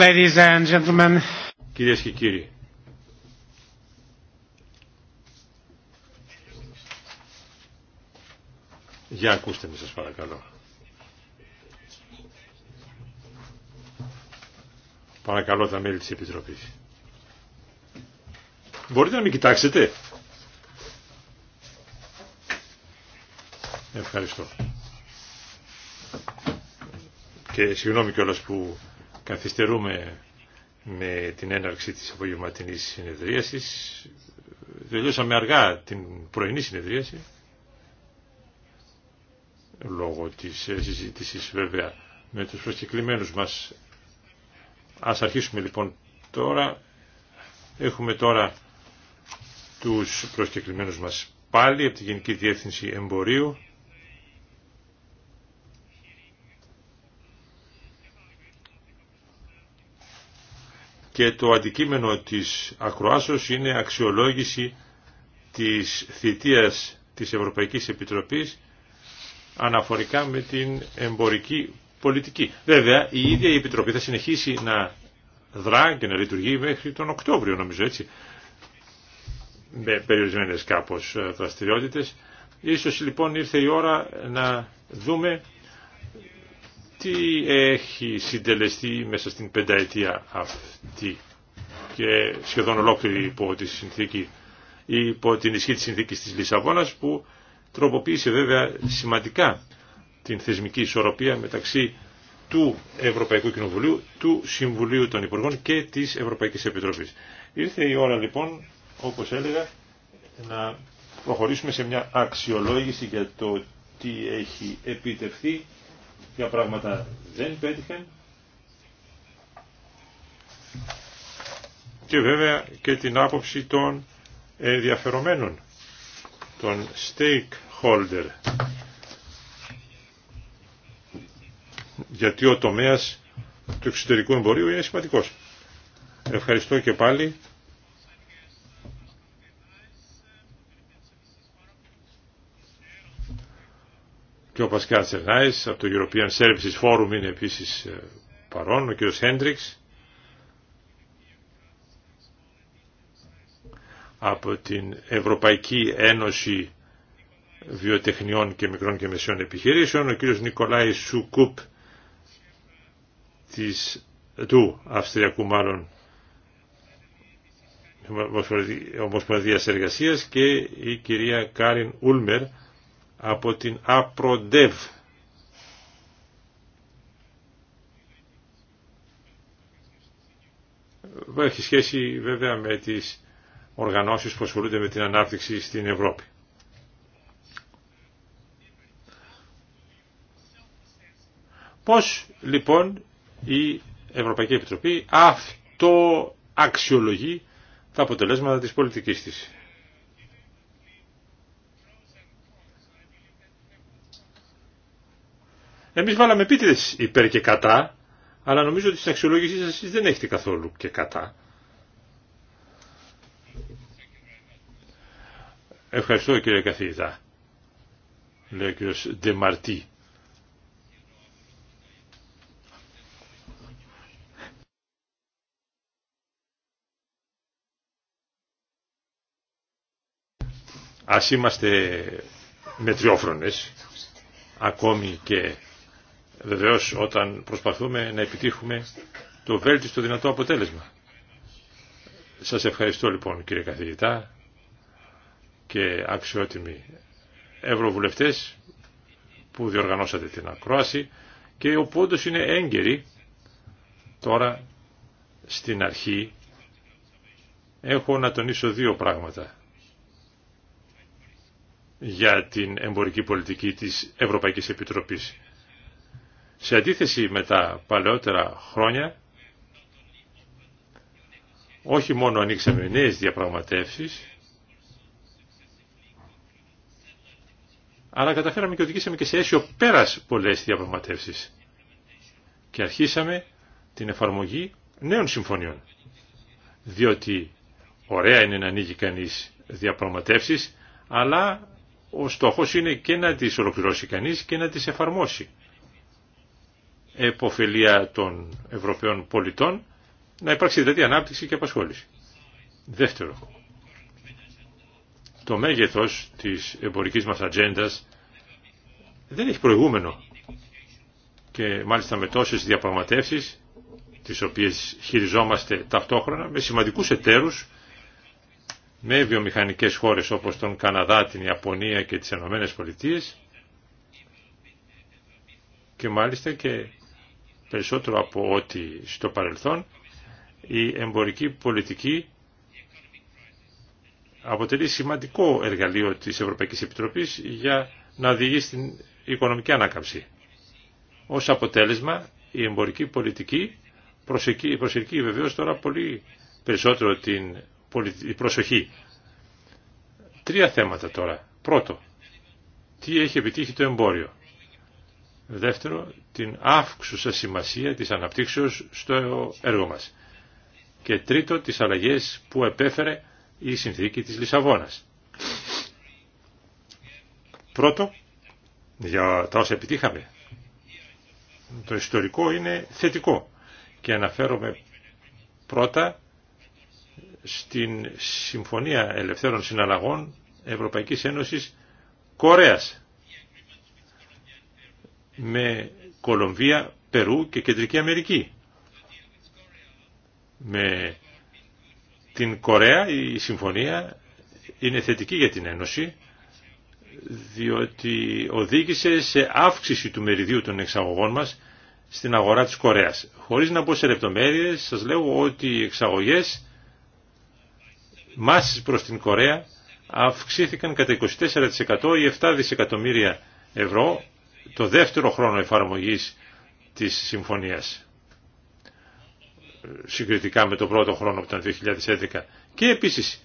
Ladies and gentlemen. Κυρίες και κύριοι. Για ακούστε με σας παρακαλώ. Παρακαλώ τα μέλη της Επιτροπής. Μπορείτε να μην κοιτάξετε. Ευχαριστώ. Και συγγνώμη κιόλας που Καθυστερούμε με την έναρξη της απογευματινής συνεδρίασης. Τελειώσαμε αργά την πρωινή συνεδρίαση, λόγω της ε, συζήτησης βέβαια με τους προσκεκλημένους μας. Ας αρχίσουμε λοιπόν τώρα. Έχουμε τώρα τους προσκεκλημένους μας πάλι από τη Γενική Διεύθυνση Εμπορίου και το αντικείμενο της ακροάσεως είναι αξιολόγηση της θητείας της Ευρωπαϊκής Επιτροπής αναφορικά με την εμπορική πολιτική. Βέβαια, η ίδια η Επιτροπή θα συνεχίσει να δρά και να λειτουργεί μέχρι τον Οκτώβριο, νομίζω έτσι, με περιορισμένες κάπως ε, δραστηριότητες. Ίσως λοιπόν ήρθε η ώρα να δούμε τι έχει συντελεστεί μέσα στην πενταετία αυτή και σχεδόν ολόκληρη υπό τη συνθήκη υπό την ισχύ της συνθήκης της Λισαβόνας που τροποποίησε βέβαια σημαντικά την θεσμική ισορροπία μεταξύ του Ευρωπαϊκού Κοινοβουλίου, του Συμβουλίου των Υπουργών και της Ευρωπαϊκής Επιτροπής. Ήρθε η ώρα λοιπόν, όπως έλεγα, να προχωρήσουμε σε μια αξιολόγηση για το τι έχει επιτευχθεί ποια πράγματα δεν πέτυχαν και βέβαια και την άποψη των ενδιαφερομένων, των stakeholder. Γιατί ο τομέας του εξωτερικού εμπορίου είναι σημαντικός. Ευχαριστώ και πάλι και ο Πασκάλ Σερνάης από το European Services Forum είναι επίσης ε, παρόν, ο κ. Χέντριξ από την Ευρωπαϊκή Ένωση Βιοτεχνιών και Μικρών και Μεσαίων Επιχειρήσεων, ο κ. Νικολάη Σουκούπ της, του Αυστριακού μάλλον Ομοσπονδίας Εργασίας και η κυρία Κάριν Ούλμερ από την Απροντεύ. Έχει σχέση βέβαια με τις οργανώσεις που ασχολούνται με την ανάπτυξη στην Ευρώπη. Πώς λοιπόν η Ευρωπαϊκή Επιτροπή αυτό αξιολογεί τα αποτελέσματα της πολιτικής της. Εμείς βάλαμε επίτηδες υπέρ και κατά, αλλά νομίζω ότι στην αξιολόγησή σας εσείς δεν έχετε καθόλου και κατά. Ευχαριστώ κύριε καθηγητά. Λέει ο κύριος Ντεμαρτή. Ας είμαστε μετριόφρονες, ακόμη και Βεβαίω όταν προσπαθούμε να επιτύχουμε το βέλτιστο δυνατό αποτέλεσμα. Σας ευχαριστώ λοιπόν κύριε καθηγητά και αξιότιμοι ευρωβουλευτές που διοργανώσατε την ακρόαση και όπου όντως είναι έγκαιροι τώρα στην αρχή έχω να τονίσω δύο πράγματα για την εμπορική πολιτική της Ευρωπαϊκής Επιτροπής. Σε αντίθεση με τα παλαιότερα χρόνια, όχι μόνο ανοίξαμε νέες διαπραγματεύσεις, αλλά καταφέραμε και οδηγήσαμε και σε αίσιο πέρας πολλές διαπραγματεύσεις και αρχίσαμε την εφαρμογή νέων συμφωνιών. Διότι ωραία είναι να ανοίγει κανείς διαπραγματεύσεις, αλλά ο στόχος είναι και να τις ολοκληρώσει κανείς και να τις εφαρμόσει εποφελία των Ευρωπαίων πολιτών, να υπάρξει δηλαδή ανάπτυξη και απασχόληση. Δεύτερο, το μέγεθος της εμπορικής μας ατζέντα δεν έχει προηγούμενο και μάλιστα με τόσες διαπραγματεύσεις τις οποίες χειριζόμαστε ταυτόχρονα με σημαντικούς εταίρους με βιομηχανικές χώρες όπως τον Καναδά, την Ιαπωνία και τις Ενωμένες Πολιτείες και μάλιστα και περισσότερο από ό,τι στο παρελθόν η εμπορική πολιτική αποτελεί σημαντικό εργαλείο της Ευρωπαϊκής Επιτροπής για να οδηγεί στην οικονομική ανάκαμψη. Ως αποτέλεσμα η εμπορική πολιτική προσελκύει, προσελκύει βεβαίως τώρα πολύ περισσότερο την προσοχή. Τρία θέματα τώρα. Πρώτο, τι έχει επιτύχει το εμπόριο. Δεύτερο, την αύξουσα σημασία της αναπτύξεως στο έργο μας. Και τρίτο, τις αλλαγές που επέφερε η συνθήκη της Λισαβόνας. Πρώτο, για τα όσα επιτύχαμε. Το ιστορικό είναι θετικό και αναφέρομαι πρώτα στην Συμφωνία Ελευθέρων Συναλλαγών Ευρωπαϊκής Ένωσης Κορέας με Κολομβία, Περού και Κεντρική Αμερική. Με την Κορέα η συμφωνία είναι θετική για την Ένωση διότι οδήγησε σε αύξηση του μεριδίου των εξαγωγών μας στην αγορά της Κορέας. Χωρίς να πω σε λεπτομέρειες, σας λέω ότι οι εξαγωγές μάσης προς την Κορέα αυξήθηκαν κατά 24% ή 7 δισεκατομμύρια ευρώ το δεύτερο χρόνο εφαρμογής της συμφωνίας συγκριτικά με το πρώτο χρόνο που ήταν 2011 και επίσης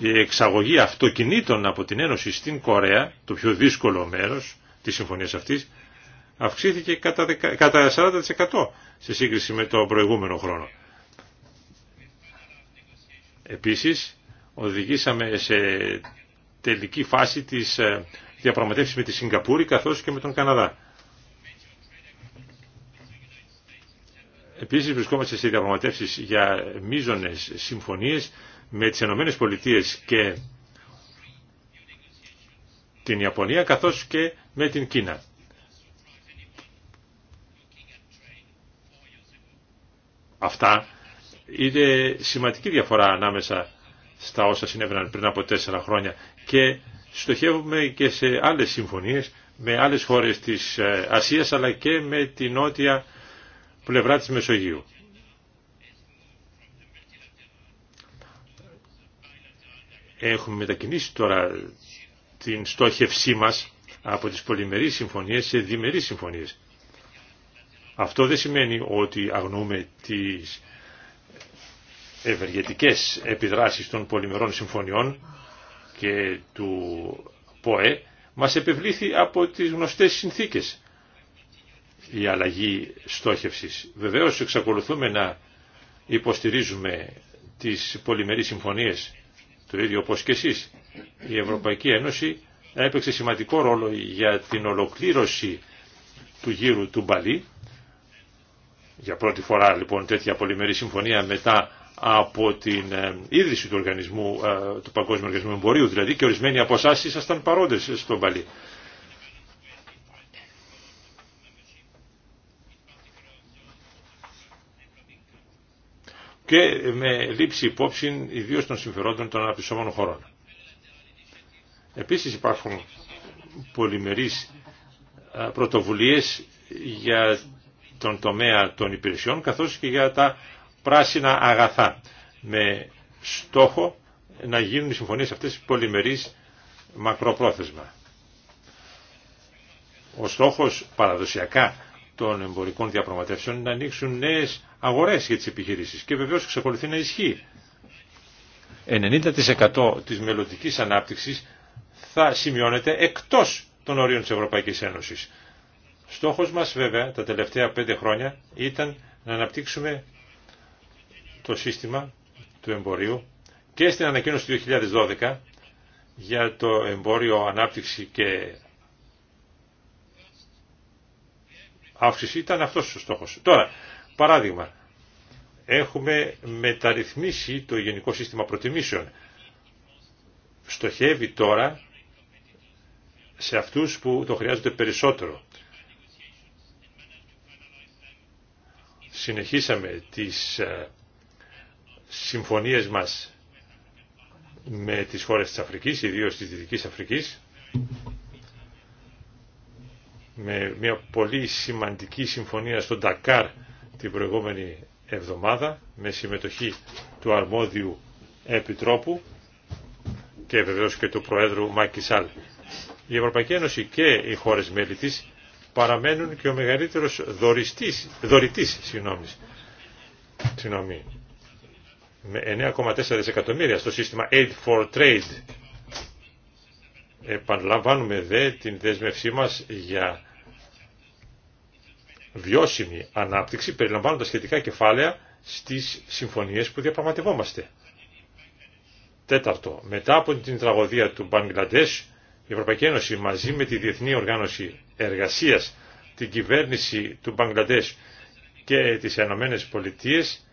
η εξαγωγή αυτοκινήτων από την Ένωση στην Κορέα, το πιο δύσκολο μέρος της συμφωνίας αυτής, αυξήθηκε κατά 40% σε σύγκριση με το προηγούμενο χρόνο. Επίσης, οδηγήσαμε σε τελική φάση της ε, διαπραγματεύσεις με τη Σιγκαπούρη καθώς και με τον Καναδά. Επίσης βρισκόμαστε σε διαπραγματεύσεις για μείζονες συμφωνίες με τις Ενωμένες Πολιτείες και την Ιαπωνία καθώς και με την Κίνα. Αυτά είναι σημαντική διαφορά ανάμεσα στα όσα συνέβαιναν πριν από τέσσερα χρόνια και στοχεύουμε και σε άλλες συμφωνίες με άλλες χώρες της ε, Ασίας αλλά και με την νότια πλευρά της Μεσογείου. Έχουμε μετακινήσει τώρα την στόχευσή μας από τις πολυμερείς συμφωνίες σε διμερείς συμφωνίες. Αυτό δεν σημαίνει ότι αγνοούμε τις ευεργετικές επιδράσεις των πολυμερών συμφωνιών και του ΠΟΕ μας επιβλήθη από τις γνωστές συνθήκες η αλλαγή στόχευσης. Βεβαίως εξακολουθούμε να υποστηρίζουμε τις πολυμερείς συμφωνίες, το ίδιο όπως και εσείς. Η Ευρωπαϊκή Ένωση έπαιξε σημαντικό ρόλο για την ολοκλήρωση του γύρου του Μπαλί. Για πρώτη φορά λοιπόν τέτοια πολυμερή συμφωνία μετά από την ε, ίδρυση του, οργανισμού, ε, του Παγκόσμιου Οργανισμού Εμπορίου, δηλαδή και ορισμένοι από εσά ήσασταν παρόντες στον Παλί. και με λήψη υπόψη ιδίω των συμφερόντων των αναπτυσσόμενων χωρών. Επίσης υπάρχουν πολυμερείς ε, πρωτοβουλίες για τον τομέα των υπηρεσιών καθώς και για τα πράσινα αγαθά με στόχο να γίνουν οι συμφωνίες αυτές πολυμερείς μακροπρόθεσμα. Ο στόχος παραδοσιακά των εμπορικών διαπραγματεύσεων είναι να ανοίξουν νέες αγορές για τις επιχειρήσεις και βεβαίως εξακολουθεί να ισχύει. 90% της μελλοντική ανάπτυξης θα σημειώνεται εκτός των ορίων της Ευρωπαϊκής Ένωσης. Στόχος μας βέβαια τα τελευταία πέντε χρόνια ήταν να αναπτύξουμε το σύστημα του εμπορίου και στην ανακοίνωση του 2012 για το εμπόριο ανάπτυξη και αύξηση ήταν αυτός ο στόχος. Τώρα, παράδειγμα, έχουμε μεταρρυθμίσει το γενικό σύστημα προτιμήσεων. Στοχεύει τώρα σε αυτούς που το χρειάζονται περισσότερο. Συνεχίσαμε τις ε, συμφωνίες μας με τις χώρες της Αφρικής, ιδίως της Δυτικής Αφρικής, με μια πολύ σημαντική συμφωνία στον Τακάρ την προηγούμενη εβδομάδα, με συμμετοχή του αρμόδιου επιτρόπου και βεβαίως και του Προέδρου Μακισάλ Η Ευρωπαϊκή Ένωση και οι χώρες μέλη της παραμένουν και ο μεγαλύτερος δωρητής, δωρητής συγγνώμη, με 9,4 δισεκατομμύρια στο σύστημα Aid for Trade. Επαναλαμβάνουμε δε την δέσμευσή μας για βιώσιμη ανάπτυξη περιλαμβάνοντας σχετικά κεφάλαια στις συμφωνίες που διαπραγματευόμαστε. Τέταρτο, μετά από την τραγωδία του Μπαγκλαντές, η Ευρωπαϊκή Ένωση μαζί με τη Διεθνή Οργάνωση Εργασίας, την κυβέρνηση του Μπαγκλαντές και τις Ηνωμένε Πολιτείες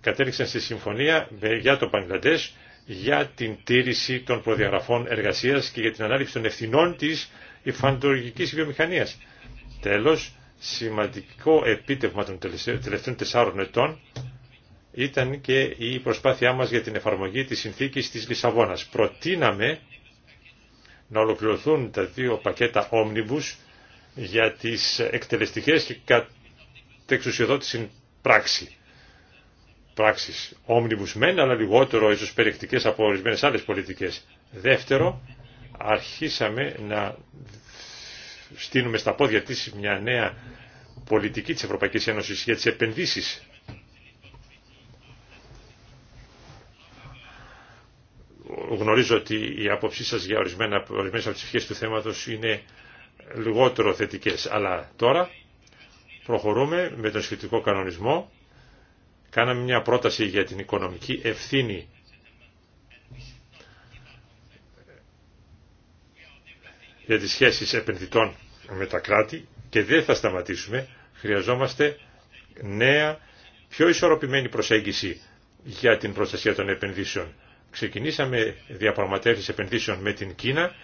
κατέληξαν στη συμφωνία για το Παγκλαντές για την τήρηση των προδιαγραφών εργασίας και για την ανάληψη των ευθυνών της υφαντολογικής βιομηχανίας. Τέλος, σημαντικό επίτευγμα των τελευταίων τεσσάρων ετών ήταν και η προσπάθειά μας για την εφαρμογή της συνθήκης της Λισαβόνας. Προτείναμε να ολοκληρωθούν τα δύο πακέτα όμνιμπους για τις εκτελεστικές και κατεξουσιοδότηση πράξη πράξεις μεν, αλλά λιγότερο ίσως περιεκτικές από ορισμένες άλλες πολιτικές. Δεύτερο, αρχίσαμε να στείλουμε στα πόδια της μια νέα πολιτική της Ευρωπαϊκής Ένωσης για τις επενδύσεις. Γνωρίζω ότι η άποψή σας για ορισμένα, ορισμένες από τις ευχές του θέματος είναι λιγότερο θετικές, αλλά τώρα προχωρούμε με τον σχετικό κανονισμό Κάναμε μια πρόταση για την οικονομική ευθύνη για τις σχέσεις επενδυτών με τα κράτη και δεν θα σταματήσουμε. Χρειαζόμαστε νέα, πιο ισορροπημένη προσέγγιση για την προστασία των επενδύσεων. Ξεκινήσαμε διαπραγματεύσεις επενδύσεων με την Κίνα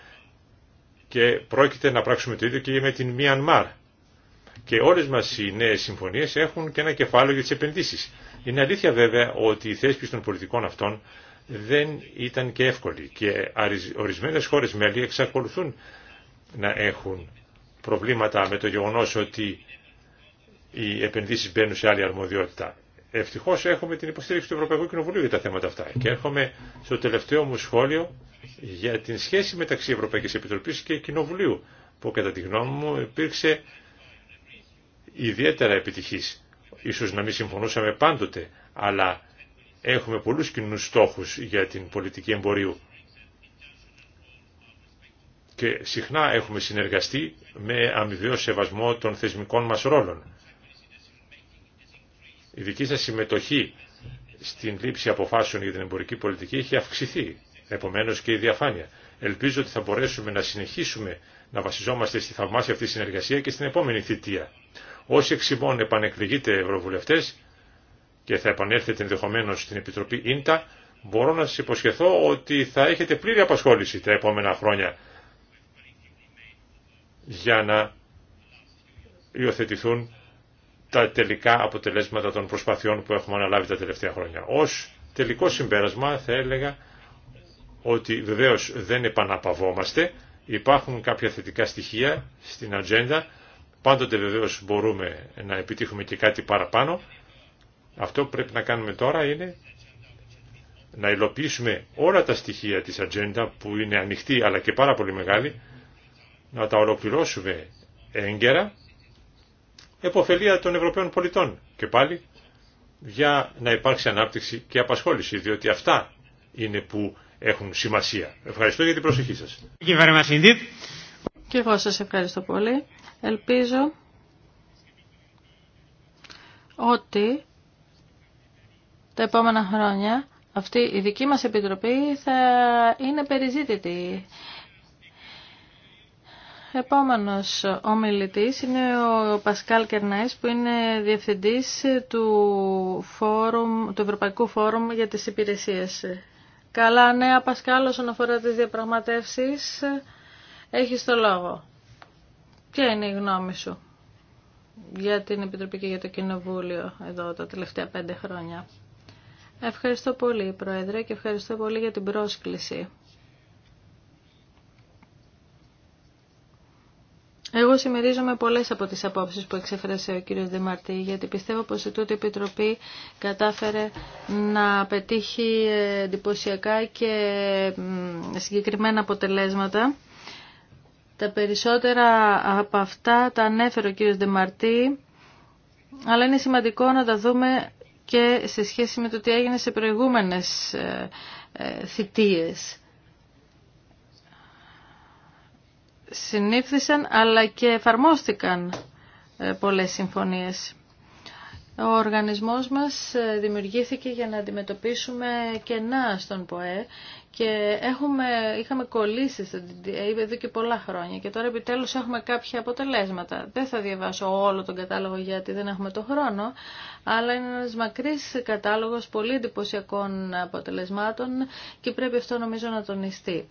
και πρόκειται να πράξουμε το ίδιο και με την Μιανμάρ. Και όλες μας οι νέες συμφωνίες έχουν και ένα κεφάλαιο για τις επενδύσεις. Είναι αλήθεια βέβαια ότι η θέσπιση των πολιτικών αυτών δεν ήταν και εύκολη και ορισμένες χώρες μέλη εξακολουθούν να έχουν προβλήματα με το γεγονός ότι οι επενδύσεις μπαίνουν σε άλλη αρμοδιότητα. Ευτυχώς έχουμε την υποστήριξη του Ευρωπαϊκού Κοινοβουλίου για τα θέματα αυτά. Και έρχομαι στο τελευταίο μου σχόλιο για την σχέση μεταξύ Ευρωπαϊκής Επιτροπής και Κοινοβουλίου, που κατά τη γνώμη μου υπήρξε ιδιαίτερα επιτυχής. Ίσως να μην συμφωνούσαμε πάντοτε, αλλά έχουμε πολλούς κοινού στόχους για την πολιτική εμπορίου. Και συχνά έχουμε συνεργαστεί με αμοιβαίο σεβασμό των θεσμικών μας ρόλων. Η δική σας συμμετοχή στην λήψη αποφάσεων για την εμπορική πολιτική έχει αυξηθεί, επομένως και η διαφάνεια. Ελπίζω ότι θα μπορέσουμε να συνεχίσουμε να βασιζόμαστε στη θαυμάσια αυτή συνεργασία και στην επόμενη θητεία. Όσοι εξ ημών επανεκλεγείτε ευρωβουλευτές και θα επανέλθετε ενδεχομένω στην Επιτροπή Ίντα, μπορώ να σα υποσχεθώ ότι θα έχετε πλήρη απασχόληση τα επόμενα χρόνια για να υιοθετηθούν τα τελικά αποτελέσματα των προσπαθειών που έχουμε αναλάβει τα τελευταία χρόνια. Ως τελικό συμπέρασμα θα έλεγα ότι βεβαίως δεν επαναπαυόμαστε, υπάρχουν κάποια θετικά στοιχεία στην ατζέντα, Πάντοτε βεβαίως μπορούμε να επιτύχουμε και κάτι παραπάνω. Αυτό που πρέπει να κάνουμε τώρα είναι να υλοποιήσουμε όλα τα στοιχεία της ατζέντα που είναι ανοιχτή αλλά και πάρα πολύ μεγάλη, να τα ολοκληρώσουμε έγκαιρα, εποφελία των Ευρωπαίων πολιτών και πάλι για να υπάρξει ανάπτυξη και απασχόληση, διότι αυτά είναι που έχουν σημασία. Ευχαριστώ για την προσοχή σας. Και εγώ σας ευχαριστώ πολύ. Ελπίζω ότι τα επόμενα χρόνια αυτή η δική μας επιτροπή θα είναι περιζήτητη. Επόμενος ομιλητής είναι ο Πασκάλ Κερνάης που είναι διευθυντής του, φόρουμ, του Ευρωπαϊκού Φόρουμ για τις Υπηρεσίες. Καλά νέα Πασκάλ όσον αφορά τις διαπραγματεύσεις. Έχεις το λόγο. Ποια είναι η γνώμη σου για την Επιτροπή και για το Κοινοβούλιο εδώ τα τελευταία πέντε χρόνια. Ευχαριστώ πολύ, Πρόεδρε, και ευχαριστώ πολύ για την πρόσκληση. Εγώ συμμερίζομαι πολλές από τις απόψεις που εξέφρασε ο κύριος Δημαρτή, γιατί πιστεύω πως η τούτη Επιτροπή κατάφερε να πετύχει εντυπωσιακά και συγκεκριμένα αποτελέσματα τα περισσότερα από αυτά τα ανέφερε ο κύριος Δεμαρτή, αλλά είναι σημαντικό να τα δούμε και σε σχέση με το τι έγινε σε προηγούμενες ε, ε, θητείες. Συνήφθησαν αλλά και εφαρμόστηκαν ε, πολλές συμφωνίες. Ο οργανισμός μας ε, δημιουργήθηκε για να αντιμετωπίσουμε κενά στον ΠΟΕ και έχουμε, είχαμε κολλήσει στο DDA εδώ και πολλά χρόνια και τώρα επιτέλους έχουμε κάποια αποτελέσματα. Δεν θα διαβάσω όλο τον κατάλογο γιατί δεν έχουμε το χρόνο, αλλά είναι ένας μακρύς κατάλογος πολύ εντυπωσιακών αποτελεσμάτων και πρέπει αυτό νομίζω να τονιστεί.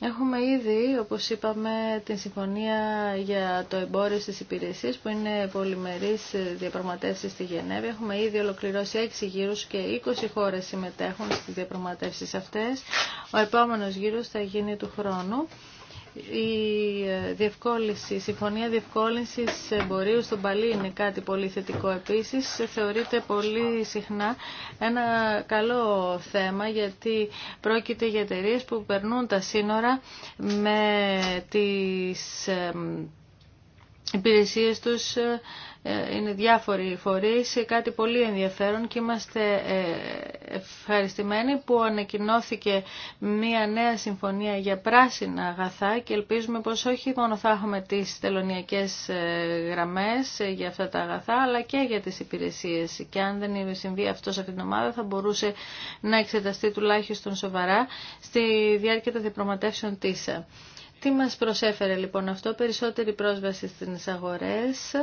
Έχουμε ήδη, όπως είπαμε, την συμφωνία για το εμπόριο στις υπηρεσίες που είναι πολυμερείς διαπραγματεύσεις στη Γενέβη. Έχουμε ήδη ολοκληρώσει 6 γύρους και 20 χώρες συμμετέχουν στις διαπραγματεύσεις αυτές. Ο επόμενος γύρος θα γίνει του χρόνου η ε, διευκόλυνση, η συμφωνία διευκόλυνση εμπορίου στον Παλί είναι κάτι πολύ θετικό επίσης. Θεωρείται πολύ συχνά ένα καλό θέμα γιατί πρόκειται για εταιρείε που περνούν τα σύνορα με τις οι υπηρεσίες τους ε, ε, είναι διάφοροι φορείς, κάτι πολύ ενδιαφέρον και είμαστε ε, ευχαριστημένοι που ανακοινώθηκε μια νέα συμφωνία για πράσινα αγαθά και ελπίζουμε πως όχι μόνο θα έχουμε τις τελωνιακές γραμμές για αυτά τα αγαθά αλλά και για τις υπηρεσίες και αν δεν συμβεί αυτό σε αυτήν την ομάδα θα μπορούσε να εξεταστεί τουλάχιστον σοβαρά στη διάρκεια των διαπραγματεύσεων ΤΙΣΑ. Τι μας προσέφερε λοιπόν αυτό, περισσότερη πρόσβαση στις αγορές,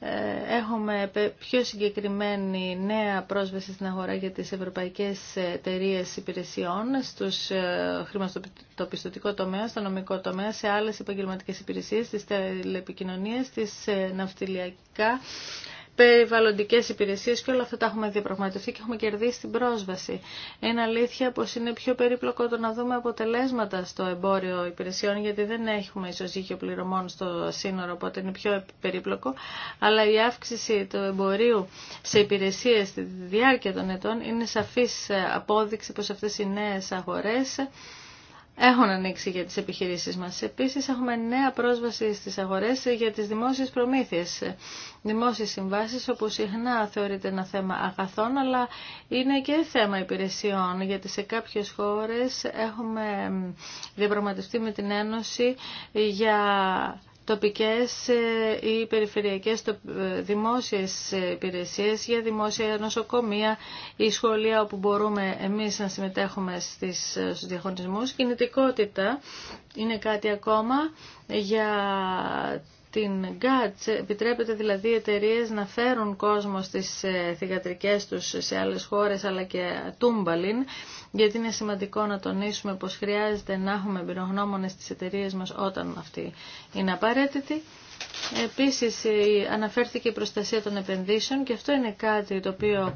ε, έχουμε πιο συγκεκριμένη νέα πρόσβαση στην αγορά για τις ευρωπαϊκές εταιρείε υπηρεσιών στους ε, χρηματοπιστωτικό τομέα, στο νομικό τομέα, σε άλλες επαγγελματικές υπηρεσίες, στις τηλεπικοινωνίες, στις ε, ναυτιλιακά Περιβαλλοντικέ υπηρεσίες και όλα αυτά τα έχουμε διαπραγματευτεί και έχουμε κερδίσει την πρόσβαση. Είναι αλήθεια πως είναι πιο περίπλοκο το να δούμε αποτελέσματα στο εμπόριο υπηρεσιών γιατί δεν έχουμε ισοζύγιο πληρωμών στο σύνορο οπότε είναι πιο περίπλοκο αλλά η αύξηση του εμπορίου σε υπηρεσίες στη διάρκεια των ετών είναι σαφή απόδειξη πω αυτέ οι νέε αγορέ έχουν ανοίξει για τις επιχειρήσεις μας. Επίσης έχουμε νέα πρόσβαση στις αγορές για τις δημόσιες προμήθειες, δημόσιες συμβάσεις όπου συχνά θεωρείται ένα θέμα αγαθών αλλά είναι και θέμα υπηρεσιών γιατί σε κάποιες χώρες έχουμε διαπραγματευτεί με την Ένωση για τοπικές ε, ή περιφερειακές ε, δημόσιες υπηρεσίες για δημόσια νοσοκομεία ή σχολεία όπου μπορούμε εμείς να συμμετέχουμε στις, ε, στους διαχωρισμούς. Κινητικότητα είναι κάτι ακόμα για την ΓΚΑΤΣ επιτρέπεται δηλαδή οι εταιρείε να φέρουν κόσμο στις ε, θηγατρικές τους σε άλλες χώρες αλλά και τούμπαλιν γιατί είναι σημαντικό να τονίσουμε πως χρειάζεται να έχουμε εμπειρογνώμονες στις εταιρείε μας όταν αυτή είναι απαραίτητη. Επίσης αναφέρθηκε η προστασία των επενδύσεων και αυτό είναι κάτι το οποίο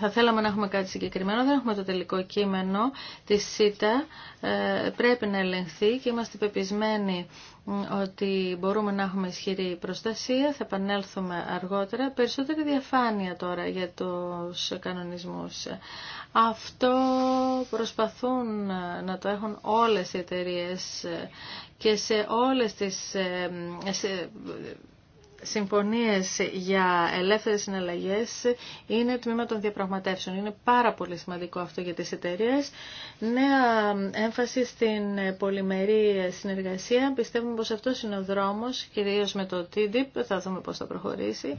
θα θέλαμε να έχουμε κάτι συγκεκριμένο, δεν έχουμε το τελικό κείμενο Τη ΣΥΤΑ, ε, πρέπει να ελεγχθεί και είμαστε πεπισμένοι ότι μπορούμε να έχουμε ισχυρή προστασία, θα επανέλθουμε αργότερα. Περισσότερη διαφάνεια τώρα για τους κανονισμούς. Αυτό προσπαθούν να το έχουν όλες οι εταιρείες και σε όλες τις ε, συμφωνίες για ελεύθερες συναλλαγές είναι τμήμα των διαπραγματεύσεων. Είναι πάρα πολύ σημαντικό αυτό για τις εταιρείες. Νέα έμφαση στην πολυμερή συνεργασία. Πιστεύουμε πως αυτός είναι ο δρόμος, κυρίως με το TDIP. θα δούμε πώς θα προχωρήσει.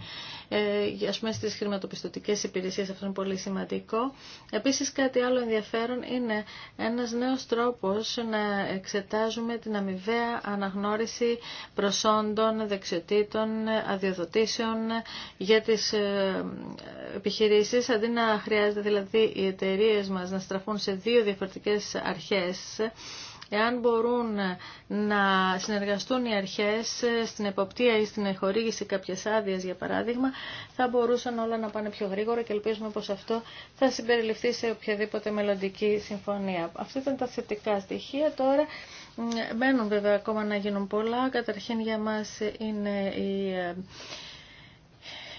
Ε, ας πούμε στις χρηματοπιστωτικές υπηρεσίες αυτό είναι πολύ σημαντικό. Επίσης κάτι άλλο ενδιαφέρον είναι ένας νέος τρόπος να εξετάζουμε την αμοιβαία αναγνώριση προσόντων, δεξιοτήτων, αδειοδοτήσεων για τις ε, επιχειρήσεις, αντί να χρειάζεται δηλαδή οι εταιρείε μας να στραφούν σε δύο διαφορετικές αρχές, Εάν μπορούν να συνεργαστούν οι αρχές στην εποπτεία ή στην εχορήγηση κάποιες άδειε, για παράδειγμα, θα μπορούσαν όλα να πάνε πιο γρήγορα και ελπίζουμε πως αυτό θα συμπεριληφθεί σε οποιαδήποτε μελλοντική συμφωνία. Αυτά ήταν τα θετικά στοιχεία. Τώρα Μπαίνουν βέβαια ακόμα να γίνουν πολλά. Καταρχήν για μας είναι η ε,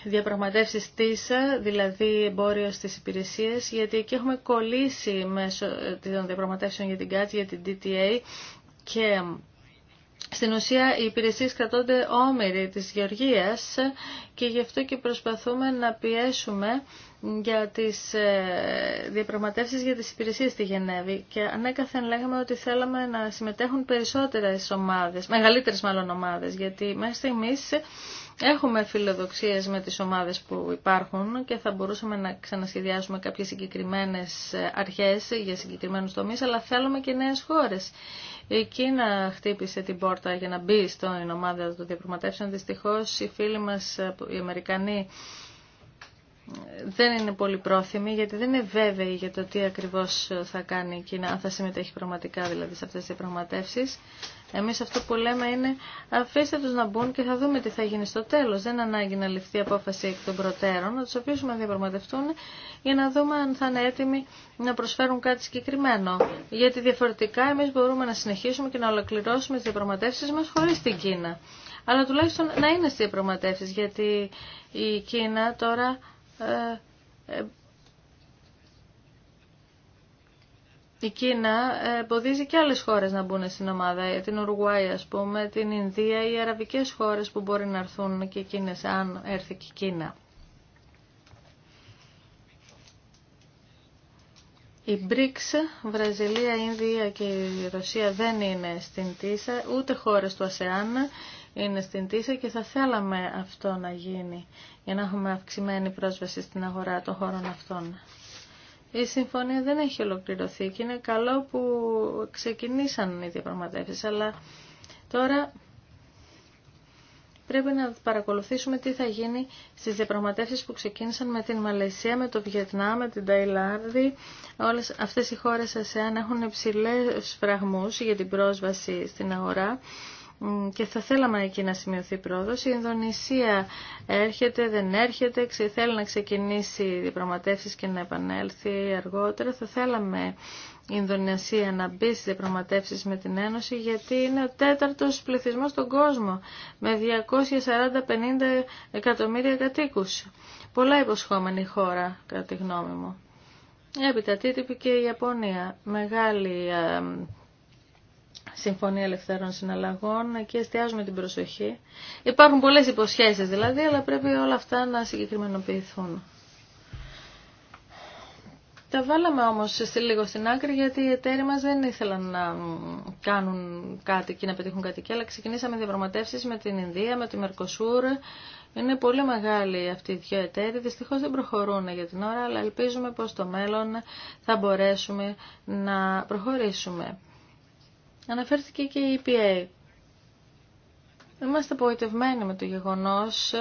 διαπραγματεύσεις ΤΙΣΑ, δηλαδή εμπόριο στις υπηρεσίες, γιατί εκεί έχουμε κολλήσει μέσω ε, των διαπραγματεύσεων για την ΚΑΤΣ, για την DTA και στην ουσία οι υπηρεσίε κρατώνται όμοιροι της γεωργίας και γι' αυτό και προσπαθούμε να πιέσουμε για τις ε, διαπραγματεύσεις για τις υπηρεσίες στη Γενέβη και ανέκαθεν λέγαμε ότι θέλαμε να συμμετέχουν περισσότερες ομάδες, μεγαλύτερες μάλλον ομάδες, γιατί μέχρι εμείς Έχουμε φιλοδοξίες με τις ομάδες που υπάρχουν και θα μπορούσαμε να ξανασχεδιάσουμε κάποιες συγκεκριμένες ε, αρχές για συγκεκριμένους τομείς, αλλά θέλουμε και νέες χώρες. Η Κίνα χτύπησε την πόρτα για να μπει στην ομάδα των διαπραγματεύσεων. Δυστυχώς οι φίλοι μας, ε, οι Αμερικανοί, δεν είναι πολύ πρόθυμοι γιατί δεν είναι βέβαιοι για το τι ακριβώς θα κάνει η Κίνα, αν θα συμμετέχει πραγματικά δηλαδή σε αυτές τις διαπραγματεύσεις. Εμείς αυτό που λέμε είναι αφήστε τους να μπουν και θα δούμε τι θα γίνει στο τέλος. Δεν ανάγκη να ληφθεί απόφαση εκ των προτέρων, να τους αφήσουμε να διαπραγματευτούν για να δούμε αν θα είναι έτοιμοι να προσφέρουν κάτι συγκεκριμένο. Γιατί διαφορετικά εμείς μπορούμε να συνεχίσουμε και να ολοκληρώσουμε τις διαπραγματεύσεις μας χωρίς την Κίνα. Αλλά τουλάχιστον να είναι στις διαπραγματεύσεις, γιατί η Κίνα τώρα ε, ε, η Κίνα ε, εμποδίζει και άλλες χώρες να μπουν στην ομάδα, ε, την Ουρουάη ας πούμε, την Ινδία, οι αραβικές χώρες που μπορεί να έρθουν και εκείνες αν έρθει και η Κίνα. Η BRICS, Βραζιλία, Ινδία και η Ρωσία δεν είναι στην ΤΙΣΑ, ούτε χώρες του ΑΣΕΑΝ είναι στην ΤΙΣΑ και θα θέλαμε αυτό να γίνει για να έχουμε αυξημένη πρόσβαση στην αγορά των χώρων αυτών. Η συμφωνία δεν έχει ολοκληρωθεί και είναι καλό που ξεκινήσαν οι διαπραγματεύσεις, αλλά τώρα πρέπει να παρακολουθήσουμε τι θα γίνει στις διαπραγματεύσεις που ξεκίνησαν με την Μαλαισία, με το Βιετνάμ, με την Ταϊλάνδη. Όλες αυτές οι χώρες ΑΣΕΑΝ έχουν υψηλές φραγμούς για την πρόσβαση στην αγορά και θα θέλαμε εκεί να σημειωθεί πρόοδος. Η Ινδονησία έρχεται, δεν έρχεται, θέλει να ξεκινήσει διαπραγματεύσεις και να επανέλθει αργότερα. Θα θέλαμε η Ινδονησία να μπει στις διαπραγματεύσεις με την Ένωση γιατί είναι ο τέταρτος πληθυσμός στον κόσμο με 240-50 εκατομμύρια κατοίκους. Πολλά υποσχόμενη χώρα κατά τη γνώμη μου. Έπειτα, τι και η Ιαπωνία. Μεγάλη ε, Συμφωνία Ελευθέρων Συναλλαγών. και εστιάζουμε την προσοχή. Υπάρχουν πολλές υποσχέσεις δηλαδή, αλλά πρέπει όλα αυτά να συγκεκριμενοποιηθούν. Τα βάλαμε όμως στη λίγο στην άκρη γιατί οι εταίροι μας δεν ήθελαν να κάνουν κάτι και να πετύχουν κάτι και αλλά ξεκινήσαμε διαπραγματεύσεις με την Ινδία, με τη Μερκοσούρ. Είναι πολύ μεγάλη αυτή η δύο εταίροι, δυστυχώς δεν προχωρούν για την ώρα, αλλά ελπίζουμε πως στο μέλλον θα μπορέσουμε να προχωρήσουμε. Αναφέρθηκε και η EPA. Είμαστε απογοητευμένοι με το γεγονός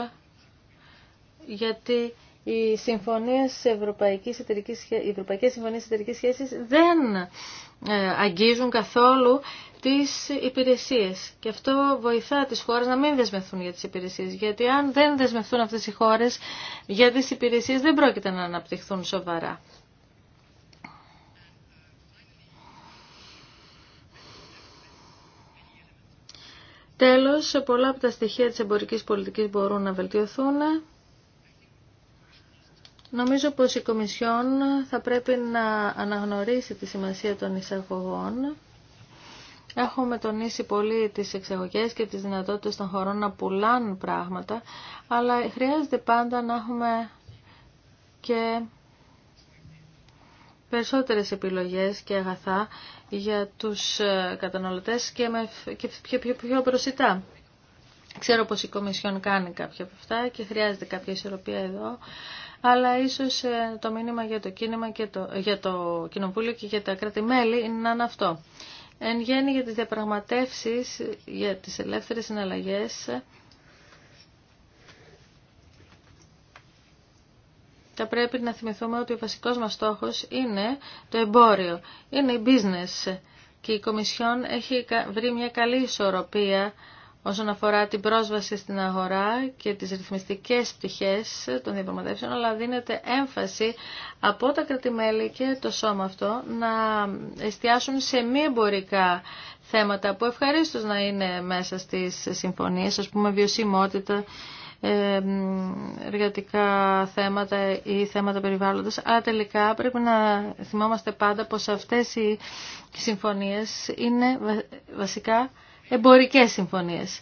γιατί οι συμφωνίες ευρωπαϊκής εταιρικής, οι ευρωπαϊκές συμφωνίες εταιρικής σχέσης δεν ε, αγγίζουν καθόλου τις υπηρεσίες. Και αυτό βοηθά τις χώρες να μην δεσμευθούν για τις υπηρεσίες. Γιατί αν δεν δεσμευθούν αυτές οι χώρες για τις υπηρεσίες δεν πρόκειται να αναπτυχθούν σοβαρά. Τέλος, πολλά από τα στοιχεία της εμπορικής πολιτικής μπορούν να βελτιωθούν. Νομίζω πως η Κομισιόν θα πρέπει να αναγνωρίσει τη σημασία των εισαγωγών. Έχουμε τονίσει πολύ τις εξαγωγές και τις δυνατότητες των χωρών να πουλάνε πράγματα, αλλά χρειάζεται πάντα να έχουμε και περισσότερες επιλογές και αγαθά για τους ε, καταναλωτές και, με, και πιο, πιο, προσιτά. Ξέρω πως η Κομισιόν κάνει κάποια από αυτά και χρειάζεται κάποια ισορροπία εδώ, αλλά ίσως ε, το μήνυμα για το, κίνημα και το, για το Κοινοβούλιο και για τα κράτη-μέλη είναι να είναι αυτό. Εν γέννη για τις διαπραγματεύσεις, για τις ελεύθερες συναλλαγές, θα πρέπει να θυμηθούμε ότι ο βασικός μας στόχος είναι το εμπόριο, είναι η business και η Κομισιόν έχει βρει μια καλή ισορροπία όσον αφορά την πρόσβαση στην αγορά και τις ρυθμιστικές πτυχές των διαπραγματεύσεων, αλλά δίνεται έμφαση από τα κρατημέλη και το σώμα αυτό να εστιάσουν σε μη εμπορικά θέματα που ευχαρίστως να είναι μέσα στις συμφωνίες, ας πούμε βιωσιμότητα, εργατικά ε, θέματα ή θέματα περιβάλλοντος. Αλλά τελικά πρέπει να θυμόμαστε πάντα πως αυτές οι συμφωνίες είναι βασικά εμπορικές συμφωνίες.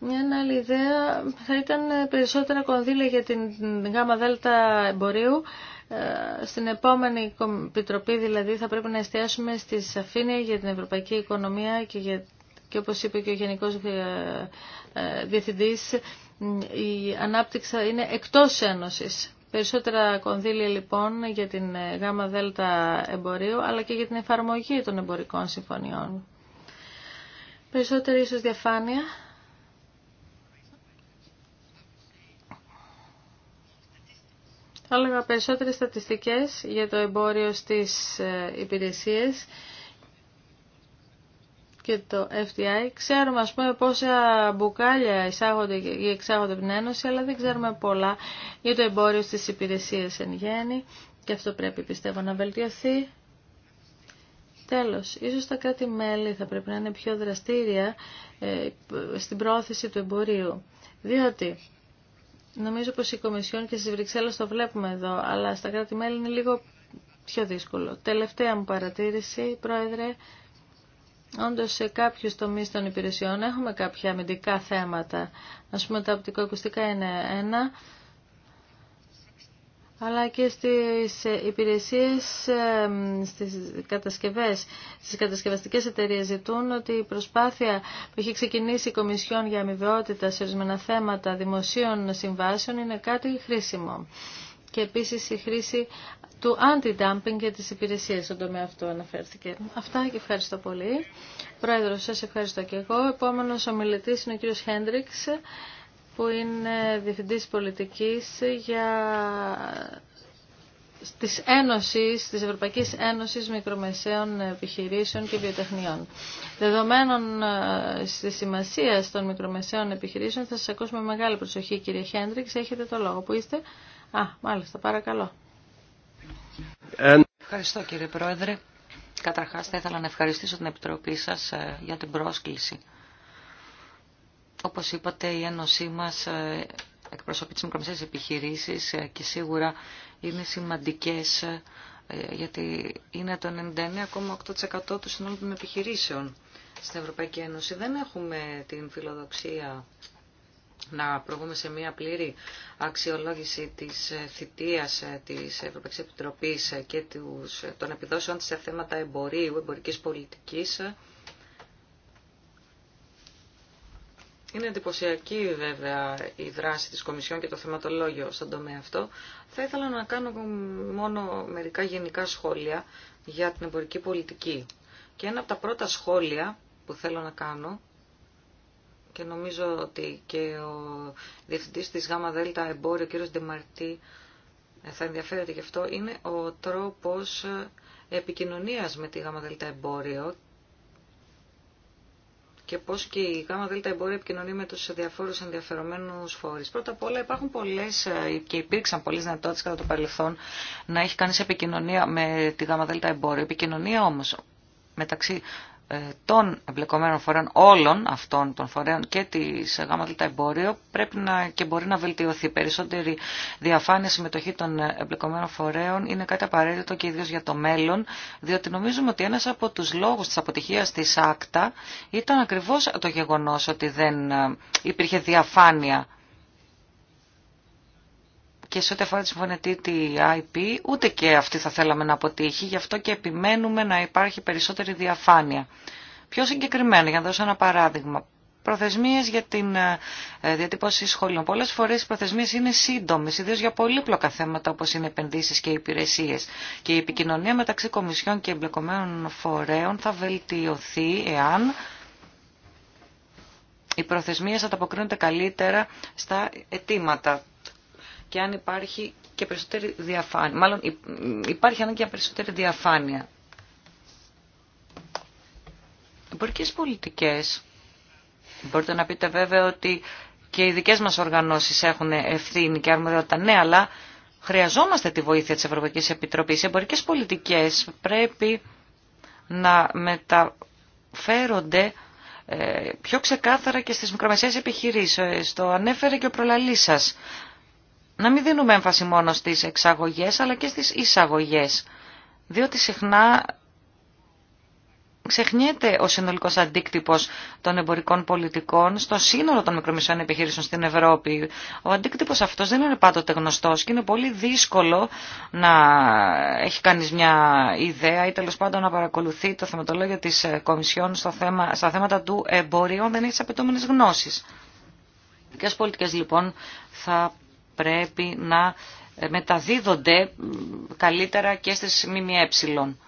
Μια άλλη ιδέα θα ήταν περισσότερα κονδύλια για την γάμα δέλτα εμπορίου. Ε, στην επόμενη επιτροπή δηλαδή θα πρέπει να εστιάσουμε στη σαφήνεια για την ευρωπαϊκή οικονομία και, για, και όπως είπε και ο Γενικός ε, Διευθυντής η ανάπτυξη είναι εκτός Ένωσης. Περισσότερα κονδύλια λοιπόν για την γάμα δέλτα εμπορίου αλλά και για την εφαρμογή των εμπορικών συμφωνιών. Περισσότερη ίσως διαφάνεια. Θα έλεγα περισσότερες στατιστικές για το εμπόριο στις ε, υπηρεσίες και το FDI. Ξέρουμε ας πούμε πόσα μπουκάλια εισάγονται ή εξάγονται από την Ένωση, αλλά δεν ξέρουμε πολλά για το εμπόριο στις υπηρεσίες εν γέννη και αυτό πρέπει πιστεύω να βελτιωθεί. Τέλος, ίσως τα κράτη-μέλη θα πρέπει να είναι πιο δραστήρια ε, στην πρόθεση του εμπορίου, διότι νομίζω πως η Κομισιόν και στις Βρυξέλλες το βλέπουμε εδώ, αλλά στα κράτη-μέλη είναι λίγο πιο δύσκολο. Τελευταία μου παρατήρηση, Πρόεδρε, όντως σε κάποιους τομείς των υπηρεσιών έχουμε κάποια αμυντικά θέματα. Ας πούμε τα οπτικοακουστικά είναι ένα, αλλά και στις υπηρεσίες, στις κατασκευές, στις κατασκευαστικές εταιρείες ζητούν ότι η προσπάθεια που έχει ξεκινήσει η Κομισιόν για αμοιβαιότητα σε ορισμένα θέματα δημοσίων συμβάσεων είναι κάτι χρήσιμο. Και επίσης η χρήση του αντι dumping και υπηρεσίας στον τομέα αυτό αναφέρθηκε. Αυτά και ευχαριστώ πολύ. Πρόεδρο, σας ευχαριστώ και εγώ. Επόμενος ομιλητής είναι ο κύριος Χέντριξ, που είναι Διευθυντής Πολιτικής για... της, Ένωσης, της Ευρωπαϊκής Ένωσης Μικρομεσαίων Επιχειρήσεων και Βιοτεχνιών. Δεδομένων στη ε, σημασία των μικρομεσαίων επιχειρήσεων, θα σας ακούσουμε μεγάλη προσοχή κύριε Χέντριξ. Έχετε το λόγο. Πού είστε? Α, μάλιστα, παρακαλώ. Ευχαριστώ κύριε Πρόεδρε. Καταρχάς θα ήθελα να ευχαριστήσω την Επιτροπή σας ε, για την πρόσκληση. Όπως είπατε η Ένωσή μας ε, εκπροσωπεί τις μικρομεσαίες επιχειρήσεις ε, και σίγουρα είναι σημαντικές γιατί είναι το 99,8% του συνόλου των επιχειρήσεων στην Ευρωπαϊκή Ένωση. Δεν έχουμε την φιλοδοξία να προβούμε σε μια πλήρη αξιολόγηση της ε, θητείας ε, της Ευρωπαϊκής Επιτροπής ε, και των επιδόσεων της σε θέματα εμπορίου, εμπορικής πολιτικής. Είναι εντυπωσιακή βέβαια η δράση της Κομισιόν και το θεματολόγιο στον τομέα αυτό. Θα ήθελα να κάνω μόνο μερικά γενικά σχόλια για την εμπορική πολιτική. Και ένα από τα πρώτα σχόλια που θέλω να κάνω και νομίζω ότι και ο διευθυντής της ΓΑΜΑ ΔΕΛΤΑ Εμπόριο, ο κύριος Ντεμαρτή, ε, θα ενδιαφέρεται γι' αυτό, είναι ο τρόπος ε, επικοινωνίας με τη ΓΑΜΑ ΔΕΛΤΑ Εμπόριο και πώς και η ΓΑΜΑ ΔΕΛΤΑ Εμπόριο επικοινωνεί με τους διαφόρους ενδιαφερομένους φόρους. Πρώτα απ' όλα υπάρχουν πολλές ε, και υπήρξαν πολλές δυνατότητες κατά το παρελθόν να έχει κανείς επικοινωνία με τη ΓΑΜΑ Εμπόριο. Επικοινωνία όμω μεταξύ ε, των εμπλεκομένων φορέων όλων αυτών των φορέων και τη ΔΕΛΤΑ εμπόριο πρέπει να και μπορεί να βελτιωθεί. Περισσότερη διαφάνεια συμμετοχή των εμπλεκομένων φορέων είναι κάτι απαραίτητο και ιδίω για το μέλλον, διότι νομίζουμε ότι ένα από του λόγου τη αποτυχία τη ΑΚΤΑ ήταν ακριβώ το γεγονό ότι δεν ε, υπήρχε διαφάνεια και σε ό,τι αφορά τη συμφωνία IP, ούτε και αυτή θα θέλαμε να αποτύχει, γι' αυτό και επιμένουμε να υπάρχει περισσότερη διαφάνεια. Πιο συγκεκριμένα, για να δώσω ένα παράδειγμα, προθεσμίες για την ε, διατύπωση σχολείων. Πολλές φορές οι προθεσμίες είναι σύντομες, ιδίως για πολύπλοκα θέματα όπως είναι επενδύσεις και υπηρεσίες. Και η επικοινωνία μεταξύ κομισιών και εμπλεκομένων φορέων θα βελτιωθεί εάν οι προθεσμίες ανταποκρίνονται καλύτερα στα αιτήματα και αν υπάρχει και περισσότερη διαφάνεια. Μάλλον υπάρχει ανάγκη για περισσότερη διαφάνεια. Εμπορικέ πολιτικέ. Μπορείτε να πείτε βέβαια ότι και οι δικές μας οργανώσεις έχουν ευθύνη και αρμοδιότητα. Ναι, αλλά χρειαζόμαστε τη βοήθεια τη Ευρωπαϊκή Επιτροπής. Οι εμπορικέ πολιτικές πρέπει να μεταφέρονται ε, πιο ξεκάθαρα και στις μικρομεσαίες επιχειρήσεις. Ε, Το ανέφερε και ο προλαλής σας να μην δίνουμε έμφαση μόνο στις εξαγωγές αλλά και στις εισαγωγές. Διότι συχνά ξεχνιέται ο συνολικός αντίκτυπος των εμπορικών πολιτικών στο σύνολο των μικρομεσαίων επιχειρήσεων στην Ευρώπη. Ο αντίκτυπος αυτός δεν είναι πάντοτε γνωστός και είναι πολύ δύσκολο να έχει κανείς μια ιδέα ή τέλο πάντων να παρακολουθεί το θεματολόγιο της Κομισιόν στα θέματα του εμπορίου δεν έχει τι απαιτούμενες γνώσεις. Οι πολιτικές λοιπόν θα πρέπει να ε, μεταδίδονται καλύτερα και στις ΜΜΕ.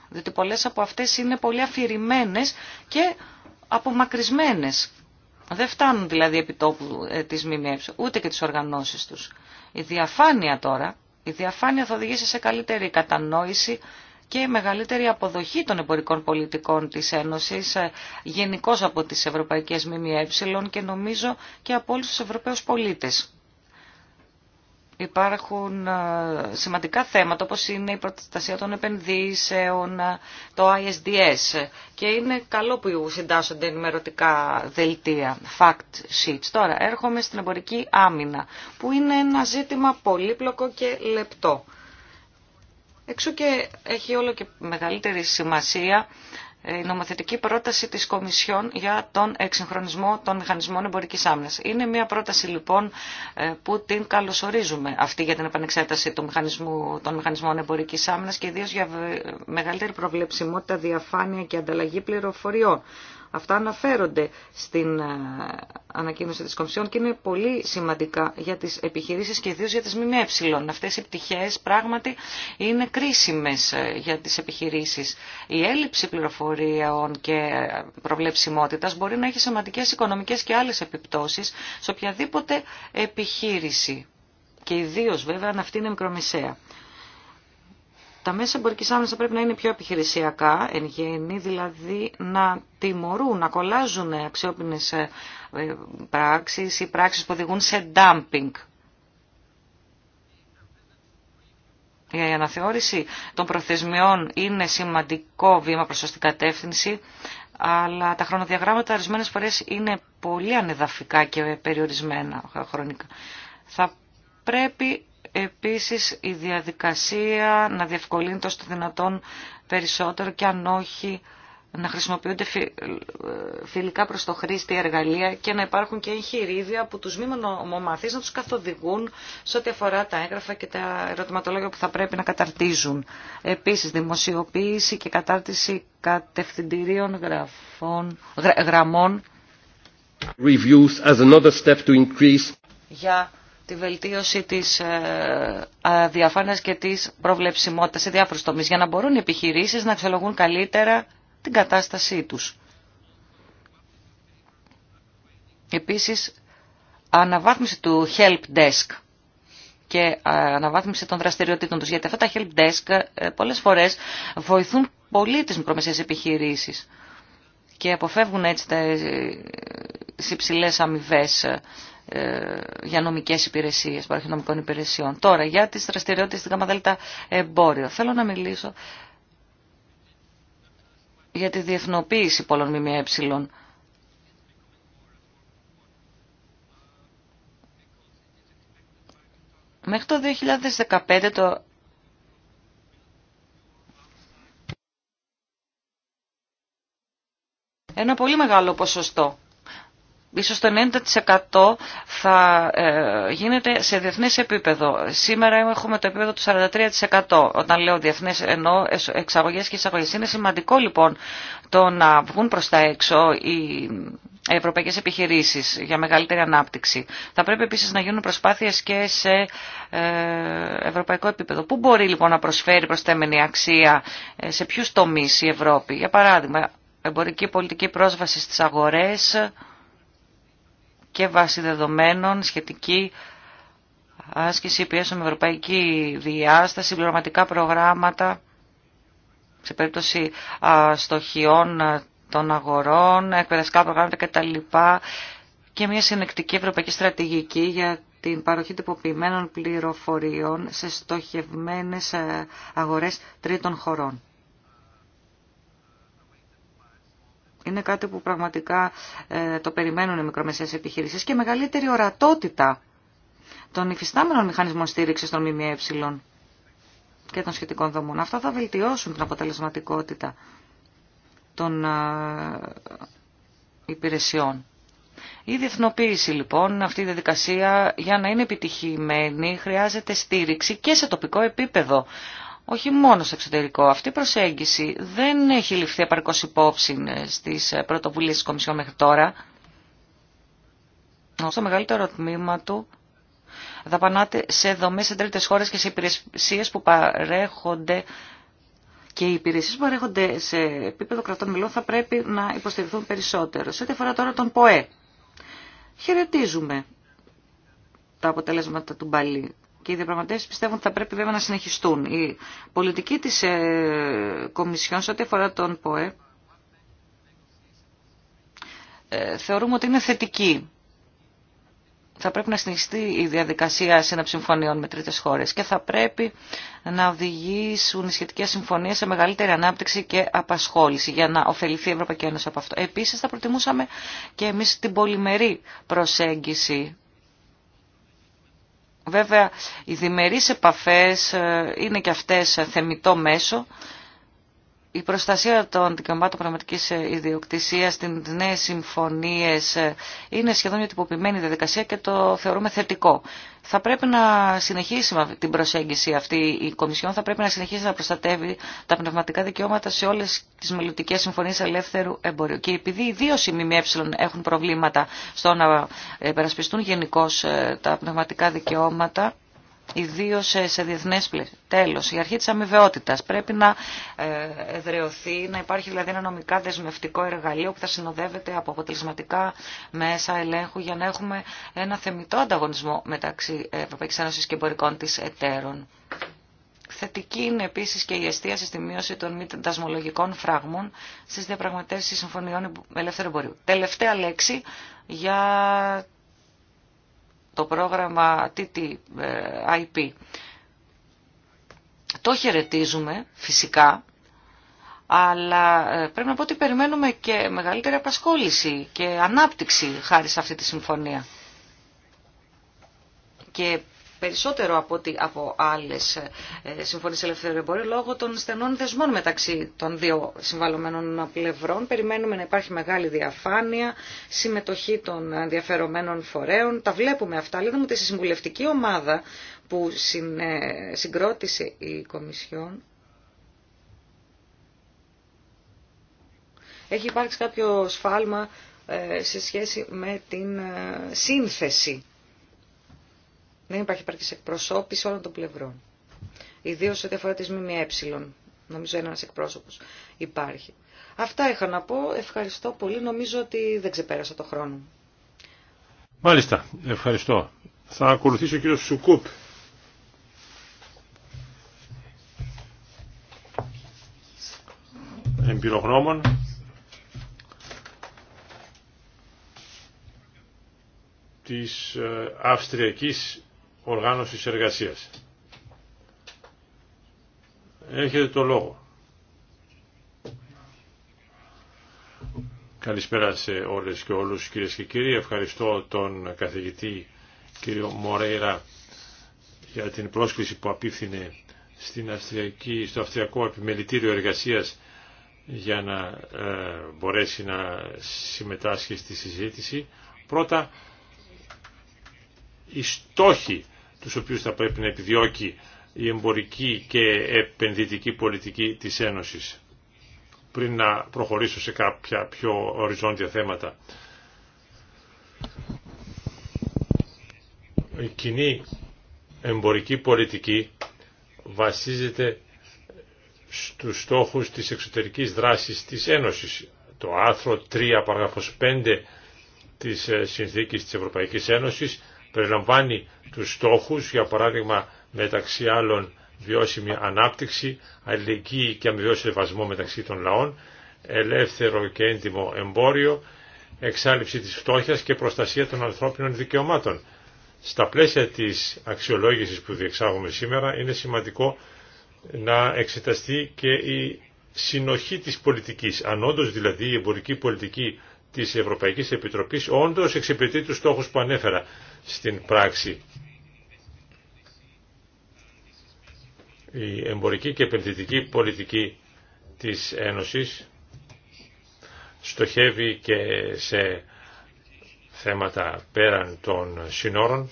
Διότι πολλές από αυτές είναι πολύ αφηρημένες και απομακρυσμένες. Δεν φτάνουν δηλαδή επί τόπου ε, της ΜΜΕ, ούτε και τις οργανώσεις τους. Η διαφάνεια τώρα, η διαφάνεια θα οδηγήσει σε καλύτερη κατανόηση και μεγαλύτερη αποδοχή των εμπορικών πολιτικών της Ένωσης ε, γενικώ από τις ευρωπαϊκές ΜΜΕ και νομίζω και από όλους τους Ευρωπαίους πολίτες υπάρχουν ε, σημαντικά θέματα όπως είναι η προστασία των επενδύσεων, ε, το ISDS και είναι καλό που συντάσσονται ενημερωτικά δελτία, fact sheets. Τώρα έρχομαι στην εμπορική άμυνα που είναι ένα ζήτημα πολύπλοκο και λεπτό. Εξού και έχει όλο και μεγαλύτερη σημασία ε, η νομοθετική πρόταση της Κομισιόν για τον εξυγχρονισμό των μηχανισμών εμπορικής άμυνας. Είναι μια πρόταση λοιπόν ε, που την καλωσορίζουμε αυτή για την επανεξέταση του μηχανισμού, των μηχανισμών εμπορικής άμυνας και ιδίως για μεγαλύτερη προβλεψιμότητα, διαφάνεια και ανταλλαγή πληροφοριών Αυτά αναφέρονται στην ε, ανακοίνωση της Κομισιόν και είναι πολύ σημαντικά για τις επιχειρήσεις και ιδίως για τις ΜΜΕ. Αυτές οι πτυχές πράγματι είναι κρίσιμες ε, για τις επιχειρήσεις. Η έλλειψη πληροφορίων και ε, προβλεψιμότητας μπορεί να έχει σημαντικές οικονομικές και άλλες επιπτώσεις σε οποιαδήποτε επιχείρηση. Και ιδίω βέβαια αν αυτή είναι μικρομεσαία. Τα μέσα εμπορική άμυνα θα πρέπει να είναι πιο επιχειρησιακά εν γέννη, δηλαδή να τιμωρούν, να κολλάζουν αξιόπινε ε, ε, πράξει ή πράξει που οδηγούν σε dumping. Η αναθεώρηση των προθεσμιών είναι σημαντικό βήμα προς την κατεύθυνση, αλλά τα χρονοδιαγράμματα ορισμένε φορές είναι πολύ ανεδαφικά και περιορισμένα χρονικά. Θα πρέπει Επίσης η διαδικασία να διευκολύνει το δυνατόν περισσότερο και αν όχι να χρησιμοποιούνται ε, φιλικά προς το χρήστη εργαλεία και να υπάρχουν και εγχειρίδια που τους μη μονομαθείς να τους καθοδηγούν σε ό,τι αφορά τα έγγραφα και τα ερωτηματολόγια που θα πρέπει να καταρτίζουν. Επίσης, δημοσιοποίηση και κατάρτιση κατευθυντηρίων γραφών, γραμμών τη βελτίωση της ε, διαφάνειας και της προβλεψιμότητας σε διάφορους τομείς για να μπορούν οι επιχειρήσεις να αξιολογούν καλύτερα την κατάστασή τους. Επίσης, αναβάθμιση του help desk και ε, αναβάθμιση των δραστηριοτήτων τους, γιατί αυτά τα help desk ε, πολλές φορές βοηθούν πολύ τις μικρομεσαίες επιχειρήσεις και αποφεύγουν έτσι τις υψηλές αμοιβέ ε, για νομικές υπηρεσίες, νομικών υπηρεσιών. Τώρα, για τις δραστηριότητες στην ΚΑΜΑΔΕΛΤΑ εμπόριο. Θέλω να μιλήσω για τη διεθνοποίηση πολλών ΜΜΕ. Μέχρι το 2015 το... Ένα πολύ μεγάλο ποσοστό ίσως το 90% θα ε, γίνεται σε διεθνές επίπεδο. Σήμερα έχουμε το επίπεδο του 43%. Όταν λέω διεθνές εννοώ εξαγωγές και εισαγωγές. Είναι σημαντικό λοιπόν το να βγουν προς τα έξω οι ευρωπαϊκές επιχειρήσεις για μεγαλύτερη ανάπτυξη. Θα πρέπει επίσης να γίνουν προσπάθειες και σε ε, ευρωπαϊκό επίπεδο. Πού μπορεί λοιπόν να προσφέρει προστέμενη αξία, ε, σε ποιους τομείς η Ευρώπη. Για παράδειγμα, εμπορική πολιτική πρόσβαση στις αγορές, και βάση δεδομένων σχετική άσκηση πιέσεων με ευρωπαϊκή διάσταση, πληρωματικά προγράμματα σε περίπτωση στοχιών των αγορών, εκπαιδευτικά προγράμματα κτλ. και μια συνεκτική ευρωπαϊκή στρατηγική για την παροχή τυποποιημένων πληροφοριών σε στοχευμένες αγορές τρίτων χωρών. Είναι κάτι που πραγματικά ε, το περιμένουν οι μικρομεσαίες επιχειρήσεις και μεγαλύτερη ορατότητα των υφιστάμενων μηχανισμών στήριξης των ΜΜΕ και των σχετικών δομών. Αυτά θα βελτιώσουν την αποτελεσματικότητα των ε, υπηρεσιών. Η διεθνοποίηση λοιπόν, αυτή η διαδικασία για να είναι επιτυχημένη χρειάζεται στήριξη και σε τοπικό επίπεδο όχι μόνο στο εξωτερικό. Αυτή η προσέγγιση δεν έχει ληφθεί επαρκώς υπόψη ε, στις ε, πρωτοβουλίες της Κομισιόν μέχρι τώρα. Στο μεγαλύτερο τμήμα του δαπανάται σε δομές σε τρίτες χώρες και σε υπηρεσίες που παρέχονται και οι υπηρεσίε που παρέχονται σε επίπεδο κρατών μιλών θα πρέπει να υποστηριχθούν περισσότερο. Σε ό,τι αφορά τώρα τον ΠΟΕ, χαιρετίζουμε τα αποτελέσματα του Μπαλί και οι διαπραγματεύσει πιστεύουν ότι θα πρέπει βέβαια να συνεχιστούν. Η πολιτική τη ε, Κομισιόν σε ό,τι αφορά τον ΠΟΕ ε, θεωρούμε ότι είναι θετική. Θα πρέπει να συνεχιστεί η διαδικασία σύναψη συμφωνιών με τρίτε χώρε και θα πρέπει να οδηγήσουν οι σχετικέ συμφωνίε σε μεγαλύτερη ανάπτυξη και απασχόληση για να ωφεληθεί η Ευρωπαϊκή Ένωση από αυτό. Επίση, θα προτιμούσαμε και εμεί την πολυμερή προσέγγιση Βέβαια, οι διμερείς επαφές ε, είναι και αυτές ε, θεμητό μέσο η προστασία των δικαιωμάτων πραγματικής ε, ιδιοκτησίας στις νέες συμφωνίες ε, είναι σχεδόν μια τυποποιημένη διαδικασία και το θεωρούμε θετικό. Θα πρέπει να συνεχίσει την προσέγγιση αυτή η Κομισιόν, θα πρέπει να συνεχίσει να προστατεύει τα πνευματικά δικαιώματα σε όλες τις μελλοντικέ συμφωνίες ελεύθερου εμπορίου. Και επειδή οι δύο ΜΜΕ έχουν προβλήματα στο να ε, περασπιστούν γενικώ τα πνευματικά δικαιώματα, ιδίω σε διεθνέ πλαίσια. Τέλο, η αρχή τη αμοιβαιότητα πρέπει να ε, εδρεωθεί, να υπάρχει δηλαδή ένα νομικά δεσμευτικό εργαλείο που θα συνοδεύεται από αποτελεσματικά μέσα ελέγχου για να έχουμε ένα θεμητό ανταγωνισμό μεταξύ Ευρωπαϊκή Ένωση και εμπορικών τη εταίρων. Θετική είναι επίση και η εστίαση στη μείωση των μη δασμολογικών φράγμων στι διαπραγματεύσει συμφωνιών ελεύθερου εμπορίου. Τελευταία λέξη για το πρόγραμμα TTIP. Το χαιρετίζουμε φυσικά, αλλά ε, πρέπει να πω ότι περιμένουμε και μεγαλύτερη απασχόληση και ανάπτυξη χάρη σε αυτή τη συμφωνία. Και περισσότερο από, ότι από άλλες ε, συμφωνίες εμπορίου λόγω των στενών δεσμών μεταξύ των δύο συμβαλωμένων πλευρών. Περιμένουμε να υπάρχει μεγάλη διαφάνεια, συμμετοχή των ενδιαφερομένων φορέων. Τα βλέπουμε αυτά. Λέμε ότι στη συμβουλευτική ομάδα που συγκρότησε η Κομισιόν έχει υπάρξει κάποιο σφάλμα ε, σε σχέση με την ε, σύνθεση δεν υπάρχει επαρκή εκπροσώπηση όλων των πλευρών. Ιδίω ό,τι αφορά τι ΜΜΕ. Νομίζω ένα εκπρόσωπο υπάρχει. Αυτά είχα να πω. Ευχαριστώ πολύ. Νομίζω ότι δεν ξεπέρασα το χρόνο. Μάλιστα. Ευχαριστώ. Θα ακολουθήσει ο κύριος Σουκούπ. Εμπειρογνώμων. της ε, Αυστριακής οργάνωσης εργασίας. Έχετε το λόγο. Καλησπέρα σε όλες και όλους κύριε και κύριοι. Ευχαριστώ τον καθηγητή κύριο Μορέιρα για την πρόσκληση που απίφθινε στην Αυστριακή, στο Αυστριακό Επιμελητήριο Εργασίας για να ε, μπορέσει να συμμετάσχει στη συζήτηση. Πρώτα, οι στόχοι τους οποίους θα πρέπει να επιδιώκει η εμπορική και επενδυτική πολιτική της Ένωσης πριν να προχωρήσω σε κάποια πιο οριζόντια θέματα. Η κοινή εμπορική πολιτική βασίζεται στους στόχους της εξωτερικής δράσης της Ένωσης. Το άρθρο 3 παραγραφός 5 της ε, Συνθήκης της Ευρωπαϊκής Ένωσης περιλαμβάνει τους στόχους, για παράδειγμα μεταξύ άλλων βιώσιμη ανάπτυξη, αλληλεγγύη και αμοιβαίωση σεβασμό μεταξύ των λαών, ελεύθερο και έντιμο εμπόριο, εξάλληψη της φτώχειας και προστασία των ανθρώπινων δικαιωμάτων. Στα πλαίσια της αξιολόγησης που διεξάγουμε σήμερα είναι σημαντικό να εξεταστεί και η συνοχή της πολιτικής, αν όντως δηλαδή η εμπορική πολιτική της Ευρωπαϊκής Επιτροπής όντως εξυπηρετεί τους στόχους που ανέφερα στην πράξη. Η εμπορική και επενδυτική πολιτική της Ένωσης στοχεύει και σε θέματα πέραν των συνόρων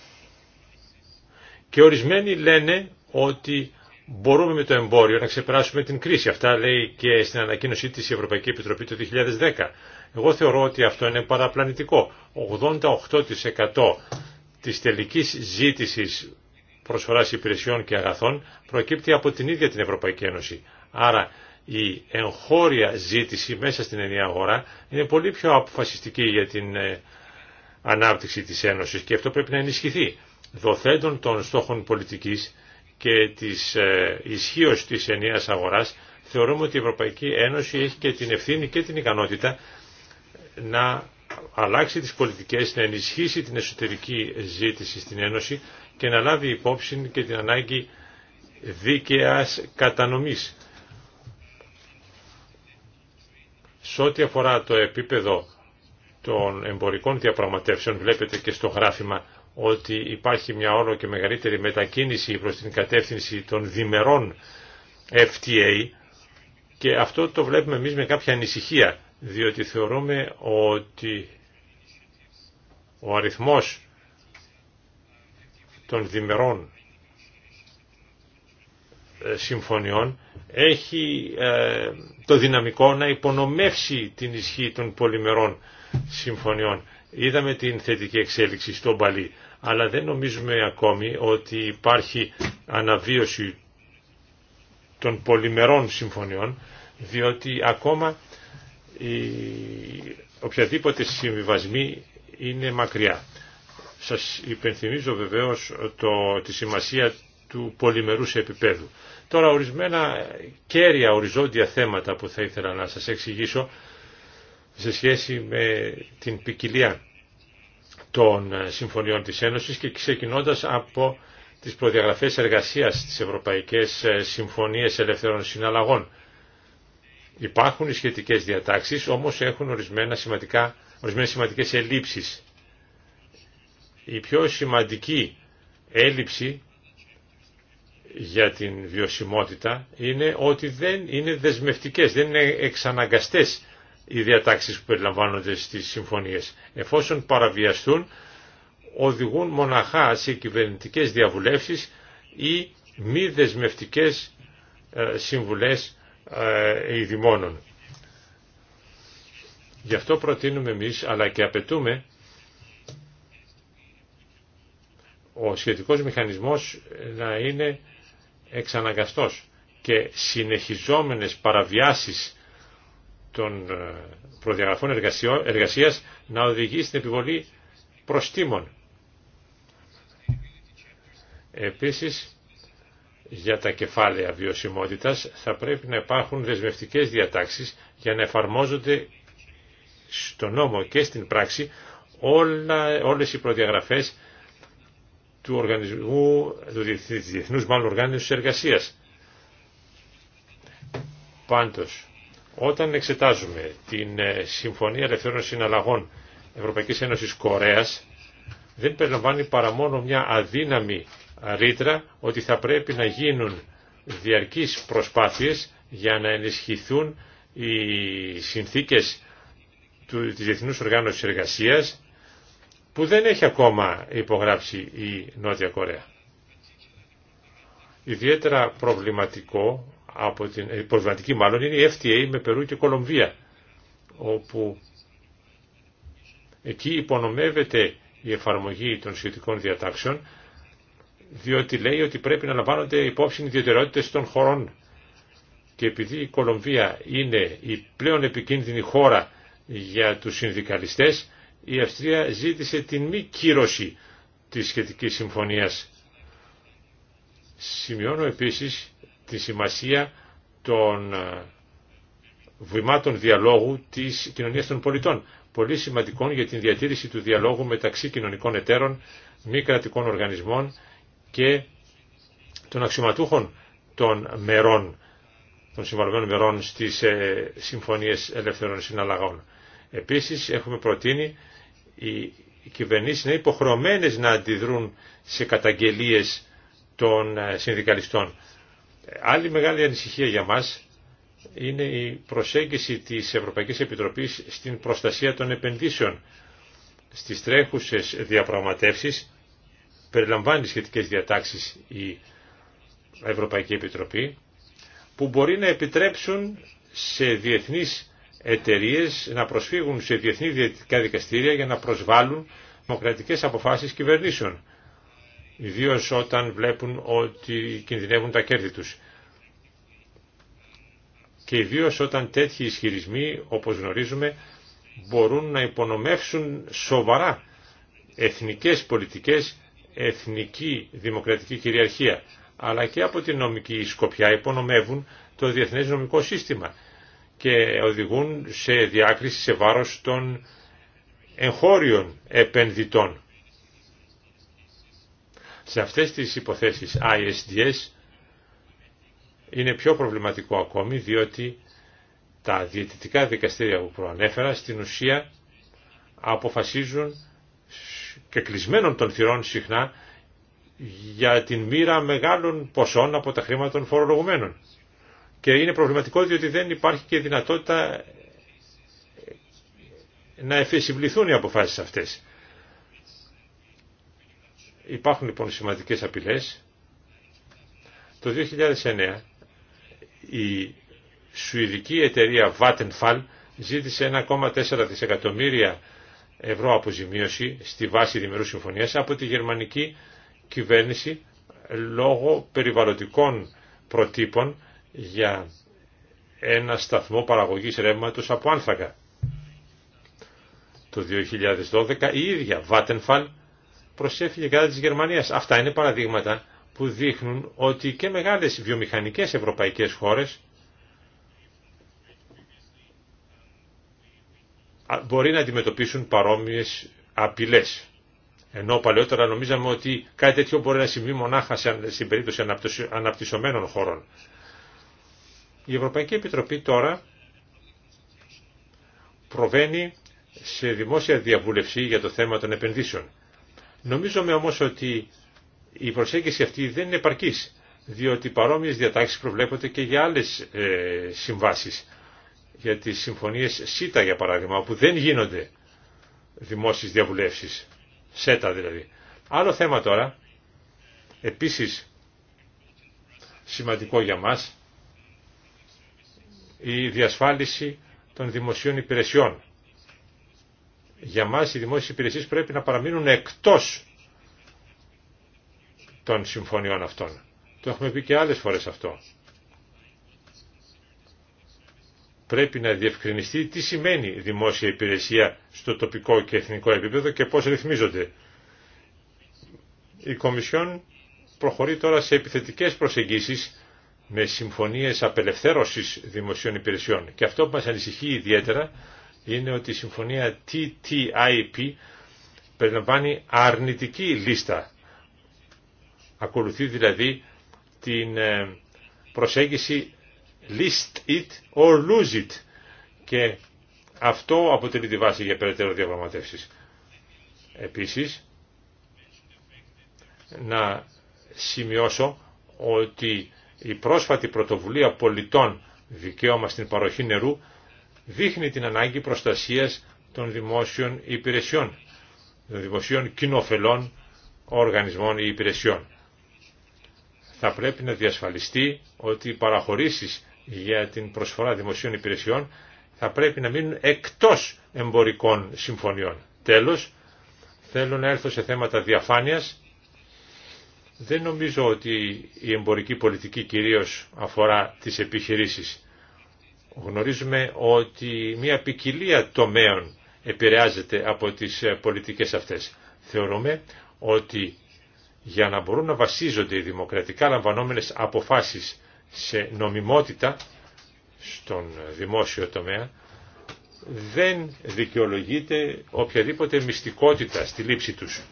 και ορισμένοι λένε ότι μπορούμε με το εμπόριο να ξεπεράσουμε την κρίση. Αυτά λέει και στην ανακοίνωσή της Ευρωπαϊκή Επιτροπή το 2010. Εγώ θεωρώ ότι αυτό είναι παραπλανητικό. 88% της τελικής ζήτησης προσφοράς υπηρεσιών και αγαθών προκύπτει από την ίδια την Ευρωπαϊκή Ένωση. Άρα η εγχώρια ζήτηση μέσα στην ενιαία αγορά είναι πολύ πιο αποφασιστική για την ε, ανάπτυξη της Ένωσης και αυτό πρέπει να ενισχυθεί. Δοθέντων των στόχων πολιτικής και της ε, ισχύω της ενιαίας αγοράς θεωρούμε ότι η Ευρωπαϊκή Ένωση έχει και την ευθύνη και την ικανότητα να αλλάξει τις πολιτικές, να ενισχύσει την εσωτερική ζήτηση στην Ένωση και να λάβει υπόψη και την ανάγκη δίκαιας κατανομής. Σε ό,τι αφορά το επίπεδο των εμπορικών διαπραγματεύσεων, βλέπετε και στο γράφημα ότι υπάρχει μια όλο και μεγαλύτερη μετακίνηση προς την κατεύθυνση των διμερών FTA και αυτό το βλέπουμε εμείς με κάποια ανησυχία διότι θεωρούμε ότι ο αριθμός των διμερών ε, συμφωνιών έχει ε, το δυναμικό να υπονομεύσει την ισχύ των πολυμερών συμφωνιών. Είδαμε την θετική εξέλιξη στο Μπαλί, αλλά δεν νομίζουμε ακόμη ότι υπάρχει αναβίωση των πολυμερών συμφωνιών, διότι ακόμα οποιαδήποτε συμβιβασμή είναι μακριά. Σας υπενθυμίζω βεβαίως το, τη σημασία του πολυμερούς επίπεδου. Τώρα ορισμένα κέρια οριζόντια θέματα που θα ήθελα να σας εξηγήσω σε σχέση με την ποικιλία των συμφωνιών της Ένωσης και ξεκινώντας από τις προδιαγραφές εργασίας της Ευρωπαϊκές Συμφωνίες Ελευθερών Συναλλαγών Υπάρχουν οι σχετικές διατάξεις, όμως έχουν ορισμένα σημαντικά, ορισμένες σημαντικές ελλείψεις. Η πιο σημαντική έλλειψη για την βιωσιμότητα είναι ότι δεν είναι δεσμευτικές, δεν είναι εξαναγκαστές οι διατάξεις που περιλαμβάνονται στις συμφωνίες. Εφόσον παραβιαστούν, οδηγούν μοναχά σε κυβερνητικές διαβουλεύσεις ή μη δεσμευτικές ε, συμβουλές ε, ειδημόνων. Γι' αυτό προτείνουμε εμείς, αλλά και απαιτούμε, ο σχετικός μηχανισμός να είναι εξαναγκαστός και συνεχιζόμενες παραβιάσεις των ε, προδιαγραφών εργασίας να οδηγεί στην επιβολή προστήμων. Επίσης, για τα κεφάλαια βιωσιμότητας θα πρέπει να υπάρχουν δεσμευτικές διατάξεις για να εφαρμόζονται στο νόμο και στην πράξη όλα, όλες οι προδιαγραφές του, οργανισμού, του Διεθνούς Μάλλον Οργάνωσης Εργασίας. Πάντως, όταν εξετάζουμε την ε, Συμφωνία Ελευθερών Συναλλαγών Ευρωπαϊκής Ένωσης Κορέας, δεν περιλαμβάνει παρά μόνο μια αδύναμη ρήτρα ότι θα πρέπει να γίνουν διαρκείς προσπάθειες για να ενισχυθούν οι συνθήκες του, της Διεθνούς Οργάνωσης Εργασίας που δεν έχει ακόμα υπογράψει η Νότια Κορέα. Ιδιαίτερα προβληματικό, από την, ε, προβληματική μάλλον, είναι η FTA με Περού και Κολομβία, όπου εκεί υπονομεύεται η εφαρμογή των σχετικών διατάξεων διότι λέει ότι πρέπει να λαμβάνονται υπόψη ιδιαιτερότητες των χωρών. Και επειδή η Κολομβία είναι η πλέον επικίνδυνη χώρα για τους συνδικαλιστές, η Αυστρία ζήτησε την μη κύρωση της σχετικής συμφωνίας. Σημειώνω επίσης τη σημασία των ε, βημάτων διαλόγου της κοινωνίας των πολιτών, πολύ σημαντικών για την διατήρηση του διαλόγου μεταξύ κοινωνικών εταίρων, μη κρατικών οργανισμών και των αξιωματούχων των μερών, των συμβαλωμένων μερών στις ε, συμφωνίες ελεύθερων συναλλαγών. Επίσης έχουμε προτείνει οι κυβερνήσεις να είναι υποχρεωμένες να αντιδρούν σε καταγγελίες των ε, συνδικαλιστών. Άλλη μεγάλη ανησυχία για μας είναι η προσέγγιση της Ευρωπαϊκής Επιτροπής στην προστασία των επενδύσεων. Στις τρέχουσες διαπραγματεύσεις περιλαμβάνει σχετικές διατάξεις η Ευρωπαϊκή Επιτροπή που μπορεί να επιτρέψουν σε διεθνείς εταιρείε να προσφύγουν σε διεθνή διαιτητικά δικαστήρια για να προσβάλλουν δημοκρατικές αποφάσεις κυβερνήσεων Ιδίω όταν βλέπουν ότι κινδυνεύουν τα κέρδη τους. Και ιδίω όταν τέτοιοι ισχυρισμοί, όπως γνωρίζουμε, μπορούν να υπονομεύσουν σοβαρά εθνικές πολιτικές εθνική δημοκρατική κυριαρχία αλλά και από την νομική σκοπιά υπονομεύουν το διεθνές νομικό σύστημα και οδηγούν σε διάκριση σε βάρος των εγχώριων επενδυτών. Σε αυτές τις υποθέσεις ISDS είναι πιο προβληματικό ακόμη διότι τα διαιτητικά δικαστήρια που προανέφερα στην ουσία αποφασίζουν και κλεισμένων των θυρών συχνά για την μοίρα μεγάλων ποσών από τα χρήματα των φορολογουμένων. Και είναι προβληματικό διότι δεν υπάρχει και δυνατότητα να εφεσιβληθούν οι αποφάσεις αυτές. Υπάρχουν λοιπόν σημαντικές απειλές. Το 2009 η σουηδική εταιρεία Vattenfall ζήτησε 1,4 δισεκατομμύρια ευρώ αποζημίωση στη βάση διμερού συμφωνίας από τη γερμανική κυβέρνηση λόγω περιβαλλοντικών προτύπων για ένα σταθμό παραγωγής ρεύματος από άνθρακα. Το 2012 η ίδια Βάτενφαλ προσέφηκε κατά της Γερμανίας. Αυτά είναι παραδείγματα που δείχνουν ότι και μεγάλες βιομηχανικές ευρωπαϊκές χώρες μπορεί να αντιμετωπίσουν παρόμοιες απειλές. Ενώ παλαιότερα νομίζαμε ότι κάτι τέτοιο μπορεί να συμβεί μονάχα στην περίπτωση αναπτυσσομένων χωρών. Η Ευρωπαϊκή Επιτροπή τώρα προβαίνει σε δημόσια διαβούλευση για το θέμα των επενδύσεων. Νομίζομαι όμως ότι η προσέγγιση αυτή δεν είναι επαρκής, διότι παρόμοιες διατάξεις προβλέπονται και για άλλες ε, συμβάσεις για τις συμφωνίες ΣΥΤΑ για παράδειγμα, όπου δεν γίνονται δημόσιες διαβουλεύσεις, ΣΕΤΑ δηλαδή. Άλλο θέμα τώρα, επίσης σημαντικό για μας, η διασφάλιση των δημοσίων υπηρεσιών. Για μας οι δημόσιες υπηρεσίες πρέπει να παραμείνουν εκτός των συμφωνιών αυτών. Το έχουμε πει και άλλες φορές αυτό πρέπει να διευκρινιστεί τι σημαίνει δημόσια υπηρεσία στο τοπικό και εθνικό επίπεδο και πώς ρυθμίζονται. Η Κομισιόν προχωρεί τώρα σε επιθετικές προσεγγίσεις με συμφωνίες απελευθέρωσης δημοσίων υπηρεσιών. Και αυτό που μας ανησυχεί ιδιαίτερα είναι ότι η συμφωνία TTIP περιλαμβάνει αρνητική λίστα. Ακολουθεί δηλαδή την ε, προσέγγιση list it or lose it. Και αυτό αποτελεί τη βάση για περαιτέρω διαπραγματεύσει. Επίσης, να σημειώσω ότι η πρόσφατη πρωτοβουλία πολιτών δικαίωμα στην παροχή νερού δείχνει την ανάγκη προστασίας των δημόσιων υπηρεσιών, των δημοσίων κοινοφελών οργανισμών ή υπηρεσιών. Θα πρέπει να διασφαλιστεί ότι οι παραχωρήσεις για την προσφορά δημοσίων υπηρεσιών θα πρέπει να μείνουν εκτός εμπορικών συμφωνιών. Τέλος, θέλω να έρθω σε θέματα διαφάνειας. Δεν νομίζω ότι η εμπορική πολιτική κυρίως αφορά τις επιχειρήσεις. Γνωρίζουμε ότι μια ποικιλία τομέων επηρεάζεται από τις πολιτικές αυτές. Θεωρούμε ότι για να μπορούν να βασίζονται οι δημοκρατικά λαμβανόμενες αποφάσεις σε νομιμότητα στον δημόσιο τομέα δεν δικαιολογείται οποιαδήποτε μυστικότητα στη λήψη τους.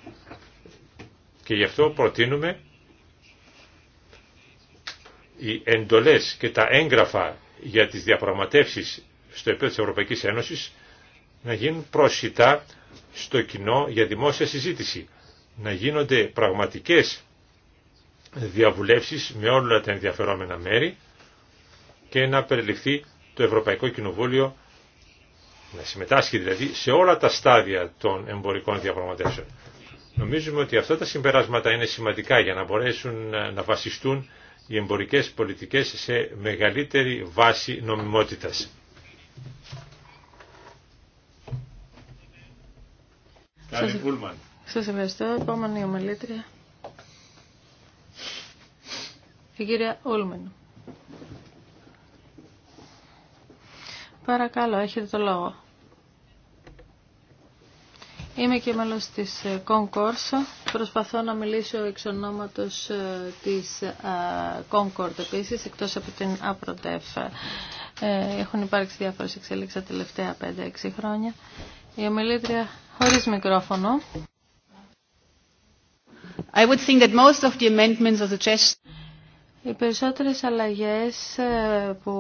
Και γι' αυτό προτείνουμε οι εντολές και τα έγγραφα για τις διαπραγματεύσεις στο επίπεδο της Ευρωπαϊκής Ένωσης να γίνουν προσιτά στο κοινό για δημόσια συζήτηση, να γίνονται πραγματικές διαβουλεύσεις με όλα τα ενδιαφερόμενα μέρη και να περιληφθεί το Ευρωπαϊκό Κοινοβούλιο να συμμετάσχει δηλαδή σε όλα τα στάδια των εμπορικών διαπραγματεύσεων. Νομίζουμε ότι αυτά τα συμπεράσματα είναι σημαντικά για να μπορέσουν να βασιστούν οι εμπορικές πολιτικές σε μεγαλύτερη βάση νομιμότητας. Σας, Σας ευχαριστώ. Επόμενη ομιλήτρια. Η κυρία Ούλμεν. Παρακαλώ, έχετε το λόγο. Είμαι και μέλος της ε, Concourse. Προσπαθώ να μιλήσω εξ ονόματος ε, της ε, Concord επίσης, εκτός από την Απροτεύ. Έχουν υπάρξει διάφορες εξέλιξεις τα τελευταία 5-6 χρόνια. Η ομιλήτρια χωρίς μικρόφωνο. I would think that most of the amendments of the οι περισσότερες αλλαγές, ε, που,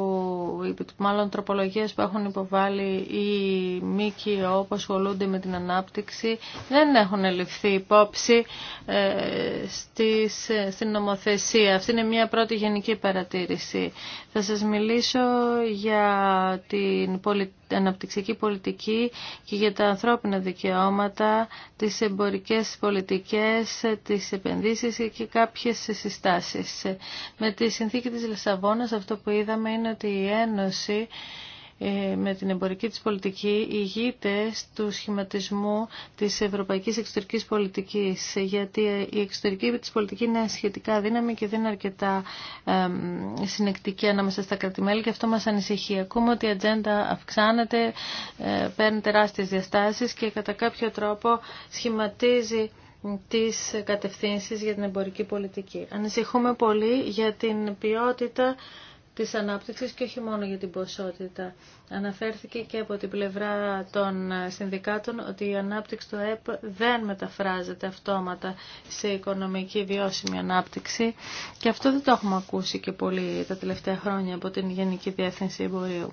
μάλλον τροπολογίες που έχουν υποβάλει οι ΜΚΟ που ασχολούνται με την ανάπτυξη, δεν έχουν ληφθεί υπόψη ε, στις, ε, στην νομοθεσία. Αυτή είναι μια πρώτη γενική παρατήρηση. Θα σας μιλήσω για την αναπτυξιακή πολιτική και για τα ανθρώπινα δικαιώματα, τις εμπορικές πολιτικές, τις επενδύσεις και κάποιες συστάσεις. Με τη συνθήκη της Λισαβόνας αυτό που είδαμε είναι ότι η Ένωση ε, με την εμπορική της πολιτική ηγείται του σχηματισμού της ευρωπαϊκής εξωτερικής πολιτικής γιατί η εξωτερική της πολιτική είναι σχετικά δύναμη και δεν είναι αρκετά συνεκτική ανάμεσα στα κρατημέλη και αυτό μας ανησυχεί. Ακούμε ότι η ατζέντα αυξάνεται, ε, παίρνει τεράστιες διαστάσεις και κατά κάποιο τρόπο σχηματίζει τις κατευθύνσεις για την εμπορική πολιτική. Ανησυχούμε πολύ για την ποιότητα της ανάπτυξης και όχι μόνο για την ποσότητα. Αναφέρθηκε και από την πλευρά των συνδικάτων ότι η ανάπτυξη του ΕΠ δεν μεταφράζεται αυτόματα σε οικονομική βιώσιμη ανάπτυξη και αυτό δεν το έχουμε ακούσει και πολύ τα τελευταία χρόνια από την Γενική Διεύθυνση Εμπορίου.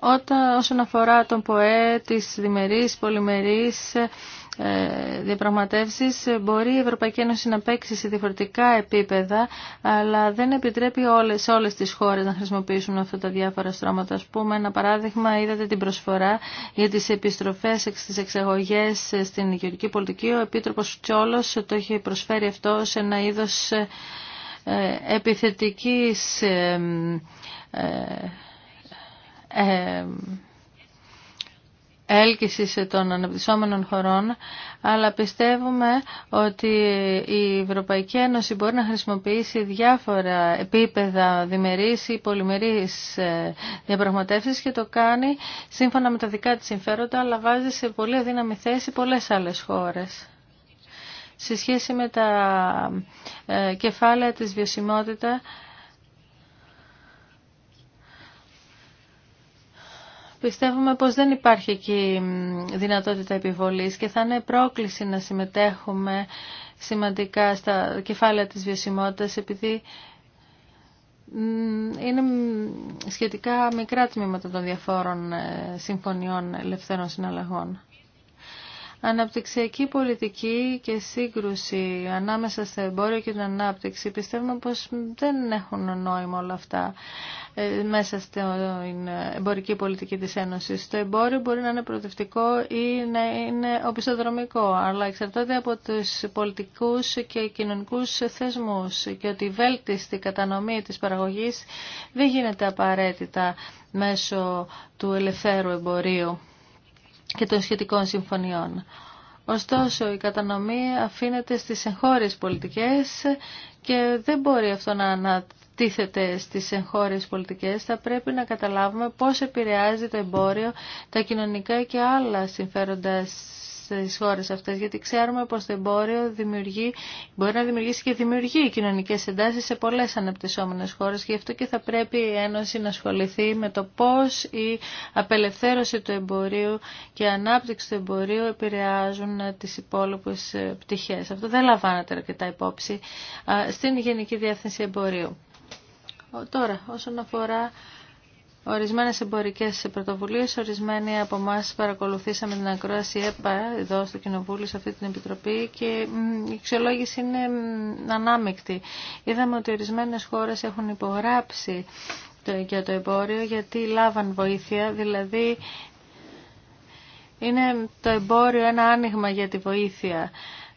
Όταν, όσον αφορά τον ΠΟΕ, τις διμερείς, πολυμερείς ε, διαπραγματεύσεις, μπορεί η Ευρωπαϊκή Ένωση να παίξει σε διαφορετικά επίπεδα, αλλά δεν επιτρέπει όλες, όλες τις χώρες να χρησιμοποιήσουν αυτά τα διάφορα στρώματα. Ας πούμε, ένα παράδειγμα, είδατε την προσφορά για τις επιστροφές στις εξαγωγές στην γεωργική πολιτική. Ο Επίτροπος Τσόλος το έχει προσφέρει αυτό σε ένα είδος ε, ε, επιθετικής ε, έλκυση των αναπτυσσόμενων χωρών, αλλά πιστεύουμε ότι η Ευρωπαϊκή Ένωση μπορεί να χρησιμοποιήσει διάφορα επίπεδα διμερείς ή πολυμερείς ε, διαπραγματεύσεις και το κάνει σύμφωνα με τα δικά της συμφέροντα, αλλά βάζει σε πολύ αδύναμη θέση πολλές άλλες χώρες. Σε σχέση με τα ε, κεφάλαια της βιωσιμότητας Πιστεύουμε πως δεν υπάρχει εκεί δυνατότητα επιβολής και θα είναι πρόκληση να συμμετέχουμε σημαντικά στα κεφάλαια της βιωσιμότητας επειδή είναι σχετικά μικρά τμήματα των διαφόρων ε, συμφωνιών ελευθέρων συναλλαγών. Αναπτυξιακή πολιτική και σύγκρουση ανάμεσα στο εμπόριο και την ανάπτυξη πιστεύουμε πως δεν έχουν νόημα όλα αυτά ε, μέσα στην εμπορική πολιτική της Ένωσης. Το εμπόριο μπορεί να είναι προοδευτικό ή να είναι οπισθοδρομικό, αλλά εξαρτάται από τους πολιτικούς και κοινωνικούς θεσμούς και ότι η βέλτιστη κατανομή της παραγωγής δεν γίνεται απαραίτητα μέσω του ελευθέρου εμπορίου και των σχετικών συμφωνιών. Ωστόσο, η κατανομή αφήνεται στις εγχώριες πολιτικές και δεν μπορεί αυτό να ανατίθεται στις εγχώριες πολιτικές. Θα πρέπει να καταλάβουμε πώς επηρεάζει το εμπόριο, τα κοινωνικά και άλλα συμφέροντα στις χώρες αυτές, γιατί ξέρουμε πως το εμπόριο δημιουργεί, μπορεί να δημιουργήσει και δημιουργεί κοινωνικές εντάσεις σε πολλές αναπτυσσόμενες χώρες και γι' αυτό και θα πρέπει η Ένωση να ασχοληθεί με το πώς η απελευθέρωση του εμπορίου και η ανάπτυξη του εμπορίου επηρεάζουν τις υπόλοιπες πτυχές. Αυτό δεν λαμβάνεται αρκετά υπόψη στην Γενική Διεύθυνση Εμπορίου. Τώρα, όσον αφορά Ορισμένες εμπορικές πρωτοβουλίες, ορισμένοι από εμά παρακολουθήσαμε την ακρόαση ΕΠΑ εδώ στο Κοινοβούλιο, σε αυτή την Επιτροπή και η αξιολόγηση είναι ανάμεικτη. Είδαμε ότι ορισμένες χώρες έχουν υπογράψει το, για το εμπόριο γιατί λάβαν βοήθεια, δηλαδή είναι το εμπόριο ένα άνοιγμα για τη βοήθεια.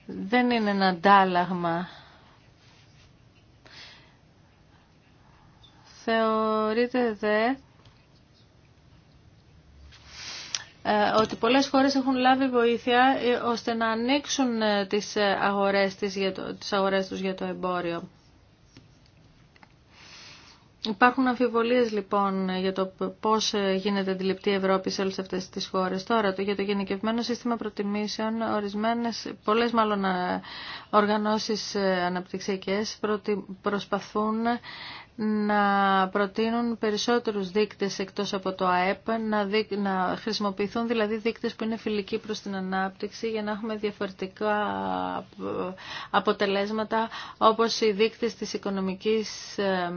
Δεν είναι ένα αντάλλαγμα. Θεωρείται δε Ε, ότι πολλές χώρες έχουν λάβει βοήθεια ε, ώστε να ανοίξουν ε, τις αγορές, τις, για το, τις αγορές τους για το εμπόριο. Υπάρχουν αμφιβολίες λοιπόν για το πώς γίνεται αντιληπτή η Ευρώπη σε όλες αυτές τις χώρες. Τώρα το, για το γενικευμένο σύστημα προτιμήσεων, ορισμένες, πολλές μάλλον οργανώσεις αναπτυξιακές προτι, προσπαθούν να προτείνουν περισσότερους δείκτες εκτός από το ΑΕΠ, να, να χρησιμοποιηθούν δηλαδή δείκτες που είναι φιλικοί προς την ανάπτυξη για να έχουμε διαφορετικά ε, αποτελέσματα όπως οι δείκτες της οικονομικής ε,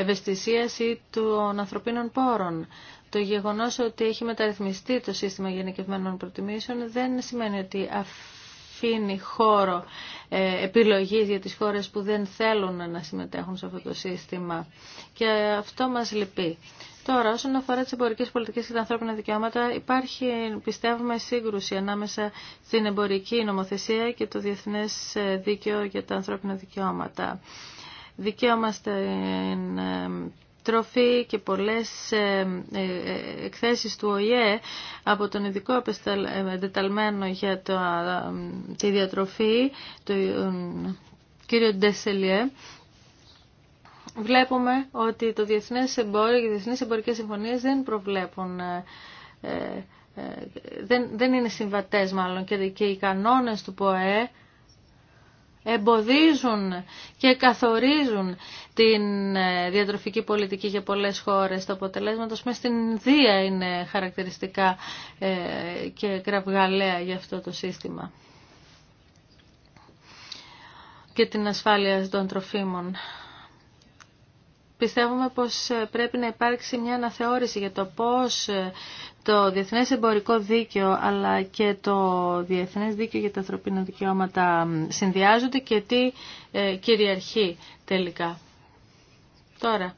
ευαισθησίας ή των ανθρωπίνων πόρων. Το γεγονός ότι έχει μεταρρυθμιστεί το σύστημα γενικευμένων προτιμήσεων δεν σημαίνει ότι αφήνει χώρο ε, επιλογής για τις χώρες που δεν θέλουν να συμμετέχουν σε αυτό το σύστημα. Και αυτό μας λυπεί. Τώρα, όσον αφορά τι εμπορικέ πολιτικέ και τα ανθρώπινα δικαιώματα, υπάρχει, πιστεύουμε, σύγκρουση ανάμεσα στην εμπορική νομοθεσία και το διεθνές ε, δίκαιο για τα ανθρώπινα δικαιώματα. Δικαίωμα ε, τροφή και πολλές ε, ε, ε, εκθέσεις του ΟΗΕ από τον ειδικό εντεταλμένο για τη διατροφή, τον κύριο Ντεσελιέ, βλέπουμε ότι το διεθνές εμπόριο και οι διεθνείς εμπορικές συμφωνίες δεν προβλέπουν δεν, είναι συμβατές μάλλον και, οι κανόνες του ΠΟΕ εμποδίζουν και καθορίζουν την ε, διατροφική πολιτική για πολλές χώρες. Το αποτελέσμα, το πούμε, στην Ινδία είναι χαρακτηριστικά ε, και κραυγαλαία για αυτό το σύστημα και την ασφάλεια των τροφίμων. Πιστεύουμε πως ε, πρέπει να υπάρξει μια αναθεώρηση για το πώς το διεθνές εμπορικό δίκαιο αλλά και το διεθνές δίκαιο για τα ανθρωπίνα δικαιώματα συνδυάζονται και τι ε, κυριαρχεί τελικά. Τώρα,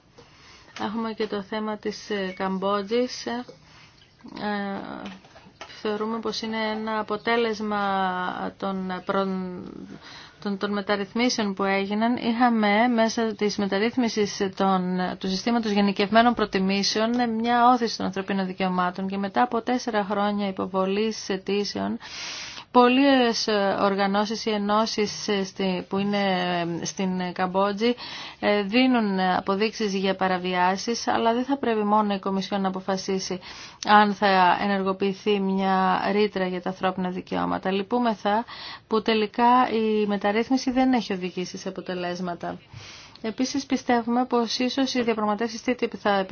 έχουμε και το θέμα της ε, Καμπότζης. Ε, θεωρούμε πως είναι ένα αποτέλεσμα των των, των μεταρρυθμίσεων που έγιναν είχαμε μέσα τη μεταρρύθμισης του συστήματο γενικευμένων προτιμήσεων μια όθηση των ανθρωπίνων δικαιωμάτων και μετά από τέσσερα χρόνια υποβολής αιτήσεων Πολλές ε, οργανώσεις ή ενώσεις ε, που είναι ε, στην Καμπότζη δίνουν αποδείξεις για παραβιάσεις, αλλά δεν θα πρέπει μόνο η Κομισιόν να αποφασίσει αν θα ενεργοποιηθεί μια ρήτρα για τα ανθρώπινα δικαιώματα. Λυπούμεθα που τελικά η μεταρρύθμιση δεν έχει οδηγήσει σε αποτελέσματα. Επίσης πιστεύουμε πως ίσως οι διαπραγματεύσεις TTIP θα,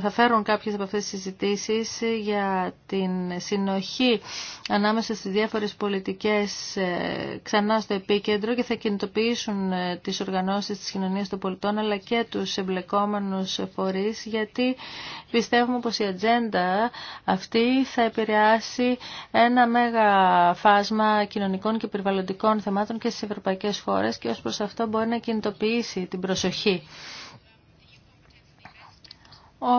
θα φέρουν κάποιες από αυτές τις συζητήσεις για την συνοχή ανάμεσα στις διάφορες πολιτικές ε, ξανά στο επίκεντρο και θα κινητοποιήσουν ε, τις οργανώσεις της κοινωνίας των πολιτών αλλά και τους εμπλεκόμενους φορείς γιατί πιστεύουμε πως η ατζέντα αυτή θα επηρεάσει ένα μέγα φάσμα κοινωνικών και περιβαλλοντικών θεμάτων και στις ευρωπαϊκές χώρες και ως προς αυτό μπορεί να κινητοποιήσει την προσοχή.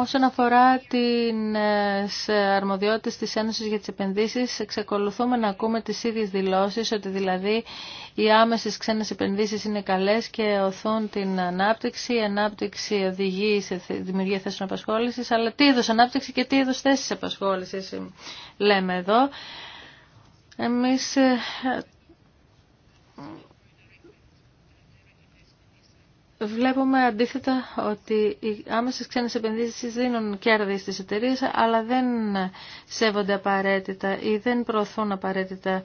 Όσον αφορά τις ε, αρμοδιότητες της Ένωσης για τις επενδύσεις, εξακολουθούμε να ακούμε τις ίδιες δηλώσεις, ότι δηλαδή οι άμεσες ξένες επενδύσεις είναι καλές και οθούν την ανάπτυξη. Η ανάπτυξη οδηγεί σε δημιουργία θέσεων απασχόλησης, αλλά τι είδος ανάπτυξη και τι είδος θέσεις απασχόλησης λέμε εδώ. Εμείς ε, βλέπουμε αντίθετα ότι οι άμεσες ξένες επενδύσεις δίνουν κέρδη στις εταιρείες, αλλά δεν σέβονται απαραίτητα ή δεν προωθούν απαραίτητα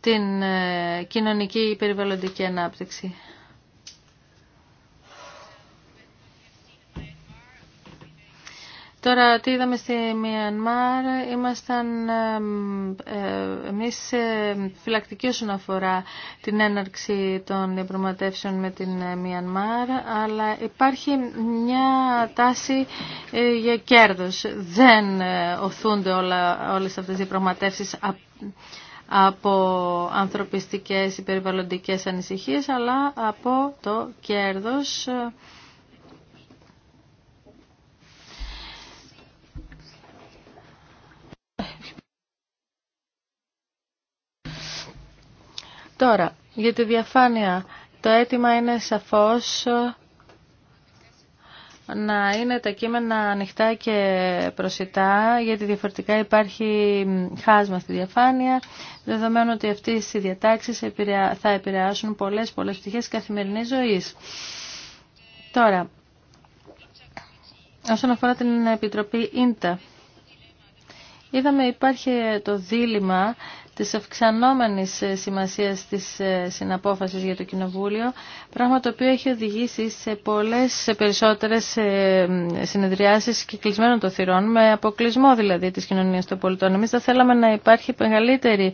την ε, κοινωνική ή περιβαλλοντική ανάπτυξη. Τώρα, τι είδαμε στη Μιανμάρ, ήμασταν ε, εμείς ε, φυλακτικοί όσον αφορά την έναρξη των διαπραγματεύσεων με την ε, Μιανμάρ, αλλά υπάρχει μια τάση για κέρδος. Δεν οθούνται όλα, όλες αυτές οι διαπραγματεύσεις από ανθρωπιστικές ή περιβαλλοντικές ανησυχίες, αλλά από το κέρδος Τώρα, για τη διαφάνεια, το αίτημα είναι σαφώς ε, να είναι τα κείμενα ανοιχτά και προσιτά, γιατί διαφορετικά υπάρχει χάσμα στη διαφάνεια, δεδομένου ότι αυτές οι διατάξεις θα επηρεάσουν πολλές, πολλές πτυχές καθημερινής ζωής. Τώρα, όσον αφορά την Επιτροπή ΙΝΤΑ, είδαμε υπάρχει το δίλημα της αυξανόμενης ε, σημασίας της ε, συναπόφασης για το Κοινοβούλιο, πράγμα το οποίο έχει οδηγήσει σε πολλές, σε περισσότερες ε, συνεδριάσεις και κλεισμένων των θυρών, με αποκλεισμό δηλαδή της κοινωνίας των πολιτών. Εμείς θα θέλαμε να υπάρχει μεγαλύτερη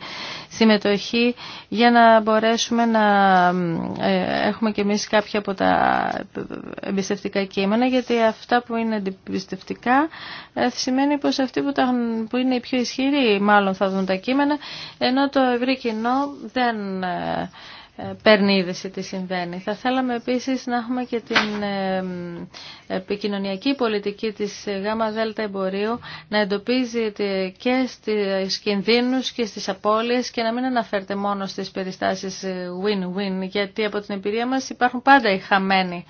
συμμετοχή για να μπορέσουμε να έχουμε κι εμείς κάποια από τα εμπιστευτικά κείμενα, γιατί αυτά που είναι εμπιστευτικά σημαίνει πως αυτοί που, που είναι οι πιο ισχυροί μάλλον θα δουν τα κείμενα ενώ το ευρύ κοινό δεν ε, παίρνει είδηση τι συμβαίνει. Θα θέλαμε επίσης να έχουμε και την ε, επικοινωνιακή πολιτική της ΓΑΜΑ ΔΕΛΤΑ Εμπορίου να εντοπίζει και στις κινδύνους και στις απώλειες και να μην αναφέρεται μόνο στις περιστάσεις ε, win-win γιατί από την εμπειρία μας υπάρχουν πάντα οι χαμένοι.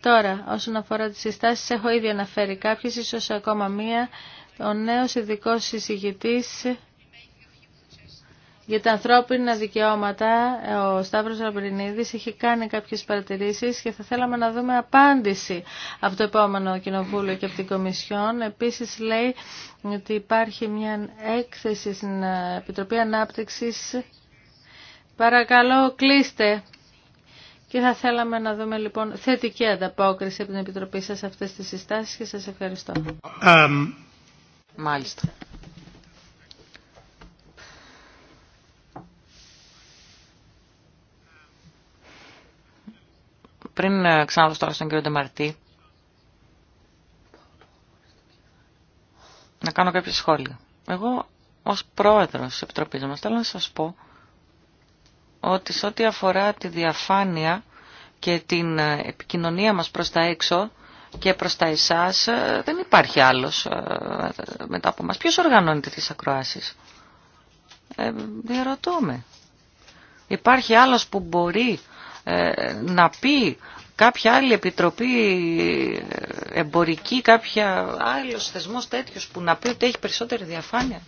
Τώρα, όσον αφορά τις συστάσεις, έχω ήδη αναφέρει κάποιες, ίσως ακόμα μία. Ο νέος ειδικός συζητητής για τα ανθρώπινα δικαιώματα, ο Σταύρος Ραμπρινίδης έχει κάνει κάποιες παρατηρήσεις και θα θέλαμε να δούμε απάντηση από το επόμενο κοινοβούλιο και από την Κομισιόν. Επίσης λέει ότι υπάρχει μια έκθεση στην Επιτροπή Ανάπτυξης. Παρακαλώ κλείστε. Και θα θέλαμε να δούμε λοιπόν θετική ανταπόκριση από την Επιτροπή σας σε αυτές τις συστάσεις και σας ευχαριστώ. Um... Πριν ε, ξαναδώσω τώρα στον κύριο Ντεμαρτή, να κάνω κάποια σχόλια. Εγώ ως πρόεδρος της Επιτροπής μας θέλω να σας πω ότι σε ό,τι αφορά τη διαφάνεια και την ε, επικοινωνία μας προς τα έξω και προς τα εσάς ε, δεν υπάρχει άλλος μετά από μας. Ποιος οργανώνει τέτοιες ακροάσεις. Ε, διαρωτώ με. Υπάρχει άλλος που μπορεί ε, να πει κάποια άλλη επιτροπή ε, εμπορική, κάποια άλλο θεσμό τέτοιο που να πει ότι έχει περισσότερη διαφάνεια.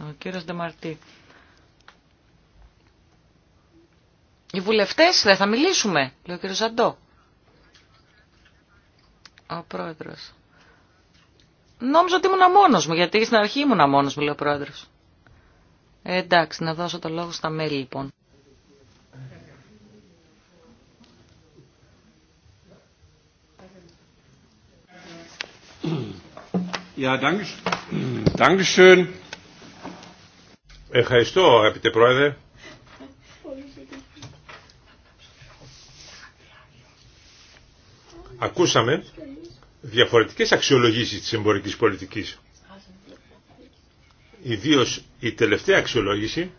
Ο κύριος Δεμαρτή. Οι βουλευτές δεν θα μιλήσουμε, λέει ο κύριος Ζαντό. Ο πρόεδρος. Νόμιζα ότι ήμουν μόνο μου, γιατί στην αρχή ήμουν μόνος μου, λέει ο πρόεδρος. Ε, εντάξει, να δώσω το λόγο στα μέλη λοιπόν. Ευχαριστώ αγαπητέ πρόεδρε. Ακούσαμε διαφορετικές αξιολογήσεις της εμπορικής πολιτικής. Ιδίως η τελευταία αξιολόγηση,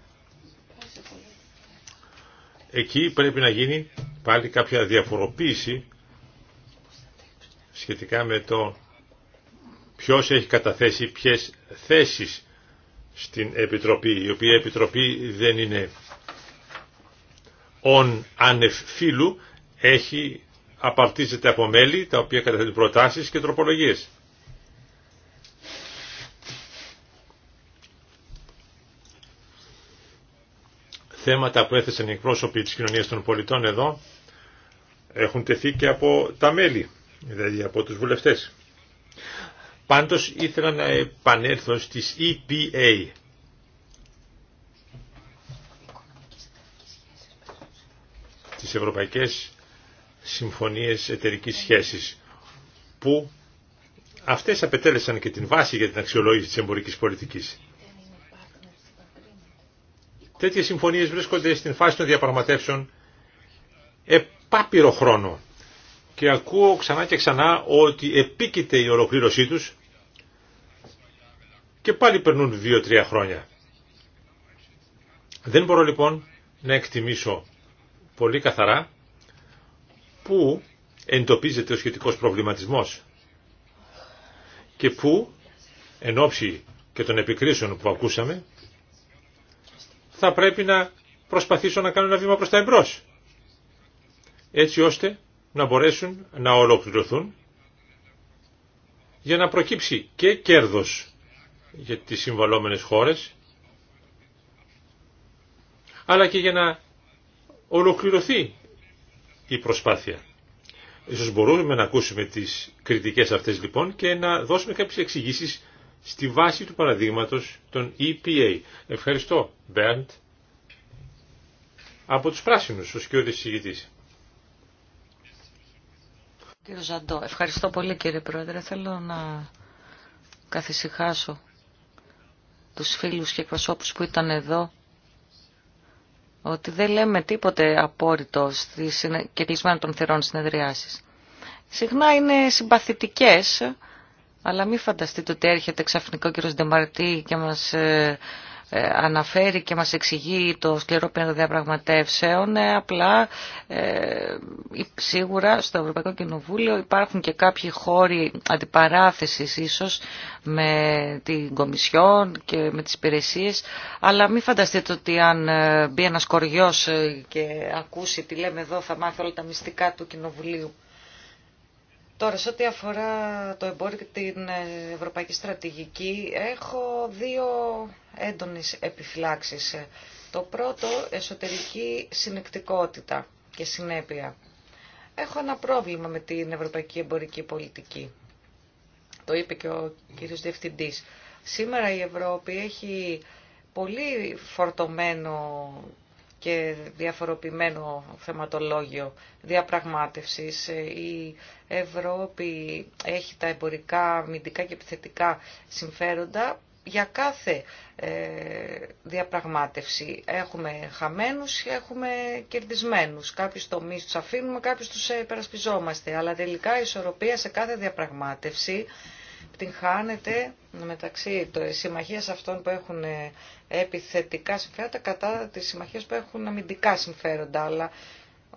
εκεί πρέπει να γίνει πάλι κάποια διαφοροποίηση σχετικά με το ποιος έχει καταθέσει ποιες θέσεις στην Επιτροπή, η οποία Επιτροπή δεν είναι ον άνευ έχει απαρτίζεται από μέλη τα οποία καταθέτουν προτάσεις και τροπολογίες. Θέματα που έθεσαν οι εκπρόσωποι της κοινωνίας των πολιτών εδώ έχουν τεθεί και από τα μέλη, δηλαδή από τους βουλευτές. Πάντως ήθελα να επανέλθω στις EPA. Τις Ευρωπαϊκές συμφωνίες εταιρικής σχέσης που αυτές απετέλεσαν και την βάση για την αξιολόγηση της εμπορικής πολιτικής. Τέτοιες συμφωνίες βρίσκονται στην φάση των διαπραγματεύσεων επάπειρο χρόνο και ακούω ξανά και ξανά ότι επίκειται η ολοκλήρωσή τους και πάλι περνούν δύο-τρία χρόνια. Δεν μπορώ λοιπόν να εκτιμήσω πολύ καθαρά πού εντοπίζεται ο σχετικός προβληματισμός και πού, εν ώψη και των επικρίσεων που ακούσαμε, θα πρέπει να προσπαθήσω να κάνω ένα βήμα προς τα εμπρός, έτσι ώστε να μπορέσουν να ολοκληρωθούν για να προκύψει και κέρδος για τις συμβαλόμενες χώρες, αλλά και για να ολοκληρωθεί η προσπάθεια. Ίσως μπορούμε να ακούσουμε τις κριτικές αυτές λοιπόν και να δώσουμε κάποιες εξηγήσει στη βάση του παραδείγματος των EPA. Ευχαριστώ, Μπέρντ, από τους πράσινους, ο σκιώδης συγητής. Κύριο Ζαντό, ευχαριστώ πολύ κύριε Πρόεδρε. Θέλω να καθησυχάσω τους φίλους και εκπροσώπους που ήταν εδώ ότι δεν λέμε τίποτε απόρριτο στις και κλεισμένα των θερών συνεδριάσεις. Συχνά είναι συμπαθητικές, αλλά μην φανταστείτε ότι έρχεται ξαφνικό κύριος Ντεμαρτή και μας ε, ε, αναφέρει και μας εξηγεί το σκληρό πέραν διαπραγματεύσεων, ε, απλά ε, σίγουρα στο Ευρωπαϊκό Κοινοβούλιο υπάρχουν και κάποιοι χώροι αντιπαράθεσης ίσως με την Κομισιόν και με τις υπηρεσίες, αλλά μην φανταστείτε ότι αν μπει ένας κοριός και ακούσει τι λέμε εδώ θα μάθει όλα τα μυστικά του Κοινοβουλίου. Τώρα, σε ό,τι αφορά το εμπόριο και την ε, ευρωπαϊκή στρατηγική, έχω δύο έντονες επιφυλάξεις. Το πρώτο, εσωτερική συνεκτικότητα και συνέπεια. Έχω ένα πρόβλημα με την ευρωπαϊκή εμπορική πολιτική. Το είπε και ο κύριος Διευθυντής. Σήμερα η Ευρώπη έχει πολύ φορτωμένο και διαφοροποιημένο θεματολόγιο διαπραγμάτευσης. Η Ευρώπη έχει τα εμπορικά, αμυντικά και επιθετικά συμφέροντα για κάθε ε, διαπραγμάτευση. Έχουμε χαμένους, έχουμε κερδισμένους. Κάποιους τομείς τους αφήνουμε, κάποιους τους περασπιζόμαστε. Αλλά τελικά η ισορροπία σε κάθε διαπραγμάτευση την χάνεται μεταξύ των συμμαχίας αυτών που έχουν ε, επιθετικά συμφέροντα κατά τι συμμαχίε που έχουν αμυντικά συμφέροντα, αλλά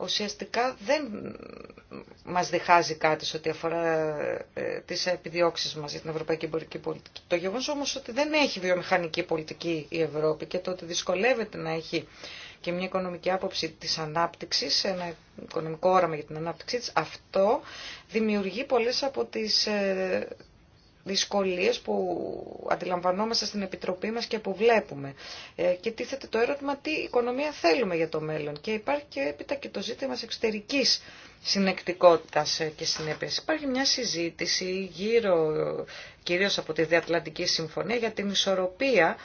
ουσιαστικά δεν μα διχάζει κάτι σε ό,τι αφορά ε, τι επιδιώξει μα για την ευρωπαϊκή εμπορική πολιτική. Το γεγονό όμω ότι δεν έχει βιομηχανική πολιτική η Ευρώπη και το ότι δυσκολεύεται να έχει και μια οικονομική άποψη της ανάπτυξης, ένα οικονομικό όραμα για την ανάπτυξή της, αυτό δημιουργεί πολλές από τις ε, δυσκολίες που αντιλαμβανόμαστε στην Επιτροπή μας και που βλέπουμε. Ε, και τίθεται το ερώτημα τι οικονομία θέλουμε για το μέλλον. Και υπάρχει και έπειτα και το ζήτημα της εξωτερικής συνεκτικότητας ε, και συνέπειας. Υπάρχει μια συζήτηση γύρω κυρίως από τη Διατλαντική Συμφωνία για την ισορροπία.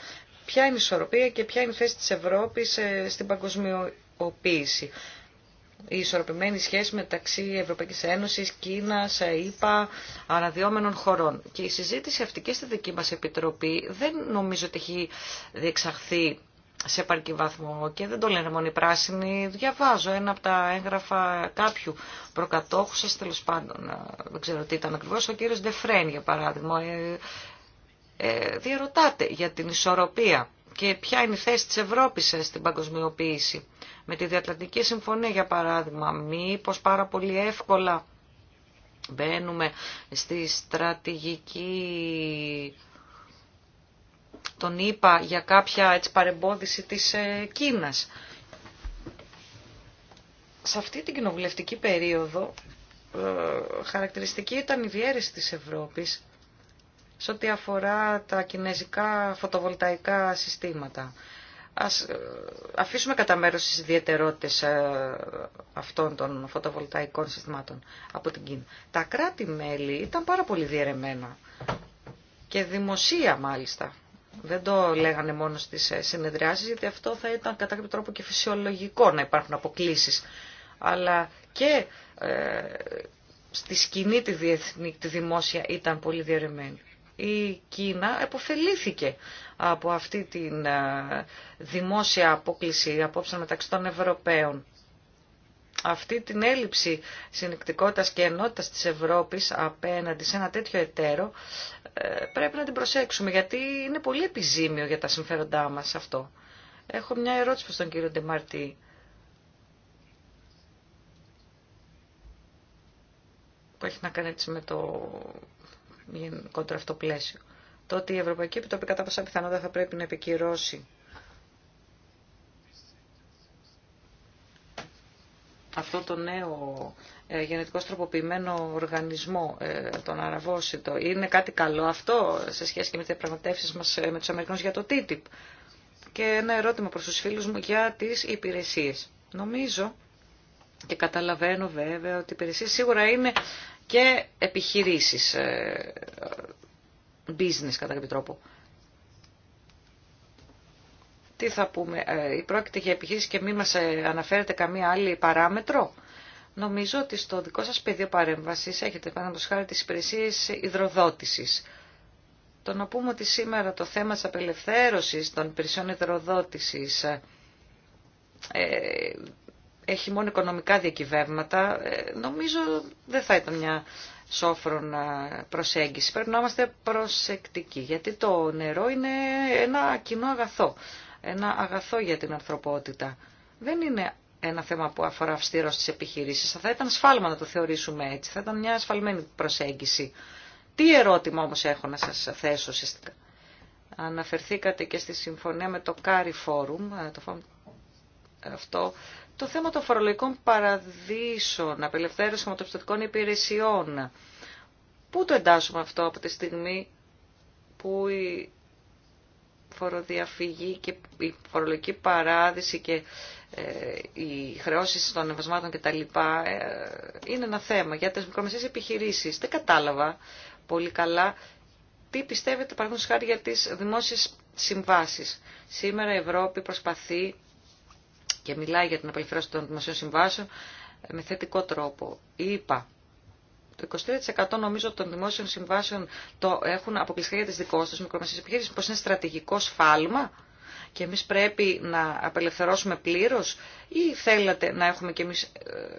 Ποια είναι η ισορροπία και ποια είναι η θέση της Ευρώπης ε, στην παγκοσμιοποίηση η ισορροπημένη σχέση μεταξύ Ευρωπαϊκής Ένωσης, Κίνας, ήπα αναδυόμενων χωρών. Και η συζήτηση αυτή και στη δική μας Επιτροπή δεν νομίζω ότι έχει διεξαχθεί σε επαρκή βαθμό και δεν το λένε μόνο οι πράσινοι. Διαβάζω ένα από τα έγγραφα κάποιου προκατόχου σας, τέλο πάντων, δεν ξέρω τι ήταν ακριβώς, ο κύριο Ντεφρέν για παράδειγμα. Ε, ε για την ισορροπία και ποια είναι η θέση της Ευρώπης στην παγκοσμιοποίηση. Με τη Διατλαντική Συμφωνία, για παράδειγμα, μήπως πάρα πολύ εύκολα μπαίνουμε στη στρατηγική τον είπα για κάποια έτσι, παρεμπόδιση της ε, Κίνας. Σε αυτή την κοινοβουλευτική περίοδο ε, χαρακτηριστική ήταν η διέρεση της Ευρώπης σε ό,τι αφορά τα κινέζικα φωτοβολταϊκά συστήματα. Ας ε, αφήσουμε κατά μέρος τις ιδιαιτερότητες ε, αυτών των φωτοβολταϊκών συστημάτων από την Κίνα. Τα κράτη-μέλη ήταν πάρα πολύ διαιρεμένα και δημοσία μάλιστα. Δεν το λέγανε μόνο στις ε, συνεδριάσεις γιατί αυτό θα ήταν κατά κάποιο τρόπο και φυσιολογικό να υπάρχουν αποκλήσεις. Αλλά και στη σκηνή τη, τη δημόσια ήταν πολύ διαιρεμένη η Κίνα εποφελήθηκε από αυτή την ε, δημόσια απόκληση απόψε μεταξύ των Ευρωπαίων. Αυτή την έλλειψη συνεκτικότητας και ενότητας της Ευρώπης απέναντι σε ένα τέτοιο εταίρο ε, πρέπει να την προσέξουμε γιατί είναι πολύ επιζήμιο για τα συμφέροντά μας αυτό. Έχω μια ερώτηση προς τον κύριο Ντεμαρτή. που έχει να κάνει με το γενικότερο αυτό πλαίσιο. Το ότι η Ευρωπαϊκή Επιτροπή κατά πάσα πιθανότητα θα πρέπει να επικυρώσει αυτό το νέο ε, γενετικό τροποποιημένο οργανισμό, ε, τον αραβόσιτο, είναι κάτι καλό αυτό σε σχέση και με τις διαπραγματεύσει μας ε, με τους Αμερικανούς για το TTIP. Και ένα ερώτημα προς τους φίλους μου για τις υπηρεσίες. Νομίζω και καταλαβαίνω βέβαια ότι οι υπηρεσίε σίγουρα είναι και επιχειρήσεις, ε, business κατά κάποιο τρόπο. Τι θα πούμε, η ε, πρόκειται για επιχείρηση και μη μας ε, αναφέρετε καμία άλλη παράμετρο. Νομίζω ότι στο δικό σας πεδίο παρέμβασης έχετε πάνω χάρη τις υπηρεσίες υδροδότησης. Το να πούμε ότι σήμερα το θέμα της απελευθέρωσης των υπηρεσιών υδροδότησης έχει μόνο οικονομικά διακυβεύματα, ε, νομίζω δεν θα ήταν μια σόφρον προσέγγιση. Πρέπει να είμαστε προσεκτικοί, γιατί το νερό είναι ένα κοινό αγαθό, ένα αγαθό για την ανθρωπότητα. Δεν είναι ένα θέμα που αφορά αυστηρό στις επιχειρήσεις. Θα ήταν σφάλμα να το θεωρήσουμε έτσι, θα ήταν μια ασφαλμένη προσέγγιση. Τι ερώτημα όμως έχω να σας θέσω Αναφερθήκατε και στη συμφωνία με το Κάρι Φόρουμ, ε, το ε, αυτό το θέμα των φορολογικών παραδείσων, απελευθέρωση χρηματοπιστωτικών υπηρεσιών. Πού το εντάσσουμε αυτό από τη στιγμή που η φοροδιαφυγή και η φορολογική παράδειση και ε, οι χρεώσει των εμβασμάτων κτλ. Ε, είναι ένα θέμα για τις μικρομεσαίες επιχειρήσεις. Δεν κατάλαβα πολύ καλά τι πιστεύετε παραδείγματος χάρη για τις δημόσιες συμβάσεις. Σήμερα η Ευρώπη προσπαθεί και μιλάει για την απελευθέρωση των δημοσίων συμβάσεων ε, με θετικό τρόπο. Είπα, το 23% νομίζω των δημόσιων συμβάσεων το έχουν αποκλειστικά για τις δικές τους μικρομεσαίες επιχειρήσεις, πως είναι στρατηγικό σφάλμα και εμείς πρέπει να απελευθερώσουμε πλήρως ή θέλατε να έχουμε και εμείς ε,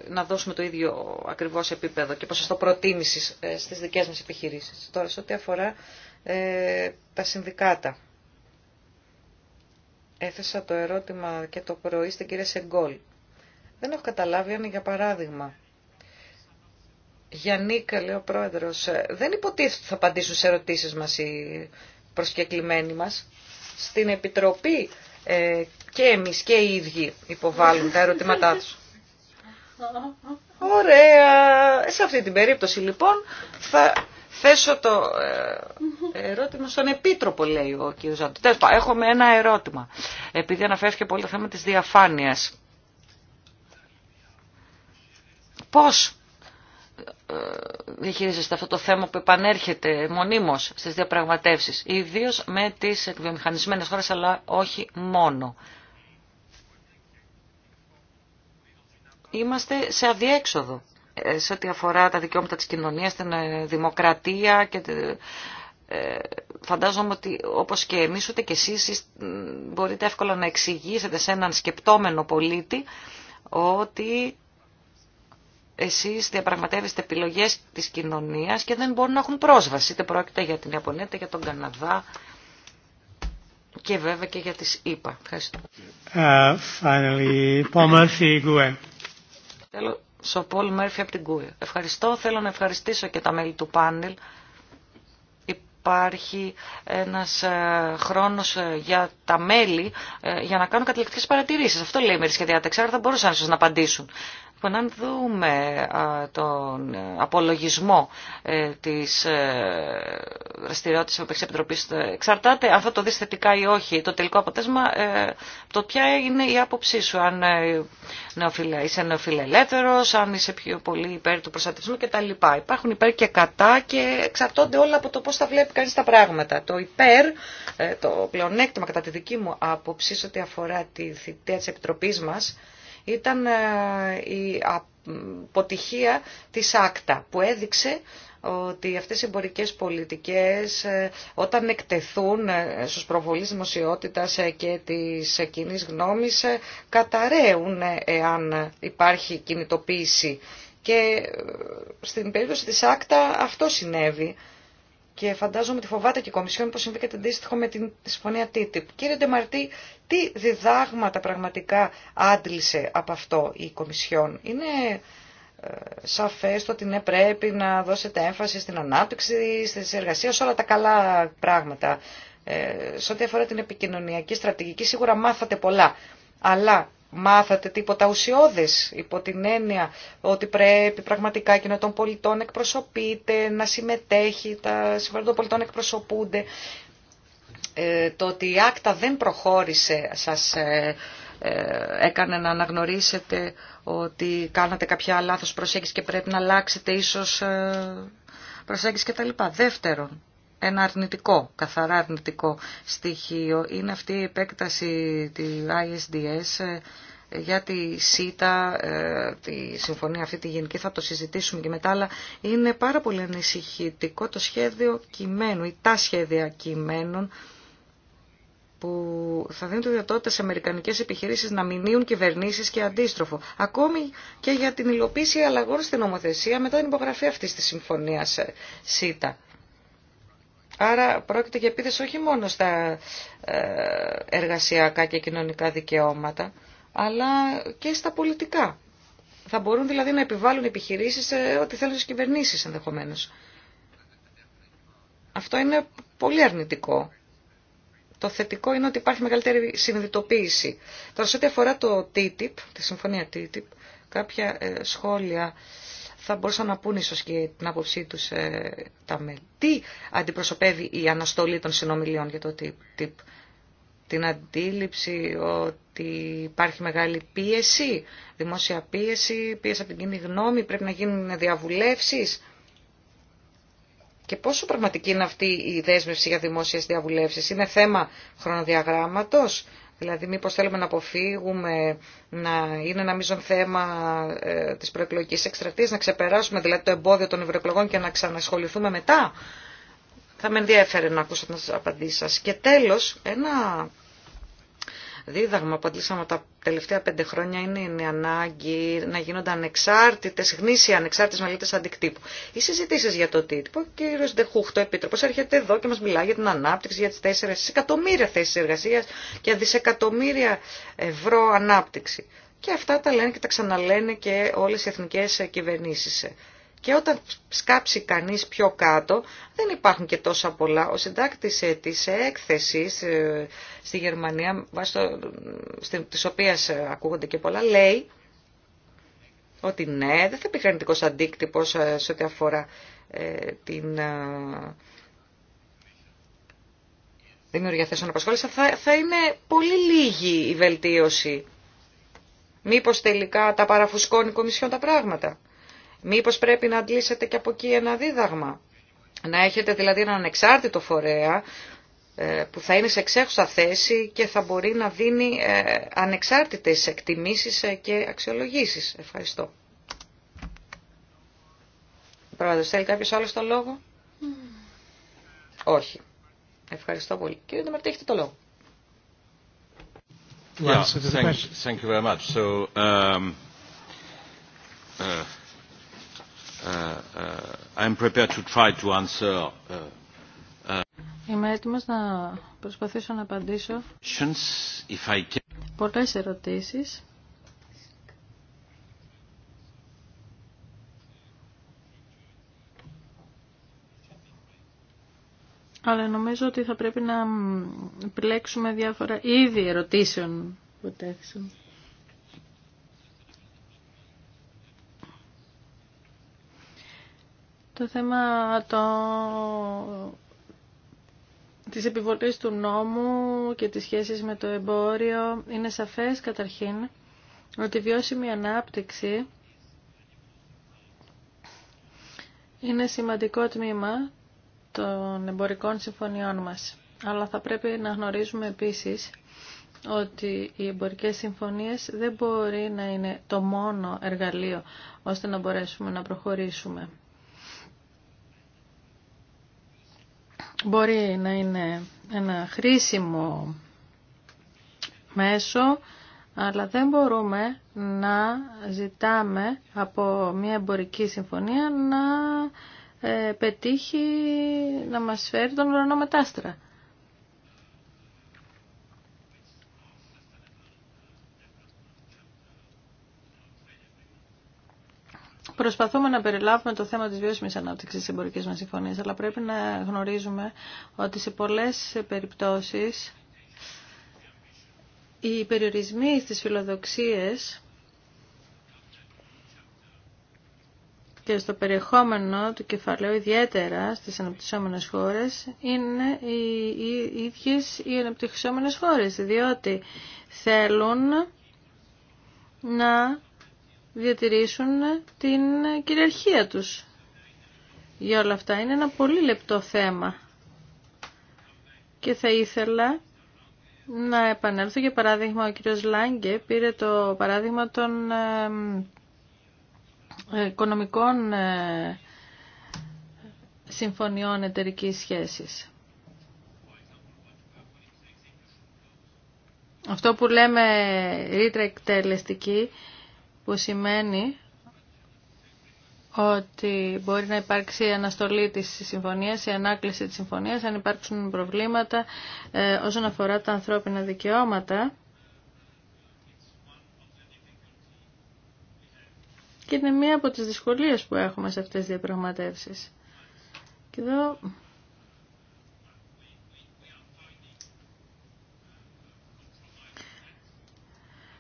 να δώσουμε το ίδιο ακριβώς επίπεδο και ποσοστό προτίμησης ε, στις δικές μας επιχειρήσεις. Τώρα, σε ό,τι αφορά τα συνδικάτα. Έθεσα το ερώτημα και το πρωί στην κυρία Σεγκόλ. Δεν έχω καταλάβει αν για παράδειγμα. Νίκα, λέει ο πρόεδρος, ε, δεν υποτίθεται ότι θα απαντήσουν σε ερωτήσεις μας οι προσκεκλημένοι μας. Στην Επιτροπή ε, και εμείς και οι ίδιοι υποβάλλουν τα ερωτήματά τους. Ωραία. Σε αυτή την περίπτωση λοιπόν θα θέσω το ε, ερώτημα στον Επίτροπο, λέει ο κ. Έχω Έχουμε ένα ερώτημα, επειδή αναφέρθηκε πολύ το θέμα της διαφάνειας. Πώς ε, διαχειρίζεστε αυτό το θέμα που επανέρχεται Μονίμω στις διαπραγματεύσεις, ιδίως με τις εκβιομηχανισμένες χώρε, αλλά όχι μόνο. Είμαστε σε αδιέξοδο σε ό,τι αφορά τα δικαιώματα της κοινωνίας, την ε, δημοκρατία και ε, ε, φαντάζομαι ότι όπως και εμείς ούτε και εσείς μπορείτε εύκολα να εξηγήσετε σε έναν σκεπτόμενο πολίτη ότι εσείς διαπραγματεύεστε επιλογές της κοινωνίας και δεν μπορούν να έχουν πρόσβαση, είτε πρόκειται για την Ιαπωνία, είτε για τον Καναδά και βέβαια και για τις ΗΠΑ. Ευχαριστώ. Uh, finally, Σοπόλ Μέρφυ από την Κούε. Ευχαριστώ. Θέλω να ευχαριστήσω και τα μέλη του πάνελ. Υπάρχει ένας ε, χρόνος ε, για τα μέλη ε, για να κάνουν καταληκτικές παρατηρήσεις. Αυτό λέει η μερική άρα θα μπορούσαν ίσως να απαντήσουν. Λοιπόν, αν δούμε τον ε, απολογισμό ε, της ε, δραστηριότητας της Επιτροπής, εξαρτάται αν θα το δεις θετικά ή όχι, το τελικό αποτέλεσμα, το ποια είναι η άποψή σου, αν είσαι νεοφιλελεύθερος, αν είσαι πιο πολύ υπέρ του προστατευσμού κτλ. Υπάρχουν υπέρ και κατά και εξαρτώνται όλα από το πώς θα βλέπει κανείς τα πράγματα. Το υπέρ, το πλεονέκτημα κατά τη δική μου άποψη, ό,τι αφορά τη θητεία της Επιτροπής μας, ήταν ε, η αποτυχία της ΑΚΤΑ που έδειξε ότι αυτές οι εμπορικές πολιτικές ε, όταν εκτεθούν ε, στους προβολείς δημοσιότητας και της κοινή γνώμης καταραίουν εάν υπάρχει κινητοποίηση. Και στην περίπτωση της ΑΚΤΑ αυτό συνέβη. Και φαντάζομαι ότι φοβάται και η Κομισιόν πως συμβεί και αντίστοιχο με την συμφωνία TTIP. Κύριε Ντεμαρτή, τι διδάγματα πραγματικά άντλησε από αυτό η Κομισιόν. Είναι ε, σαφές το ότι ναι πρέπει να δώσετε έμφαση στην ανάπτυξη, στις σε όλα τα καλά πράγματα. Ε, σε ό,τι αφορά την επικοινωνιακή στρατηγική σίγουρα μάθατε πολλά. Αλλά μάθατε τίποτα ουσιώδες υπό την έννοια ότι πρέπει πραγματικά και να των πολιτών εκπροσωπείται, να συμμετέχει, τα συμφέροντα των πολιτών εκπροσωπούνται. Ε, το ότι η άκτα δεν προχώρησε σας ε, ε, έκανε να αναγνωρίσετε ότι κάνατε κάποια λάθος προσέγγιση και πρέπει να αλλάξετε ίσως ε, προσέγγιση λοιπά. Δεύτερον, ένα αρνητικό, καθαρά αρνητικό στοιχείο. Είναι αυτή η επέκταση του ISDS ε, για τη ΣΥΤΑ, ε, τη συμφωνία αυτή τη γενική, θα το συζητήσουμε και μετά, αλλά είναι πάρα πολύ ανησυχητικό το σχέδιο κειμένου ή τα σχέδια κειμένων που θα δίνουν τη δυνατότητα σε αμερικανικές επιχειρήσεις να μηνύουν κυβερνήσεις και αντίστροφο. Ακόμη και για την υλοποίηση αλλαγών στην νομοθεσία μετά την υπογραφή αυτής της συμφωνίας ε, ΣΥΤΑ. Άρα πρόκειται για επίθεση όχι μόνο στα ε, εργασιακά και κοινωνικά δικαιώματα, αλλά και στα πολιτικά. Θα μπορούν δηλαδή να επιβάλλουν επιχειρήσεις σε ό,τι θέλουν στις κυβερνήσεις ενδεχομένως. Αυτό είναι πολύ αρνητικό. Το θετικό είναι ότι υπάρχει μεγαλύτερη συνειδητοποίηση. Τώρα σε ό,τι αφορά το TTIP, τη συμφωνία TTIP, κάποια ε, σχόλια θα μπορούσαν να πούν ίσως και την άποψή τους ε, τα μέλη. Τι αντιπροσωπεύει η αναστολή των συνομιλίων για το τύπ. Την αντίληψη ότι υπάρχει μεγάλη πίεση, δημόσια πίεση, πίεση από την κοινή γνώμη, πρέπει να γίνουν διαβουλεύσεις. Και πόσο πραγματική είναι αυτή η δέσμευση για δημόσιες διαβουλεύσεις. Είναι θέμα χρονοδιαγράμματος, Δηλαδή μήπως θέλουμε να αποφύγουμε να είναι ένα μείζον θέμα ε, της προεκλογικής εκστρατείας, να ξεπεράσουμε δηλαδή το εμπόδιο των ευρωεκλογών και να ξανασχοληθούμε μετά. Θα με ενδιαφέρει να ακούσω τις απαντήσεις σας. Και τέλος, ένα δίδαγμα που αντλήσαμε τα τελευταία πέντε χρόνια είναι η ανάγκη να γίνονται ανεξάρτητες, γνήσια ανεξάρτητες μελέτες αντικτύπου. Οι συζητήσει για το τίτλο, ο κύριος το επίτροπος, έρχεται εδώ και μας μιλάει για την ανάπτυξη, για τις τέσσερις εκατομμύρια θέσεις εργασίας και δισεκατομμύρια ευρώ ανάπτυξη. Και αυτά τα λένε και τα ξαναλένε και όλες οι εθνικές κυβερνήσεις. Και όταν σκάψει κανείς πιο κάτω, δεν υπάρχουν και τόσα πολλά. Ο συντάκτης ε, της έκθεσης ε, στη Γερμανία, της οποίας ε, ακούγονται και πολλά, λέει ότι ναι, δεν θα υπήρχε αρνητικός αντίκτυπος σε ό,τι αφορά την δημιουργία θέσεων απασχόλησης, θα, θα είναι πολύ λίγη η βελτίωση. Μήπως τελικά τα παραφουσκώνει η Κομισιόν τα πράγματα. Μήπως πρέπει να αντλήσετε και από εκεί ένα δίδαγμα. Να έχετε δηλαδή έναν ανεξάρτητο φορέα ε, που θα είναι σε εξέχουσα θέση και θα μπορεί να δίνει ε, ανεξάρτητες εκτιμήσεις ε, και αξιολογήσεις. Ευχαριστώ. Πρόεδρος, θέλει κάποιος άλλος το λόγο? Mm. Όχι. Ευχαριστώ πολύ. Κύριε Δημαρτή, έχετε το λόγο. Yeah, thank, So, um, uh, Uh, uh, uh, Είμαι έτοιμος να προσπαθήσω να απαντήσω πολλέ ερωτήσει. πολλές ερωτήσεις. Αλλά νομίζω ότι θα πρέπει να επιλέξουμε διάφορα είδη ερωτήσεων που Το θέμα το... της επιβολής του νόμου και της σχέσης με το εμπόριο είναι σαφές καταρχήν ότι η βιώσιμη ανάπτυξη είναι σημαντικό τμήμα των εμπορικών συμφωνιών μας. Αλλά θα πρέπει να γνωρίζουμε επίσης ότι οι εμπορικές συμφωνίες δεν μπορεί να είναι το μόνο εργαλείο ώστε να μπορέσουμε να προχωρήσουμε. μπορεί να είναι ένα χρήσιμο μέσο, αλλά δεν μπορούμε να ζητάμε από μια εμπορική συμφωνία να ε, πετύχει να μας φέρει τον ουρανό μετάστρα. Προσπαθούμε να περιλάβουμε το θέμα της βιώσιμης ανάπτυξης της εμπορική μας αλλά πρέπει να γνωρίζουμε ότι σε πολλές περιπτώσεις οι περιορισμοί στις φιλοδοξίες και στο περιεχόμενο του κεφαλαίου, ιδιαίτερα στις αναπτυσσόμενες χώρες, είναι οι, ίδιε οι ίδιες οι αναπτυσσόμενες χώρες, διότι θέλουν να διατηρήσουν την κυριαρχία τους. Για όλα αυτά είναι ένα πολύ λεπτό θέμα. Και θα ήθελα να επανέλθω για παράδειγμα ο κύριος Λάγκε πήρε το παράδειγμα των οικονομικών ε, συμφωνιών εταιρικής σχέσης. Αυτό που λέμε ρήτρα εκτελεστική που σημαίνει ότι μπορεί να υπάρξει αναστολή της συμφωνίας, η ανάκληση της συμφωνίας, αν υπάρξουν προβλήματα ε, όσον αφορά τα ανθρώπινα δικαιώματα. Και είναι μία από τις δυσκολίες που έχουμε σε αυτές τις διαπραγματεύσεις. Και εδώ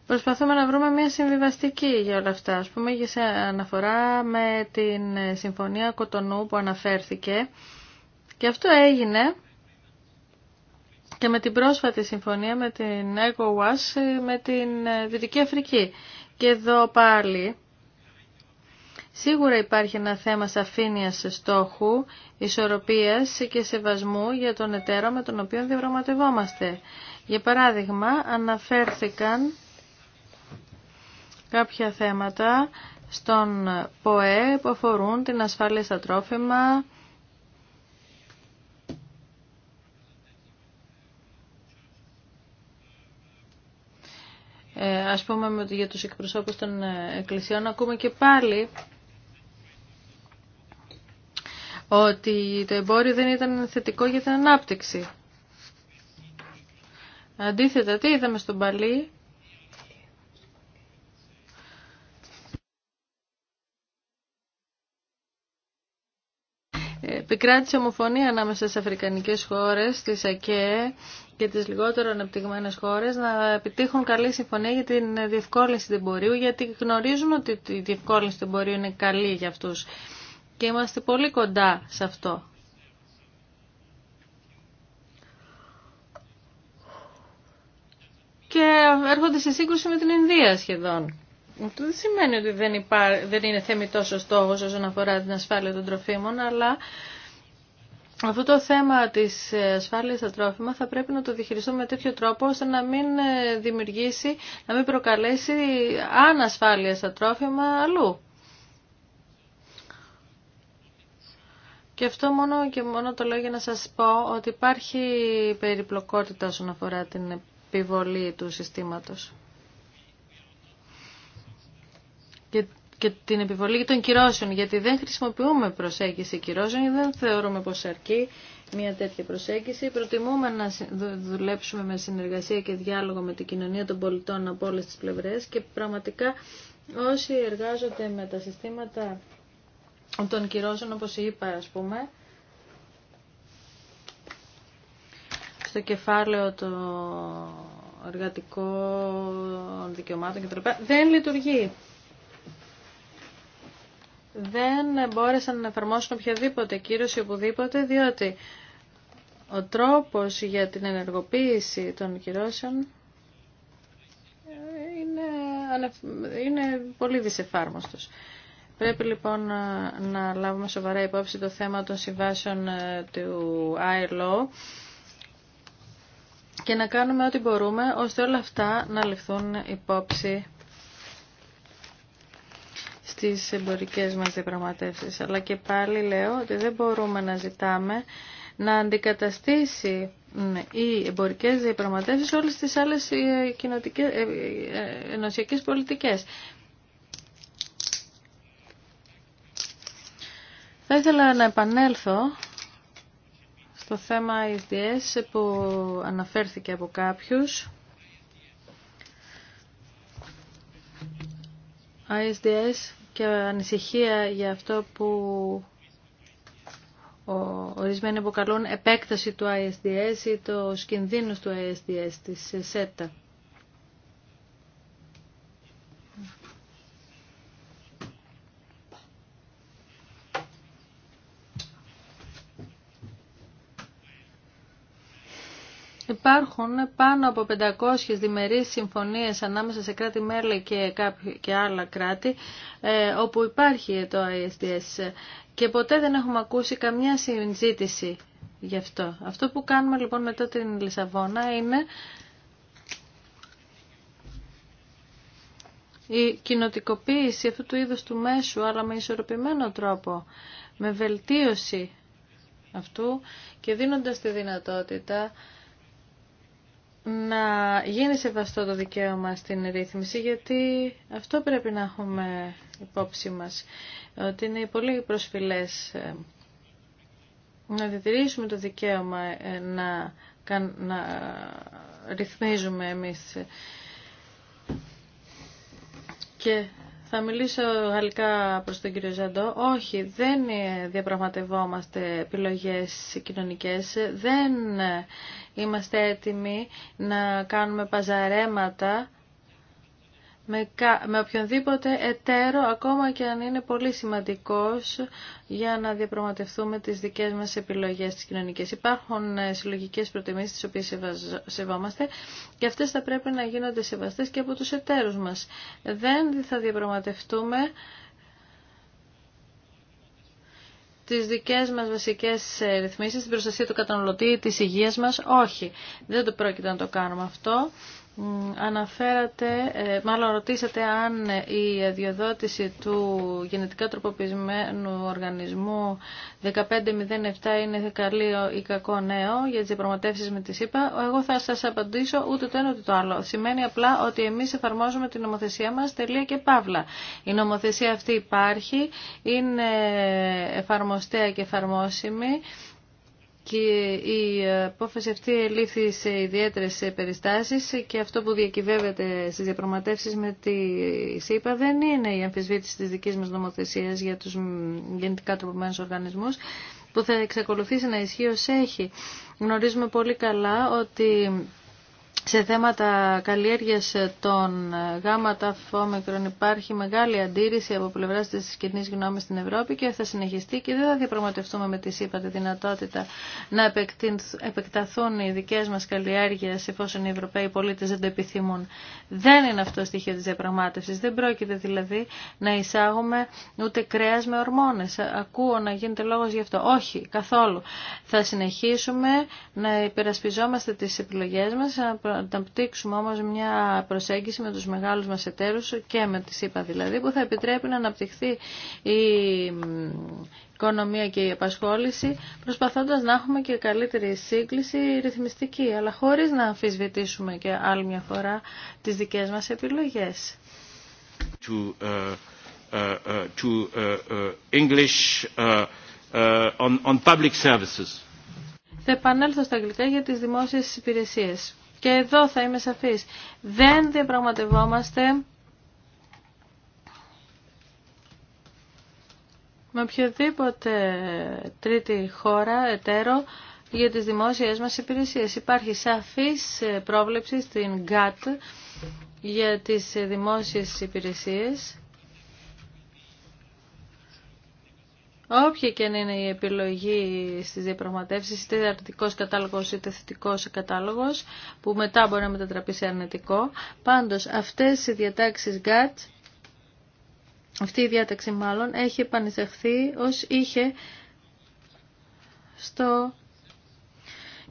Προσπαθούμε να βρούμε μια συμβιβαστική για όλα αυτά. Ας πούμε, σε αναφορά με την ε, Συμφωνία Κοτονού που αναφέρθηκε. Και αυτό έγινε και με την πρόσφατη συμφωνία με την ECOWAS ε, με την ε, Δυτική Αφρική. Και εδώ πάλι σίγουρα υπάρχει ένα θέμα σαφήνειας στόχου, ισορροπίας και σεβασμού για τον εταίρο με τον οποίο διαπραγματευόμαστε. Για παράδειγμα, αναφέρθηκαν κάποια θέματα στον ΠΟΕ που αφορούν την ασφάλεια στα τρόφιμα, ε, ας πούμε για τους εκπροσώπους των ε, εκκλησιών ακούμε και πάλι ότι το εμπόριο δεν ήταν θετικό για την ανάπτυξη. Αντίθετα, τι είδαμε στον Παλί, επικράτησε ομοφωνία ανάμεσα στι αφρικανικές χώρες, τις ΑΚΕ και τις λιγότερο αναπτυγμένες χώρες να επιτύχουν καλή συμφωνία για την διευκόλυνση του εμπορίου, γιατί γνωρίζουν ότι η διευκόλυνση του εμπορίου είναι καλή για αυτούς. Και είμαστε πολύ κοντά σε αυτό. Και έρχονται σε σύγκρουση με την Ινδία σχεδόν. Αυτό δεν σημαίνει ότι δεν, υπά... δεν είναι θεμητός ο στόχος όσον αφορά την ασφάλεια των τροφίμων, αλλά αυτό το θέμα της ε, ασφάλειας στα τρόφιμα θα πρέπει να το διχειριστούμε με τέτοιο τρόπο ώστε να μην ε, δημιουργήσει, να μην προκαλέσει ανασφάλεια στα τρόφιμα αλλού. Και αυτό μόνο και μόνο το λέω για να σας πω ότι υπάρχει περιπλοκότητα όσον αφορά την επιβολή του συστήματος. και, την επιβολή των κυρώσεων, γιατί δεν χρησιμοποιούμε προσέγγιση κυρώσεων, ή δεν θεωρούμε πως αρκεί μια τέτοια προσέγγιση. Προτιμούμε να δουλέψουμε με συνεργασία και διάλογο με την κοινωνία των πολιτών από όλες τις πλευρές και πραγματικά όσοι εργάζονται με τα συστήματα των κυρώσεων, όπως είπα ας πούμε, στο κεφάλαιο το εργατικό δικαιωμάτων κτλ. Δεν λειτουργεί δεν μπόρεσαν να εφαρμόσουν οποιαδήποτε κύρωση οπουδήποτε, διότι ο τρόπος για την ενεργοποίηση των κυρώσεων ε, είναι, είναι πολύ δυσεφάρμοστος. Πρέπει λοιπόν ε, να λάβουμε σοβαρά υπόψη το θέμα των συμβάσεων ε, του ILO και να κάνουμε ό,τι μπορούμε ώστε όλα αυτά να ληφθούν υπόψη τις εμπορικές μας διαπραγματεύσεις. Αλλά και πάλι λέω ότι δεν μπορούμε να ζητάμε να αντικαταστήσει ναι, οι εμπορικές διαπραγματεύσεις όλες τις άλλες ε, ε, ε, ενωσιακές πολιτικές. Θα ήθελα να επανέλθω στο θέμα ISDS που αναφέρθηκε από κάποιους. ISDS και ανησυχία για αυτό που ορισμένοι αποκαλούν επέκταση του ISDS ή το κινδύνους του ISDS της ΣΕΤΑ. Υπάρχουν πάνω από 500 διμερείς συμφωνίες ανάμεσα σε κράτη-μέλη και, και άλλα κράτη ε, όπου υπάρχει το ISDS και ποτέ δεν έχουμε ακούσει καμιά συζήτηση γι' αυτό. Αυτό που κάνουμε λοιπόν μετά την Λισαβόνα είναι η κοινοτικοποίηση αυτού του είδους του μέσου αλλά με ισορροπημένο τρόπο, με βελτίωση αυτού και δίνοντας τη δυνατότητα να γίνει σεβαστό το δικαίωμα στην ρύθμιση, γιατί αυτό πρέπει να έχουμε υπόψη μας, ότι είναι πολύ προσφυλές ε, να διατηρήσουμε το δικαίωμα ε, να, να ρυθμίζουμε εμείς και θα μιλήσω γαλλικά προς τον κύριο Ζαντό. Όχι, δεν διαπραγματευόμαστε επιλογές κοινωνικές. Δεν είμαστε έτοιμοι να κάνουμε παζαρέματα με, με οποιονδήποτε εταίρο, ακόμα και αν είναι πολύ σημαντικός για να διαπραγματευτούμε τις δικές μας επιλογές τις κοινωνικές. Υπάρχουν ε, συλλογικές προτιμήσεις τις οποίες σεβόμαστε και αυτές θα πρέπει να γίνονται σεβαστές και από τους εταίρους μας. Δεν θα διαπραγματευτούμε τις δικές μας βασικές ε, ρυθμίσεις, την προστασία του καταναλωτή, της υγείας μας, όχι. Δεν το πρόκειται να το κάνουμε αυτό. Αναφέρατε, ε, μάλλον ρωτήσατε αν ε, η αδειοδότηση του γενετικά τροποποιημένου οργανισμού 1507 είναι καλή ή κακό νέο για τις διαπραγματεύσεις με τη ΣΥΠΑ. Εγώ θα σας απαντήσω ούτε το ένα ούτε το άλλο. Σημαίνει απλά ότι εμείς εφαρμόζουμε την νομοθεσία μας τελεία και παύλα. Η νομοθεσία αυτή υπάρχει, είναι εφαρμοστέα και εφαρμόσιμη και η απόφαση αυτή ελήφθη σε ιδιαίτερες περιστάσεις και αυτό που διακυβεύεται στις διαπραγματεύσεις με τη ΣΥΠΑ δεν είναι η αμφισβήτηση της δικής μας νομοθεσίας για τους γεννητικά τροποποιημένους οργανισμούς που θα εξακολουθήσει να ισχύει ως έχει. Γνωρίζουμε πολύ καλά ότι σε θέματα καλλιέργειας των γάμματα φόμικρων υπάρχει μεγάλη αντίρρηση από πλευρά τη κοινή γνώμη στην Ευρώπη και θα συνεχιστεί και δεν θα διαπραγματευτούμε με τη ΣΥΠΑ τη δυνατότητα να επεκταθούν οι δικέ μα καλλιέργειε εφόσον οι Ευρωπαίοι πολίτε δεν το επιθυμούν. Δεν είναι αυτό στοιχείο τη διαπραγμάτευση. Δεν πρόκειται δηλαδή να εισάγουμε ούτε κρέα με ορμόνε. Ακούω να γίνεται λόγο γι' αυτό. Όχι, καθόλου. Θα συνεχίσουμε να υπερασπιζόμαστε τι επιλογέ μα, να αναπτύξουμε όμως μια προσέγγιση με τους μεγάλους μας εταίρους και με τις είπα, δηλαδή που θα επιτρέπει να αναπτυχθεί η οικονομία και η απασχόληση προσπαθώντας να έχουμε και καλύτερη σύγκληση ρυθμιστική αλλά χωρίς να αμφισβητήσουμε και άλλη μια φορά τις δικές μας επιλογές. To, ε, ε, ε, English, on, public services. Θα επανέλθω στα αγγλικά για τις δημόσιες υπηρεσίες. Και εδώ θα είμαι σαφής. Δεν διαπραγματευόμαστε με οποιοδήποτε τρίτη χώρα, εταίρο, για τις δημόσιες μας υπηρεσίες. Υπάρχει σαφής πρόβλεψη στην ΓΑΤ για τις δημόσιες υπηρεσίες Όποια και να είναι η επιλογή στις διαπραγματεύσεις, είτε αρνητικός κατάλογος είτε θετικός κατάλογος, που μετά μπορεί να μετατραπεί σε αρνητικό, πάντως αυτές οι διατάξεις GATT, αυτή η διάταξη μάλλον, έχει επανεισαχθεί ως είχε στο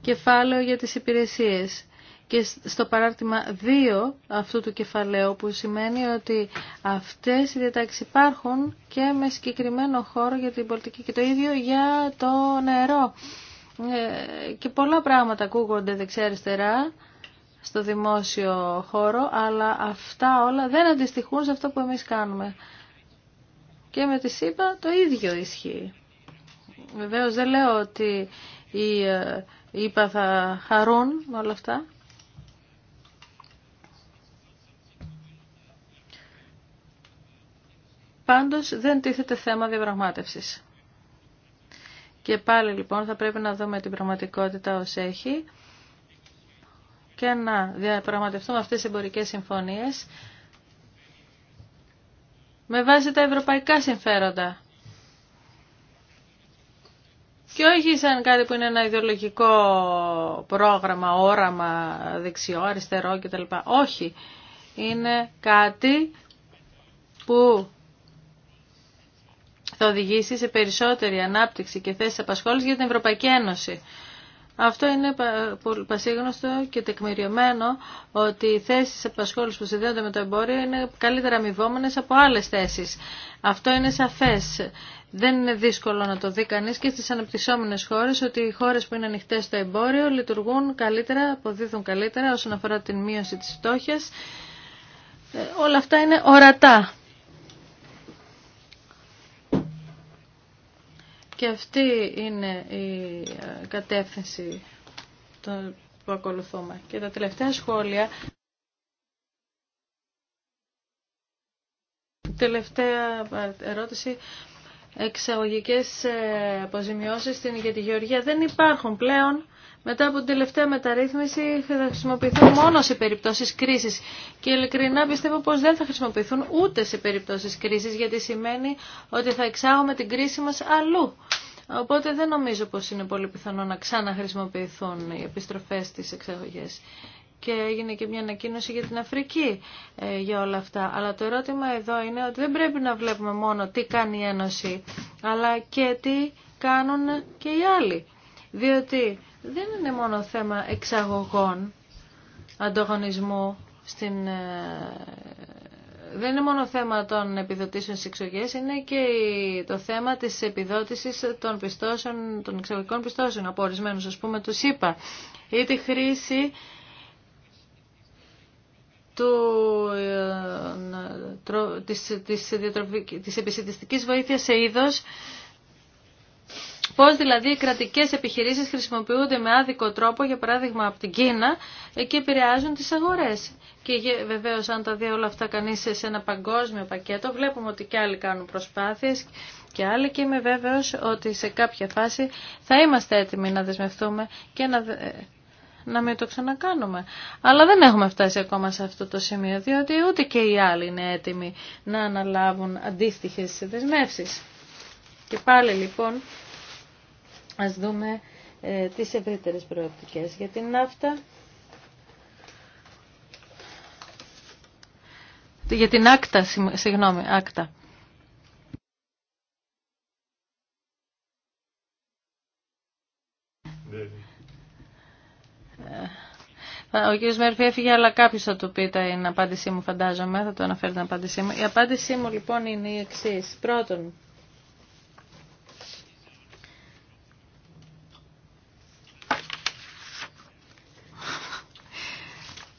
κεφάλαιο για τις υπηρεσίες και στο παράρτημα 2 αυτού του κεφαλαίου που σημαίνει ότι αυτές οι διατάξεις υπάρχουν και με συγκεκριμένο χώρο για την πολιτική και το ίδιο για το νερό. Ε, και πολλά πράγματα ακούγονται δεξιά-αριστερά στο δημόσιο χώρο, αλλά αυτά όλα δεν αντιστοιχούν σε αυτό που εμείς κάνουμε. Και με τη ΣΥΠΑ το ίδιο ισχύει. Βεβαίως δεν λέω ότι οι ΕΠΑ θα χαρούν όλα αυτά, Πάντως δεν τίθεται θέμα διαπραγμάτευσης. Και πάλι λοιπόν θα πρέπει να δούμε την πραγματικότητα ως έχει και να διαπραγματευτούμε αυτές τις εμπορικές συμφωνίες με βάση τα ευρωπαϊκά συμφέροντα. Και όχι σαν κάτι που είναι ένα ιδεολογικό πρόγραμμα, όραμα, δεξιό, αριστερό κτλ. Όχι. Είναι κάτι που θα οδηγήσει σε περισσότερη ανάπτυξη και θέσεις απασχόληση για την Ευρωπαϊκή Ένωση. Αυτό είναι πολύ πασίγνωστο και τεκμηριωμένο ότι οι θέσει απασχόληση που συνδέονται με το εμπόριο είναι καλύτερα αμοιβόμενε από άλλε θέσει. Αυτό είναι σαφέ. Δεν είναι δύσκολο να το δει κανεί και στι αναπτυσσόμενε χώρε ότι οι χώρε που είναι ανοιχτέ στο εμπόριο λειτουργούν καλύτερα, αποδίδουν καλύτερα όσον αφορά την μείωση τη φτώχεια. Ε, όλα αυτά είναι ορατά. Και αυτή είναι η ε, κατεύθυνση που ακολουθούμε. Και τα τελευταία σχόλια... Τελευταία ε, ερώτηση εξαγωγικές ε, αποζημιώσεις στην, για τη Γεωργία δεν υπάρχουν πλέον μετά από την τελευταία μεταρρύθμιση θα χρησιμοποιηθούν μόνο σε περιπτώσεις κρίσης και ειλικρινά πιστεύω πως δεν θα χρησιμοποιηθούν ούτε σε περιπτώσεις κρίσης γιατί σημαίνει ότι θα εξάγουμε την κρίση μας αλλού. Οπότε δεν νομίζω πως είναι πολύ πιθανό να ξαναχρησιμοποιηθούν οι επιστροφές στις εξαγωγές. Και έγινε και μια ανακοίνωση για την Αφρική ε, για όλα αυτά. Αλλά το ερώτημα εδώ είναι ότι δεν πρέπει να βλέπουμε μόνο τι κάνει η Ένωση, αλλά και τι κάνουν και οι άλλοι. Διότι δεν είναι μόνο θέμα εξαγωγών, ανταγωνισμού στην... Ε, δεν είναι μόνο θέμα των επιδοτήσεων στις εξωγές, είναι και το θέμα της επιδότησης των, πιστώσεων, των εξαγωγικών πιστώσεων, από ορισμένους, ας πούμε, τους είπα, ή τη χρήση του, ε, της, της, της, της βοήθειας σε είδος Πώ δηλαδή οι κρατικέ επιχειρήσει χρησιμοποιούνται με άδικο τρόπο, για παράδειγμα από την Κίνα, και επηρεάζουν τι αγορέ. Και βεβαίω αν τα δει όλα αυτά κανεί σε ένα παγκόσμιο πακέτο, βλέπουμε ότι και άλλοι κάνουν προσπάθειε και άλλοι και είμαι βέβαιο ότι σε κάποια φάση θα είμαστε έτοιμοι να δεσμευτούμε και να να μην το ξανακάνουμε. Αλλά δεν έχουμε φτάσει ακόμα σε αυτό το σημείο, διότι ούτε και οι άλλοι είναι έτοιμοι να αναλάβουν αντίστοιχε δεσμεύσει. Και πάλι λοιπόν ας δούμε ε, τις ευρύτερες προοπτικές για την ναύτα. Για την άκτα, συγγνώμη, άκτα. Ε, ο κ. Μέρφυ έφυγε, αλλά κάποιο θα του πει την απάντησή μου, φαντάζομαι. Θα το αναφέρει την απάντησή μου. Η απάντησή μου λοιπόν είναι η εξή. Πρώτον,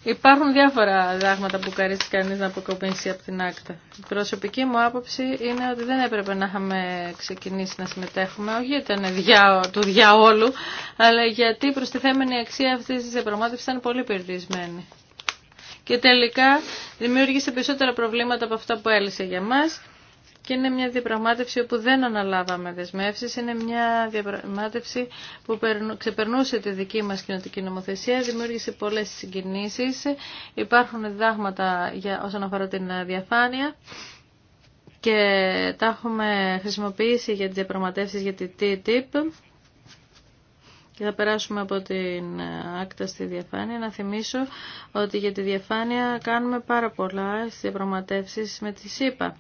Υπάρχουν διάφορα δάγματα που καρίσει κανείς να αποκοπήσει από την άκτα. Η προσωπική μου άποψη είναι ότι δεν έπρεπε να είχαμε ξεκινήσει να συμμετέχουμε, όχι γιατί ήταν διά, του διαόλου, αλλά γιατί τη προστιθέμενη αξία αυτής της διαπραγμάτευσης ήταν πολύ περιορισμένη. Και τελικά δημιούργησε περισσότερα προβλήματα από αυτά που έλυσε για μας και είναι μια διαπραγμάτευση όπου δεν αναλάβαμε δεσμεύσει. είναι μια διαπραγμάτευση που ξεπερνούσε τη δική μας κοινωτική νομοθεσία, δημιούργησε πολλές συγκινήσεις, υπάρχουν διδάγματα για, όσον αφορά την διαφάνεια και τα έχουμε χρησιμοποιήσει για τις διαπραγματεύσεις για τη TTIP και θα περάσουμε από την άκτα στη διαφάνεια. Να θυμίσω ότι για τη διαφάνεια κάνουμε πάρα πολλά στις διαπραγματεύσεις με τη ΣΥΠΑ.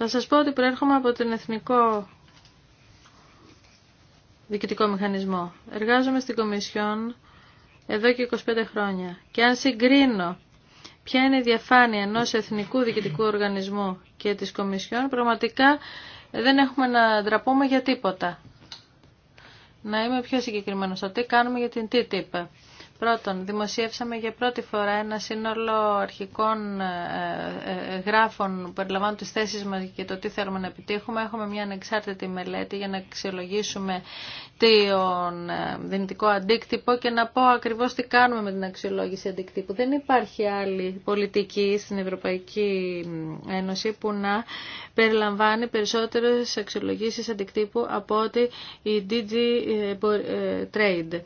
Θα σας πω ότι προέρχομαι από τον Εθνικό Διοικητικό Μηχανισμό. Εργάζομαι στην Κομισιόν εδώ και 25 χρόνια. Και αν συγκρίνω ποια είναι η διαφάνεια ενός εθνικού διοικητικού οργανισμού και της Κομισιόν, πραγματικά δεν έχουμε να ντραπούμε για τίποτα. Να είμαι πιο συγκεκριμένο στο τι κάνουμε για την TTIP. Πρώτον, δημοσιεύσαμε για πρώτη φορά ένα σύνολο αρχικών ε, ε, ε, γράφων που περιλαμβάνουν τις θέσεις μας και το τι θέλουμε να επιτύχουμε. Έχουμε μια ανεξάρτητη μελέτη για να αξιολογήσουμε τον δυνητικό αντίκτυπο και να πω ακριβώς τι κάνουμε με την αξιολόγηση αντίκτυπου. Δεν υπάρχει άλλη πολιτική στην Ευρωπαϊκή Ένωση που να περιλαμβάνει περισσότερες αξιολογήσεις αντικτύπου από ότι η DG Trade.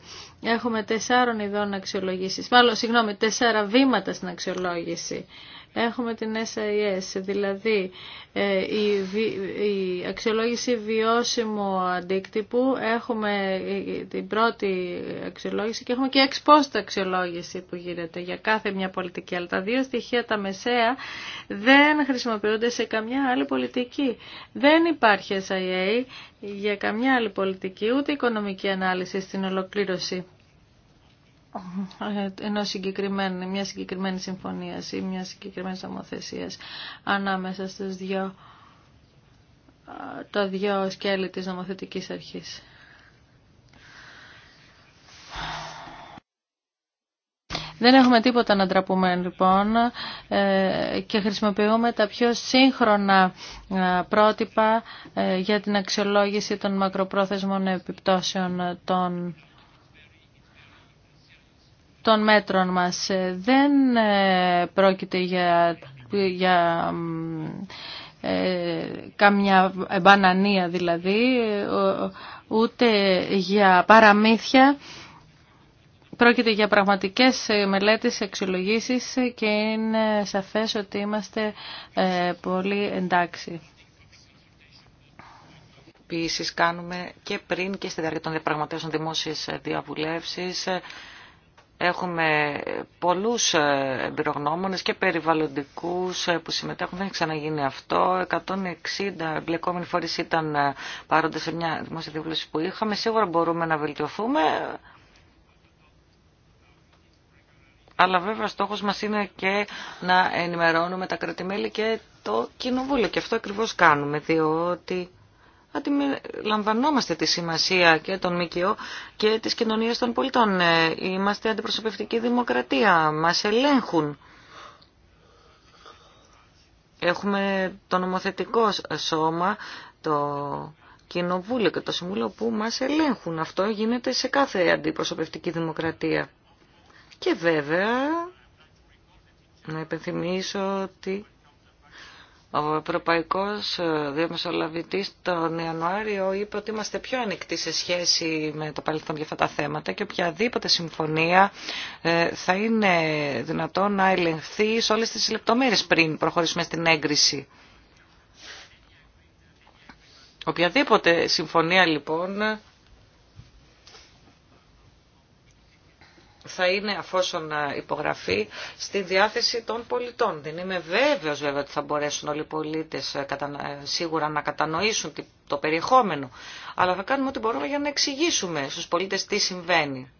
Έχουμε τεσσάρων αξιολογήσεις, μάλλον συγγνώμη, τέσσερα βήματα στην αξιολόγηση. Έχουμε την SIS, δηλαδή ε, η, αξιολόγηση βιώσιμου αντίκτυπου, έχουμε ε, την πρώτη αξιολόγηση και έχουμε και εξπόστα αξιολόγηση που γίνεται για κάθε μια πολιτική. Αλλά τα δύο στοιχεία, τα μεσαία, δεν χρησιμοποιούνται σε καμιά άλλη πολιτική. Δεν υπάρχει SIA για καμιά άλλη πολιτική, ούτε οικονομική ανάλυση στην ολοκλήρωση ενός συγκεκριμένη, μια συγκεκριμένη συμφωνία ή μια συγκεκριμένη νομοθεσία ανάμεσα στους δύο, τα δύο σκέλη της νομοθετικής αρχής. Δεν έχουμε τίποτα να ντραπούμε λοιπόν ε, και χρησιμοποιούμε τα πιο σύγχρονα ε, πρότυπα ε, για την αξιολόγηση των μακροπρόθεσμων επιπτώσεων των των μέτρων μας. Ε, δεν ε, πρόκειται για, για ε, καμιά μπανανία δηλαδή, ούτε για παραμύθια. Πρόκειται για πραγματικές ε, μελέτες, εξολογήσεις και είναι σαφές ότι είμαστε πολύ εντάξει. Επίσης κάνουμε και πριν και στη διάρκεια των διαπραγματεύσεων δημόσιες διαβουλεύσεις Έχουμε πολλούς ε, εμπειρογνώμονες και περιβαλλοντικούς ε, που συμμετέχουν. Δεν έχει ξαναγίνει αυτό. 160 εμπλεκόμενοι φορείς ήταν ε, παρόντες σε μια δημόσια δίπλωση που είχαμε. Σίγουρα μπορούμε να βελτιωθούμε. Αλλά βέβαια στόχος μας είναι και να ενημερώνουμε τα κρατημέλη και το κοινοβούλιο. Και αυτό ακριβώς κάνουμε, διότι αντιλαμβανόμαστε τη σημασία και των ΜΚΟ και της κοινωνίας των πολιτών. Ε, είμαστε αντιπροσωπευτική δημοκρατία, μας ελέγχουν. Έχουμε το νομοθετικό σώμα, το κοινοβούλιο και το συμβούλιο που μας ελέγχουν. Αυτό γίνεται σε κάθε αντιπροσωπευτική δημοκρατία. Και βέβαια, να υπενθυμίσω ότι ο Ευρωπαϊκό ε, Διαμεσολαβητή τον Ιανουάριο είπε ότι είμαστε πιο ανοιχτοί σε σχέση με το παρελθόν για αυτά τα θέματα και οποιαδήποτε συμφωνία ε, θα είναι δυνατόν να ελεγχθεί σε όλες τις λεπτομέρειες πριν προχωρήσουμε στην έγκριση. Οποιαδήποτε συμφωνία λοιπόν θα είναι αφόσον ε, υπογραφεί στη διάθεση των πολιτών. Δεν είμαι βέβαιος βέβαια ότι θα μπορέσουν όλοι οι πολίτες ε, ε, σίγουρα να κατανοήσουν το περιεχόμενο, αλλά θα κάνουμε ό,τι μπορούμε για να εξηγήσουμε στους πολίτες τι συμβαίνει.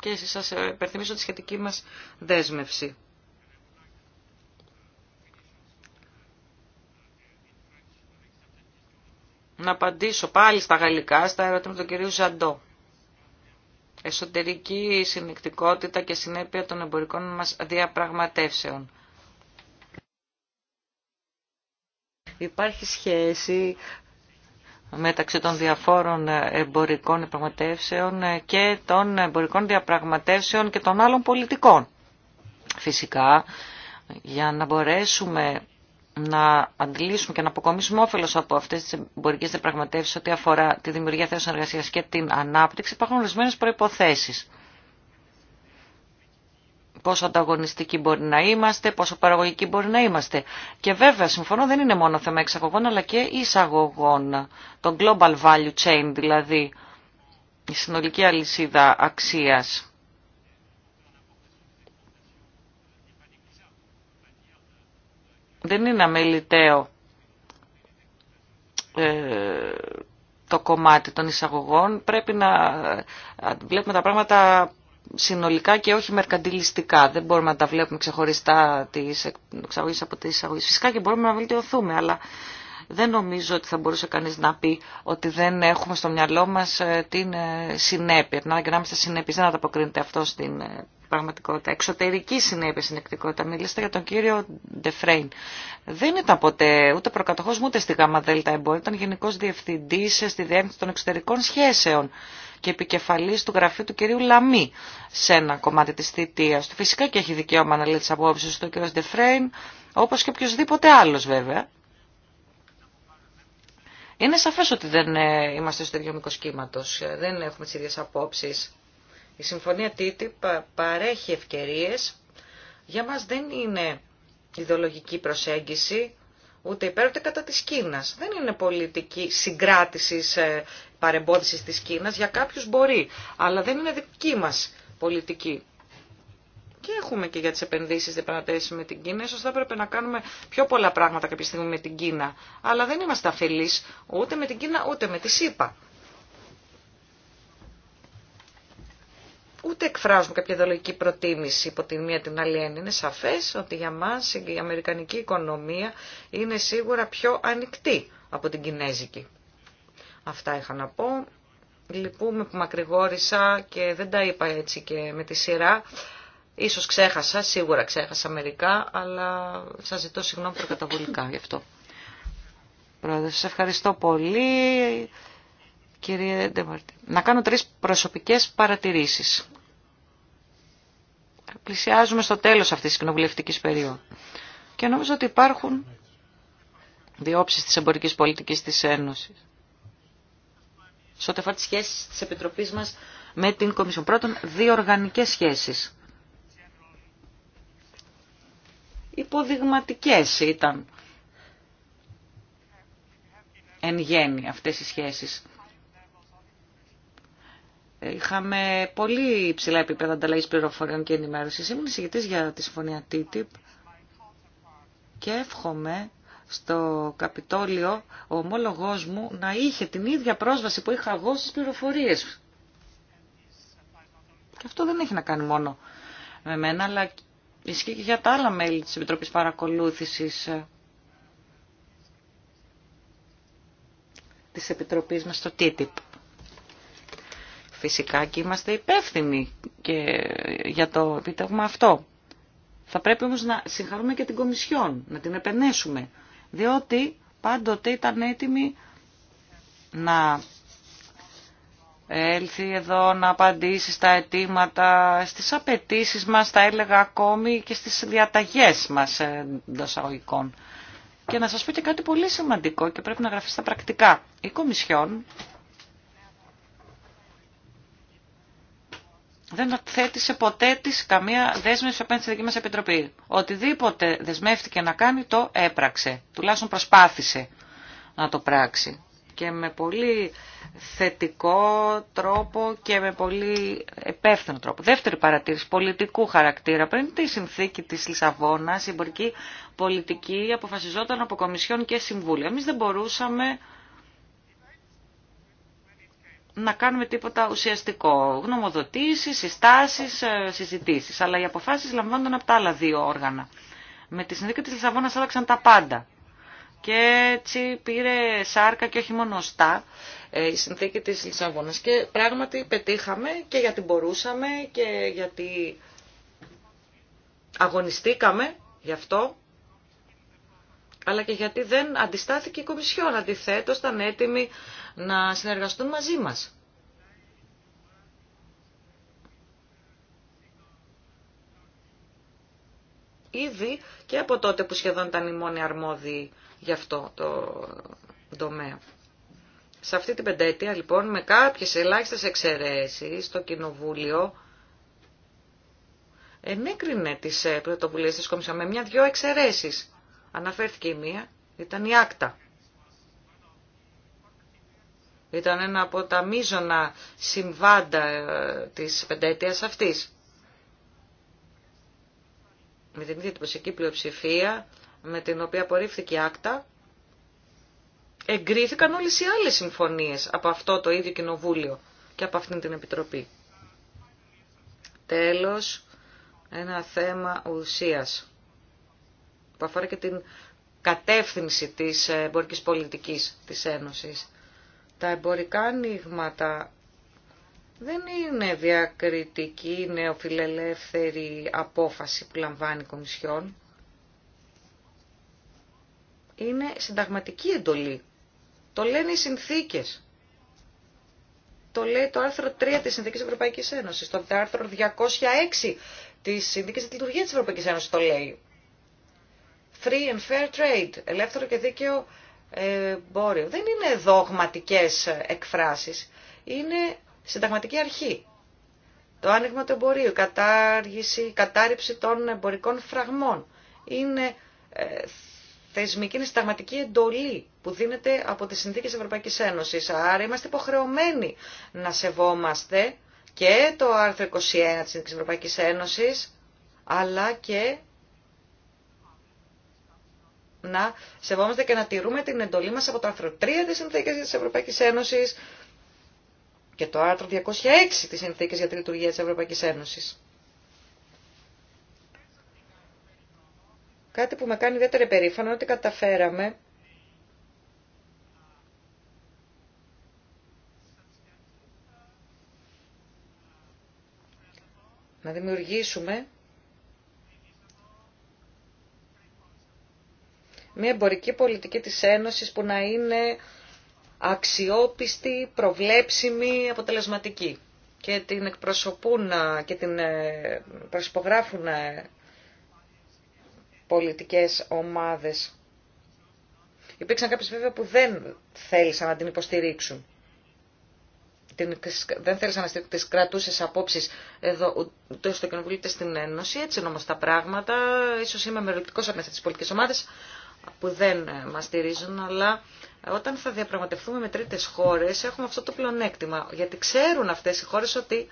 Και σας υπερθυμίσω τη σχετική μας δέσμευση. να απαντήσω πάλι στα γαλλικά, στα ερώτημα του κυρίου Ζαντό. Εσωτερική συνεκτικότητα και συνέπεια των εμπορικών μας διαπραγματεύσεων. Υπάρχει σχέση μεταξύ των διαφόρων εμπορικών διαπραγματεύσεων και των εμπορικών διαπραγματεύσεων και των άλλων πολιτικών. Φυσικά, για να μπορέσουμε να αντλήσουμε και να αποκομίσουμε όφελο από αυτέ τι εμπορικέ διαπραγματεύσει ό,τι αφορά τη δημιουργία θέσεων εργασία και την ανάπτυξη, υπάρχουν ορισμένε προποθέσει. Πόσο ανταγωνιστικοί μπορεί να είμαστε, πόσο παραγωγικοί μπορεί να είμαστε. Και βέβαια, συμφωνώ, δεν είναι μόνο θέμα εξαγωγών, αλλά και εισαγωγών. Το global value chain, δηλαδή η συνολική αλυσίδα αξίας δεν είναι αμεληταίο ε, το κομμάτι των εισαγωγών. Πρέπει να ε, βλέπουμε τα πράγματα συνολικά και όχι μερκαντιλιστικά. Δεν μπορούμε να τα βλέπουμε ξεχωριστά τις εξαγωγές από τις εισαγωγές. Φυσικά και μπορούμε να βελτιωθούμε, αλλά δεν νομίζω ότι θα μπορούσε κανείς να πει ότι δεν έχουμε στο μυαλό μας ε, την συνέπεια. Να, και να είμαστε συνέπειες, δεν ανταποκρίνεται αυτό στην πραγματικότητα. Εξωτερική συνέπεια συνεκτικότητα. Μιλήστε για τον κύριο Ντεφρέιν. Δεν ήταν ποτέ ούτε προκατοχό μου ούτε στη ΓΑΜΑ ΔΕΛΤΑ Ήταν γενικό διευθυντή στη διεύθυνση των εξωτερικών σχέσεων και επικεφαλή του γραφείου του κυρίου Λαμή σε ένα κομμάτι τη θητεία του. Φυσικά και έχει δικαίωμα να λέει τι απόψει του ο κύριο Ντεφρέιν, όπω και οποιοδήποτε άλλο βέβαια. Είναι σαφές ότι δεν ε, είμαστε στο ίδιο μήκο ε, δεν έχουμε τι ίδιες η συμφωνία TTIP παρέχει ευκαιρίες. Για μας δεν είναι ιδεολογική προσέγγιση, ούτε υπέρ ούτε κατά της Κίνας. Δεν είναι πολιτική συγκράτηση ε, παρεμπόδισης της Κίνας. Για κάποιους μπορεί, αλλά δεν είναι δική μας πολιτική. Και έχουμε και για τις επενδύσεις διαπραγματεύσεις με την Κίνα. Ίσως θα έπρεπε να κάνουμε πιο πολλά πράγματα κάποια στιγμή με την Κίνα. Αλλά δεν είμαστε αφελείς ούτε με την Κίνα ούτε με τη ΣΥΠΑ. ούτε εκφράζουν κάποια ιδεολογική προτίμηση υπό την μία την άλλη έννοια. Είναι σαφές ότι για μας η αμερικανική οικονομία είναι σίγουρα πιο ανοιχτή από την κινέζικη. Αυτά είχα να πω. Λυπούμε που μακρηγόρησα και δεν τα είπα έτσι και με τη σειρά. Ίσως ξέχασα, σίγουρα ξέχασα μερικά, αλλά σας ζητώ συγγνώμη προκαταβολικά γι' αυτό. Πρόεδρε, σας ευχαριστώ πολύ. Κύριε να κάνω τρεις προσωπικές παρατηρήσεις. Πλησιάζουμε στο τέλος αυτής της κοινοβουλευτικής περίοδου. Και νομίζω ότι υπάρχουν διόψεις της εμπορικής πολιτικής της Ένωσης. Σε ό,τι αφορά τις σχέσεις της Επιτροπής μας με την Κομισιόν. Πρώτον, δύο οργανικές σχέσεις. Υποδειγματικές ήταν εν γέννη αυτές οι σχέσεις Είχαμε πολύ υψηλά επίπεδα ανταλλαγή πληροφοριών και ενημέρωση. Ήμουν εισηγητή για τη συμφωνία TTIP και εύχομαι στο Καπιτόλιο ο ομόλογο μου να είχε την ίδια πρόσβαση που είχα εγώ στι πληροφορίε. Και αυτό δεν έχει να κάνει μόνο με μένα, αλλά ισχύει και για τα άλλα μέλη τη Επιτροπής Παρακολούθησης ε, της Επιτροπής μας στο TTIP. Φυσικά και είμαστε υπεύθυνοι και για το επιτεύγμα αυτό. Θα πρέπει όμως να συγχαρούμε και την Κομισιόν, να την επενέσουμε, διότι πάντοτε ήταν έτοιμη να έλθει εδώ να απαντήσει στα αιτήματα, στις απαιτήσεις μας, τα έλεγα ακόμη και στις διαταγές μας εντό αγωγικών. Και να σας πω και κάτι πολύ σημαντικό και πρέπει να γραφεί στα πρακτικά. Η Κομισιόν δεν θέτησε ποτέ τη καμία δέσμευση απέναντι στη δική μα επιτροπή. Οτιδήποτε δεσμεύτηκε να κάνει το έπραξε. Τουλάχιστον προσπάθησε να το πράξει. Και με πολύ θετικό τρόπο και με πολύ επέφθενο τρόπο. Δεύτερη παρατήρηση πολιτικού χαρακτήρα. Πριν τη συνθήκη της Λισαβόνας, η εμπορική πολιτική αποφασιζόταν από Κομισιόν και Συμβούλια. Εμείς δεν μπορούσαμε να κάνουμε τίποτα ουσιαστικό. Γνωμοδοτήσεις, συστάσεις, ε, συζητήσεις. Αλλά οι αποφάσεις λαμβάνονταν από τα άλλα δύο όργανα. Με τη συνδίκη της Λισαβόνας άλλαξαν τα πάντα. Και έτσι πήρε σάρκα και όχι μονοστά ε, η συνθήκη της Λισαβόνας. Και πράγματι πετύχαμε και γιατί μπορούσαμε και γιατί αγωνιστήκαμε γι' αυτό αλλά και γιατί δεν αντιστάθηκε η Κομισιόν. αντιθέτω, ήταν έτοιμοι να συνεργαστούν μαζί μας. Ήδη και από τότε που σχεδόν ήταν η μόνη αρμόδιοι για αυτό το τομέα. Σε αυτή την πενταετία, λοιπόν, με κάποιες ελάχιστες εξαιρέσεις, το Κοινοβούλιο ενέκρινε τι πρωτοβουλίες της Κομισιόν με μια-δυο εξαιρέσεις. Αναφέρθηκε η μία, ήταν η άκτα. Ήταν ένα από τα μείζωνα συμβάντα ε, της πενταετίας αυτής. Με την ίδια την πλειοψηφία με την οποία απορρίφθηκε η άκτα, εγκρίθηκαν όλες οι άλλες συμφωνίες από αυτό το ίδιο κοινοβούλιο και από αυτήν την Επιτροπή. Τέλος, ένα θέμα ουσίας που αφορά και την κατεύθυνση της εμπορικής πολιτικής της Ένωσης. Τα εμπορικά ανοίγματα δεν είναι διακριτική νεοφιλελεύθερη απόφαση που λαμβάνει η Κομισιόν. Είναι συνταγματική εντολή. Το λένε οι συνθήκες. Το λέει το άρθρο 3 της Συνθήκης Ευρωπαϊκής Ένωσης. Το άρθρο 206 της Συνθήκης της Λειτουργίας της Ευρωπαϊκής Ένωσης το λέει free and fair trade, ελεύθερο και δίκαιο ε, εμπόριο. Δεν είναι δογματικές εκφράσεις, είναι συνταγματική αρχή. Το άνοιγμα του εμπορίου, κατάργηση, κατάρριψη των εμπορικών φραγμών είναι ε, θεσμική, είναι συνταγματική εντολή που δίνεται από τις συνθήκες Ευρωπαϊκής Ένωσης. Άρα είμαστε υποχρεωμένοι να σεβόμαστε και το άρθρο 21 της Ευρωπαϊκής Ένωσης, αλλά και να σεβόμαστε και να τηρούμε την εντολή μας από το άρθρο 3 της Συνθήκης της Ευρωπαϊκής Ένωσης και το άρθρο 206 της Συνθήκης για τη Λειτουργία της Ευρωπαϊκής Ένωσης. Κάτι που με κάνει ιδιαίτερη περήφανο ότι καταφέραμε να δημιουργήσουμε μια εμπορική πολιτική της Ένωσης που να είναι αξιόπιστη, προβλέψιμη, αποτελεσματική και την εκπροσωπούν ε, και την ε, προσυπογράφουν ε, πολιτικές ομάδες. Υπήρξαν κάποιες βέβαια που δεν θέλησαν να την υποστηρίξουν. δεν θέλησαν να στηρίξουν τις κρατούσες απόψεις εδώ ούτε στο κοινοβουλίο στην Ένωση. Έτσι είναι όμως τα πράγματα. Ίσως είμαι από μέσα τις πολιτικές ομάδες που δεν ε, μας στηρίζουν, αλλά όταν θα διαπραγματευτούμε με τρίτες χώρες έχουμε αυτό το πλονέκτημα γιατί ξέρουν αυτές οι χώρες ότι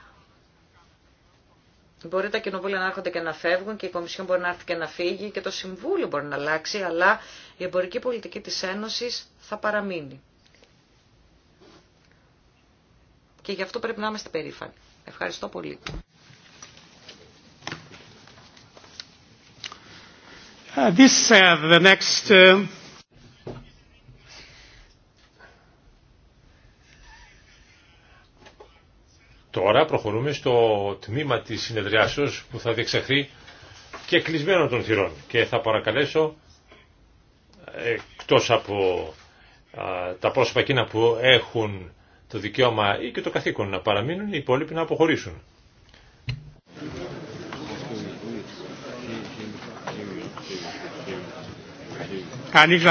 Μπορεί τα κοινοβούλια να έρχονται και να φεύγουν και η Κομισιόν μπορεί να έρθει και να φύγει και το Συμβούλιο μπορεί να αλλάξει, αλλά η εμπορική πολιτική της Ένωσης θα παραμείνει. Και γι' αυτό πρέπει να είμαστε περήφανοι. Ευχαριστώ πολύ. Uh, this uh, the uh, Τώρα προχωρούμε στο τμήμα της συνεδριάσεως που θα διεξαχθεί και κλεισμένο των θυρών και θα παρακαλέσω εκτός από τα πρόσωπα εκείνα που έχουν το δικαίωμα ή και το καθήκον να παραμείνουν, οι υπόλοιποι να αποχωρήσουν. Kann ich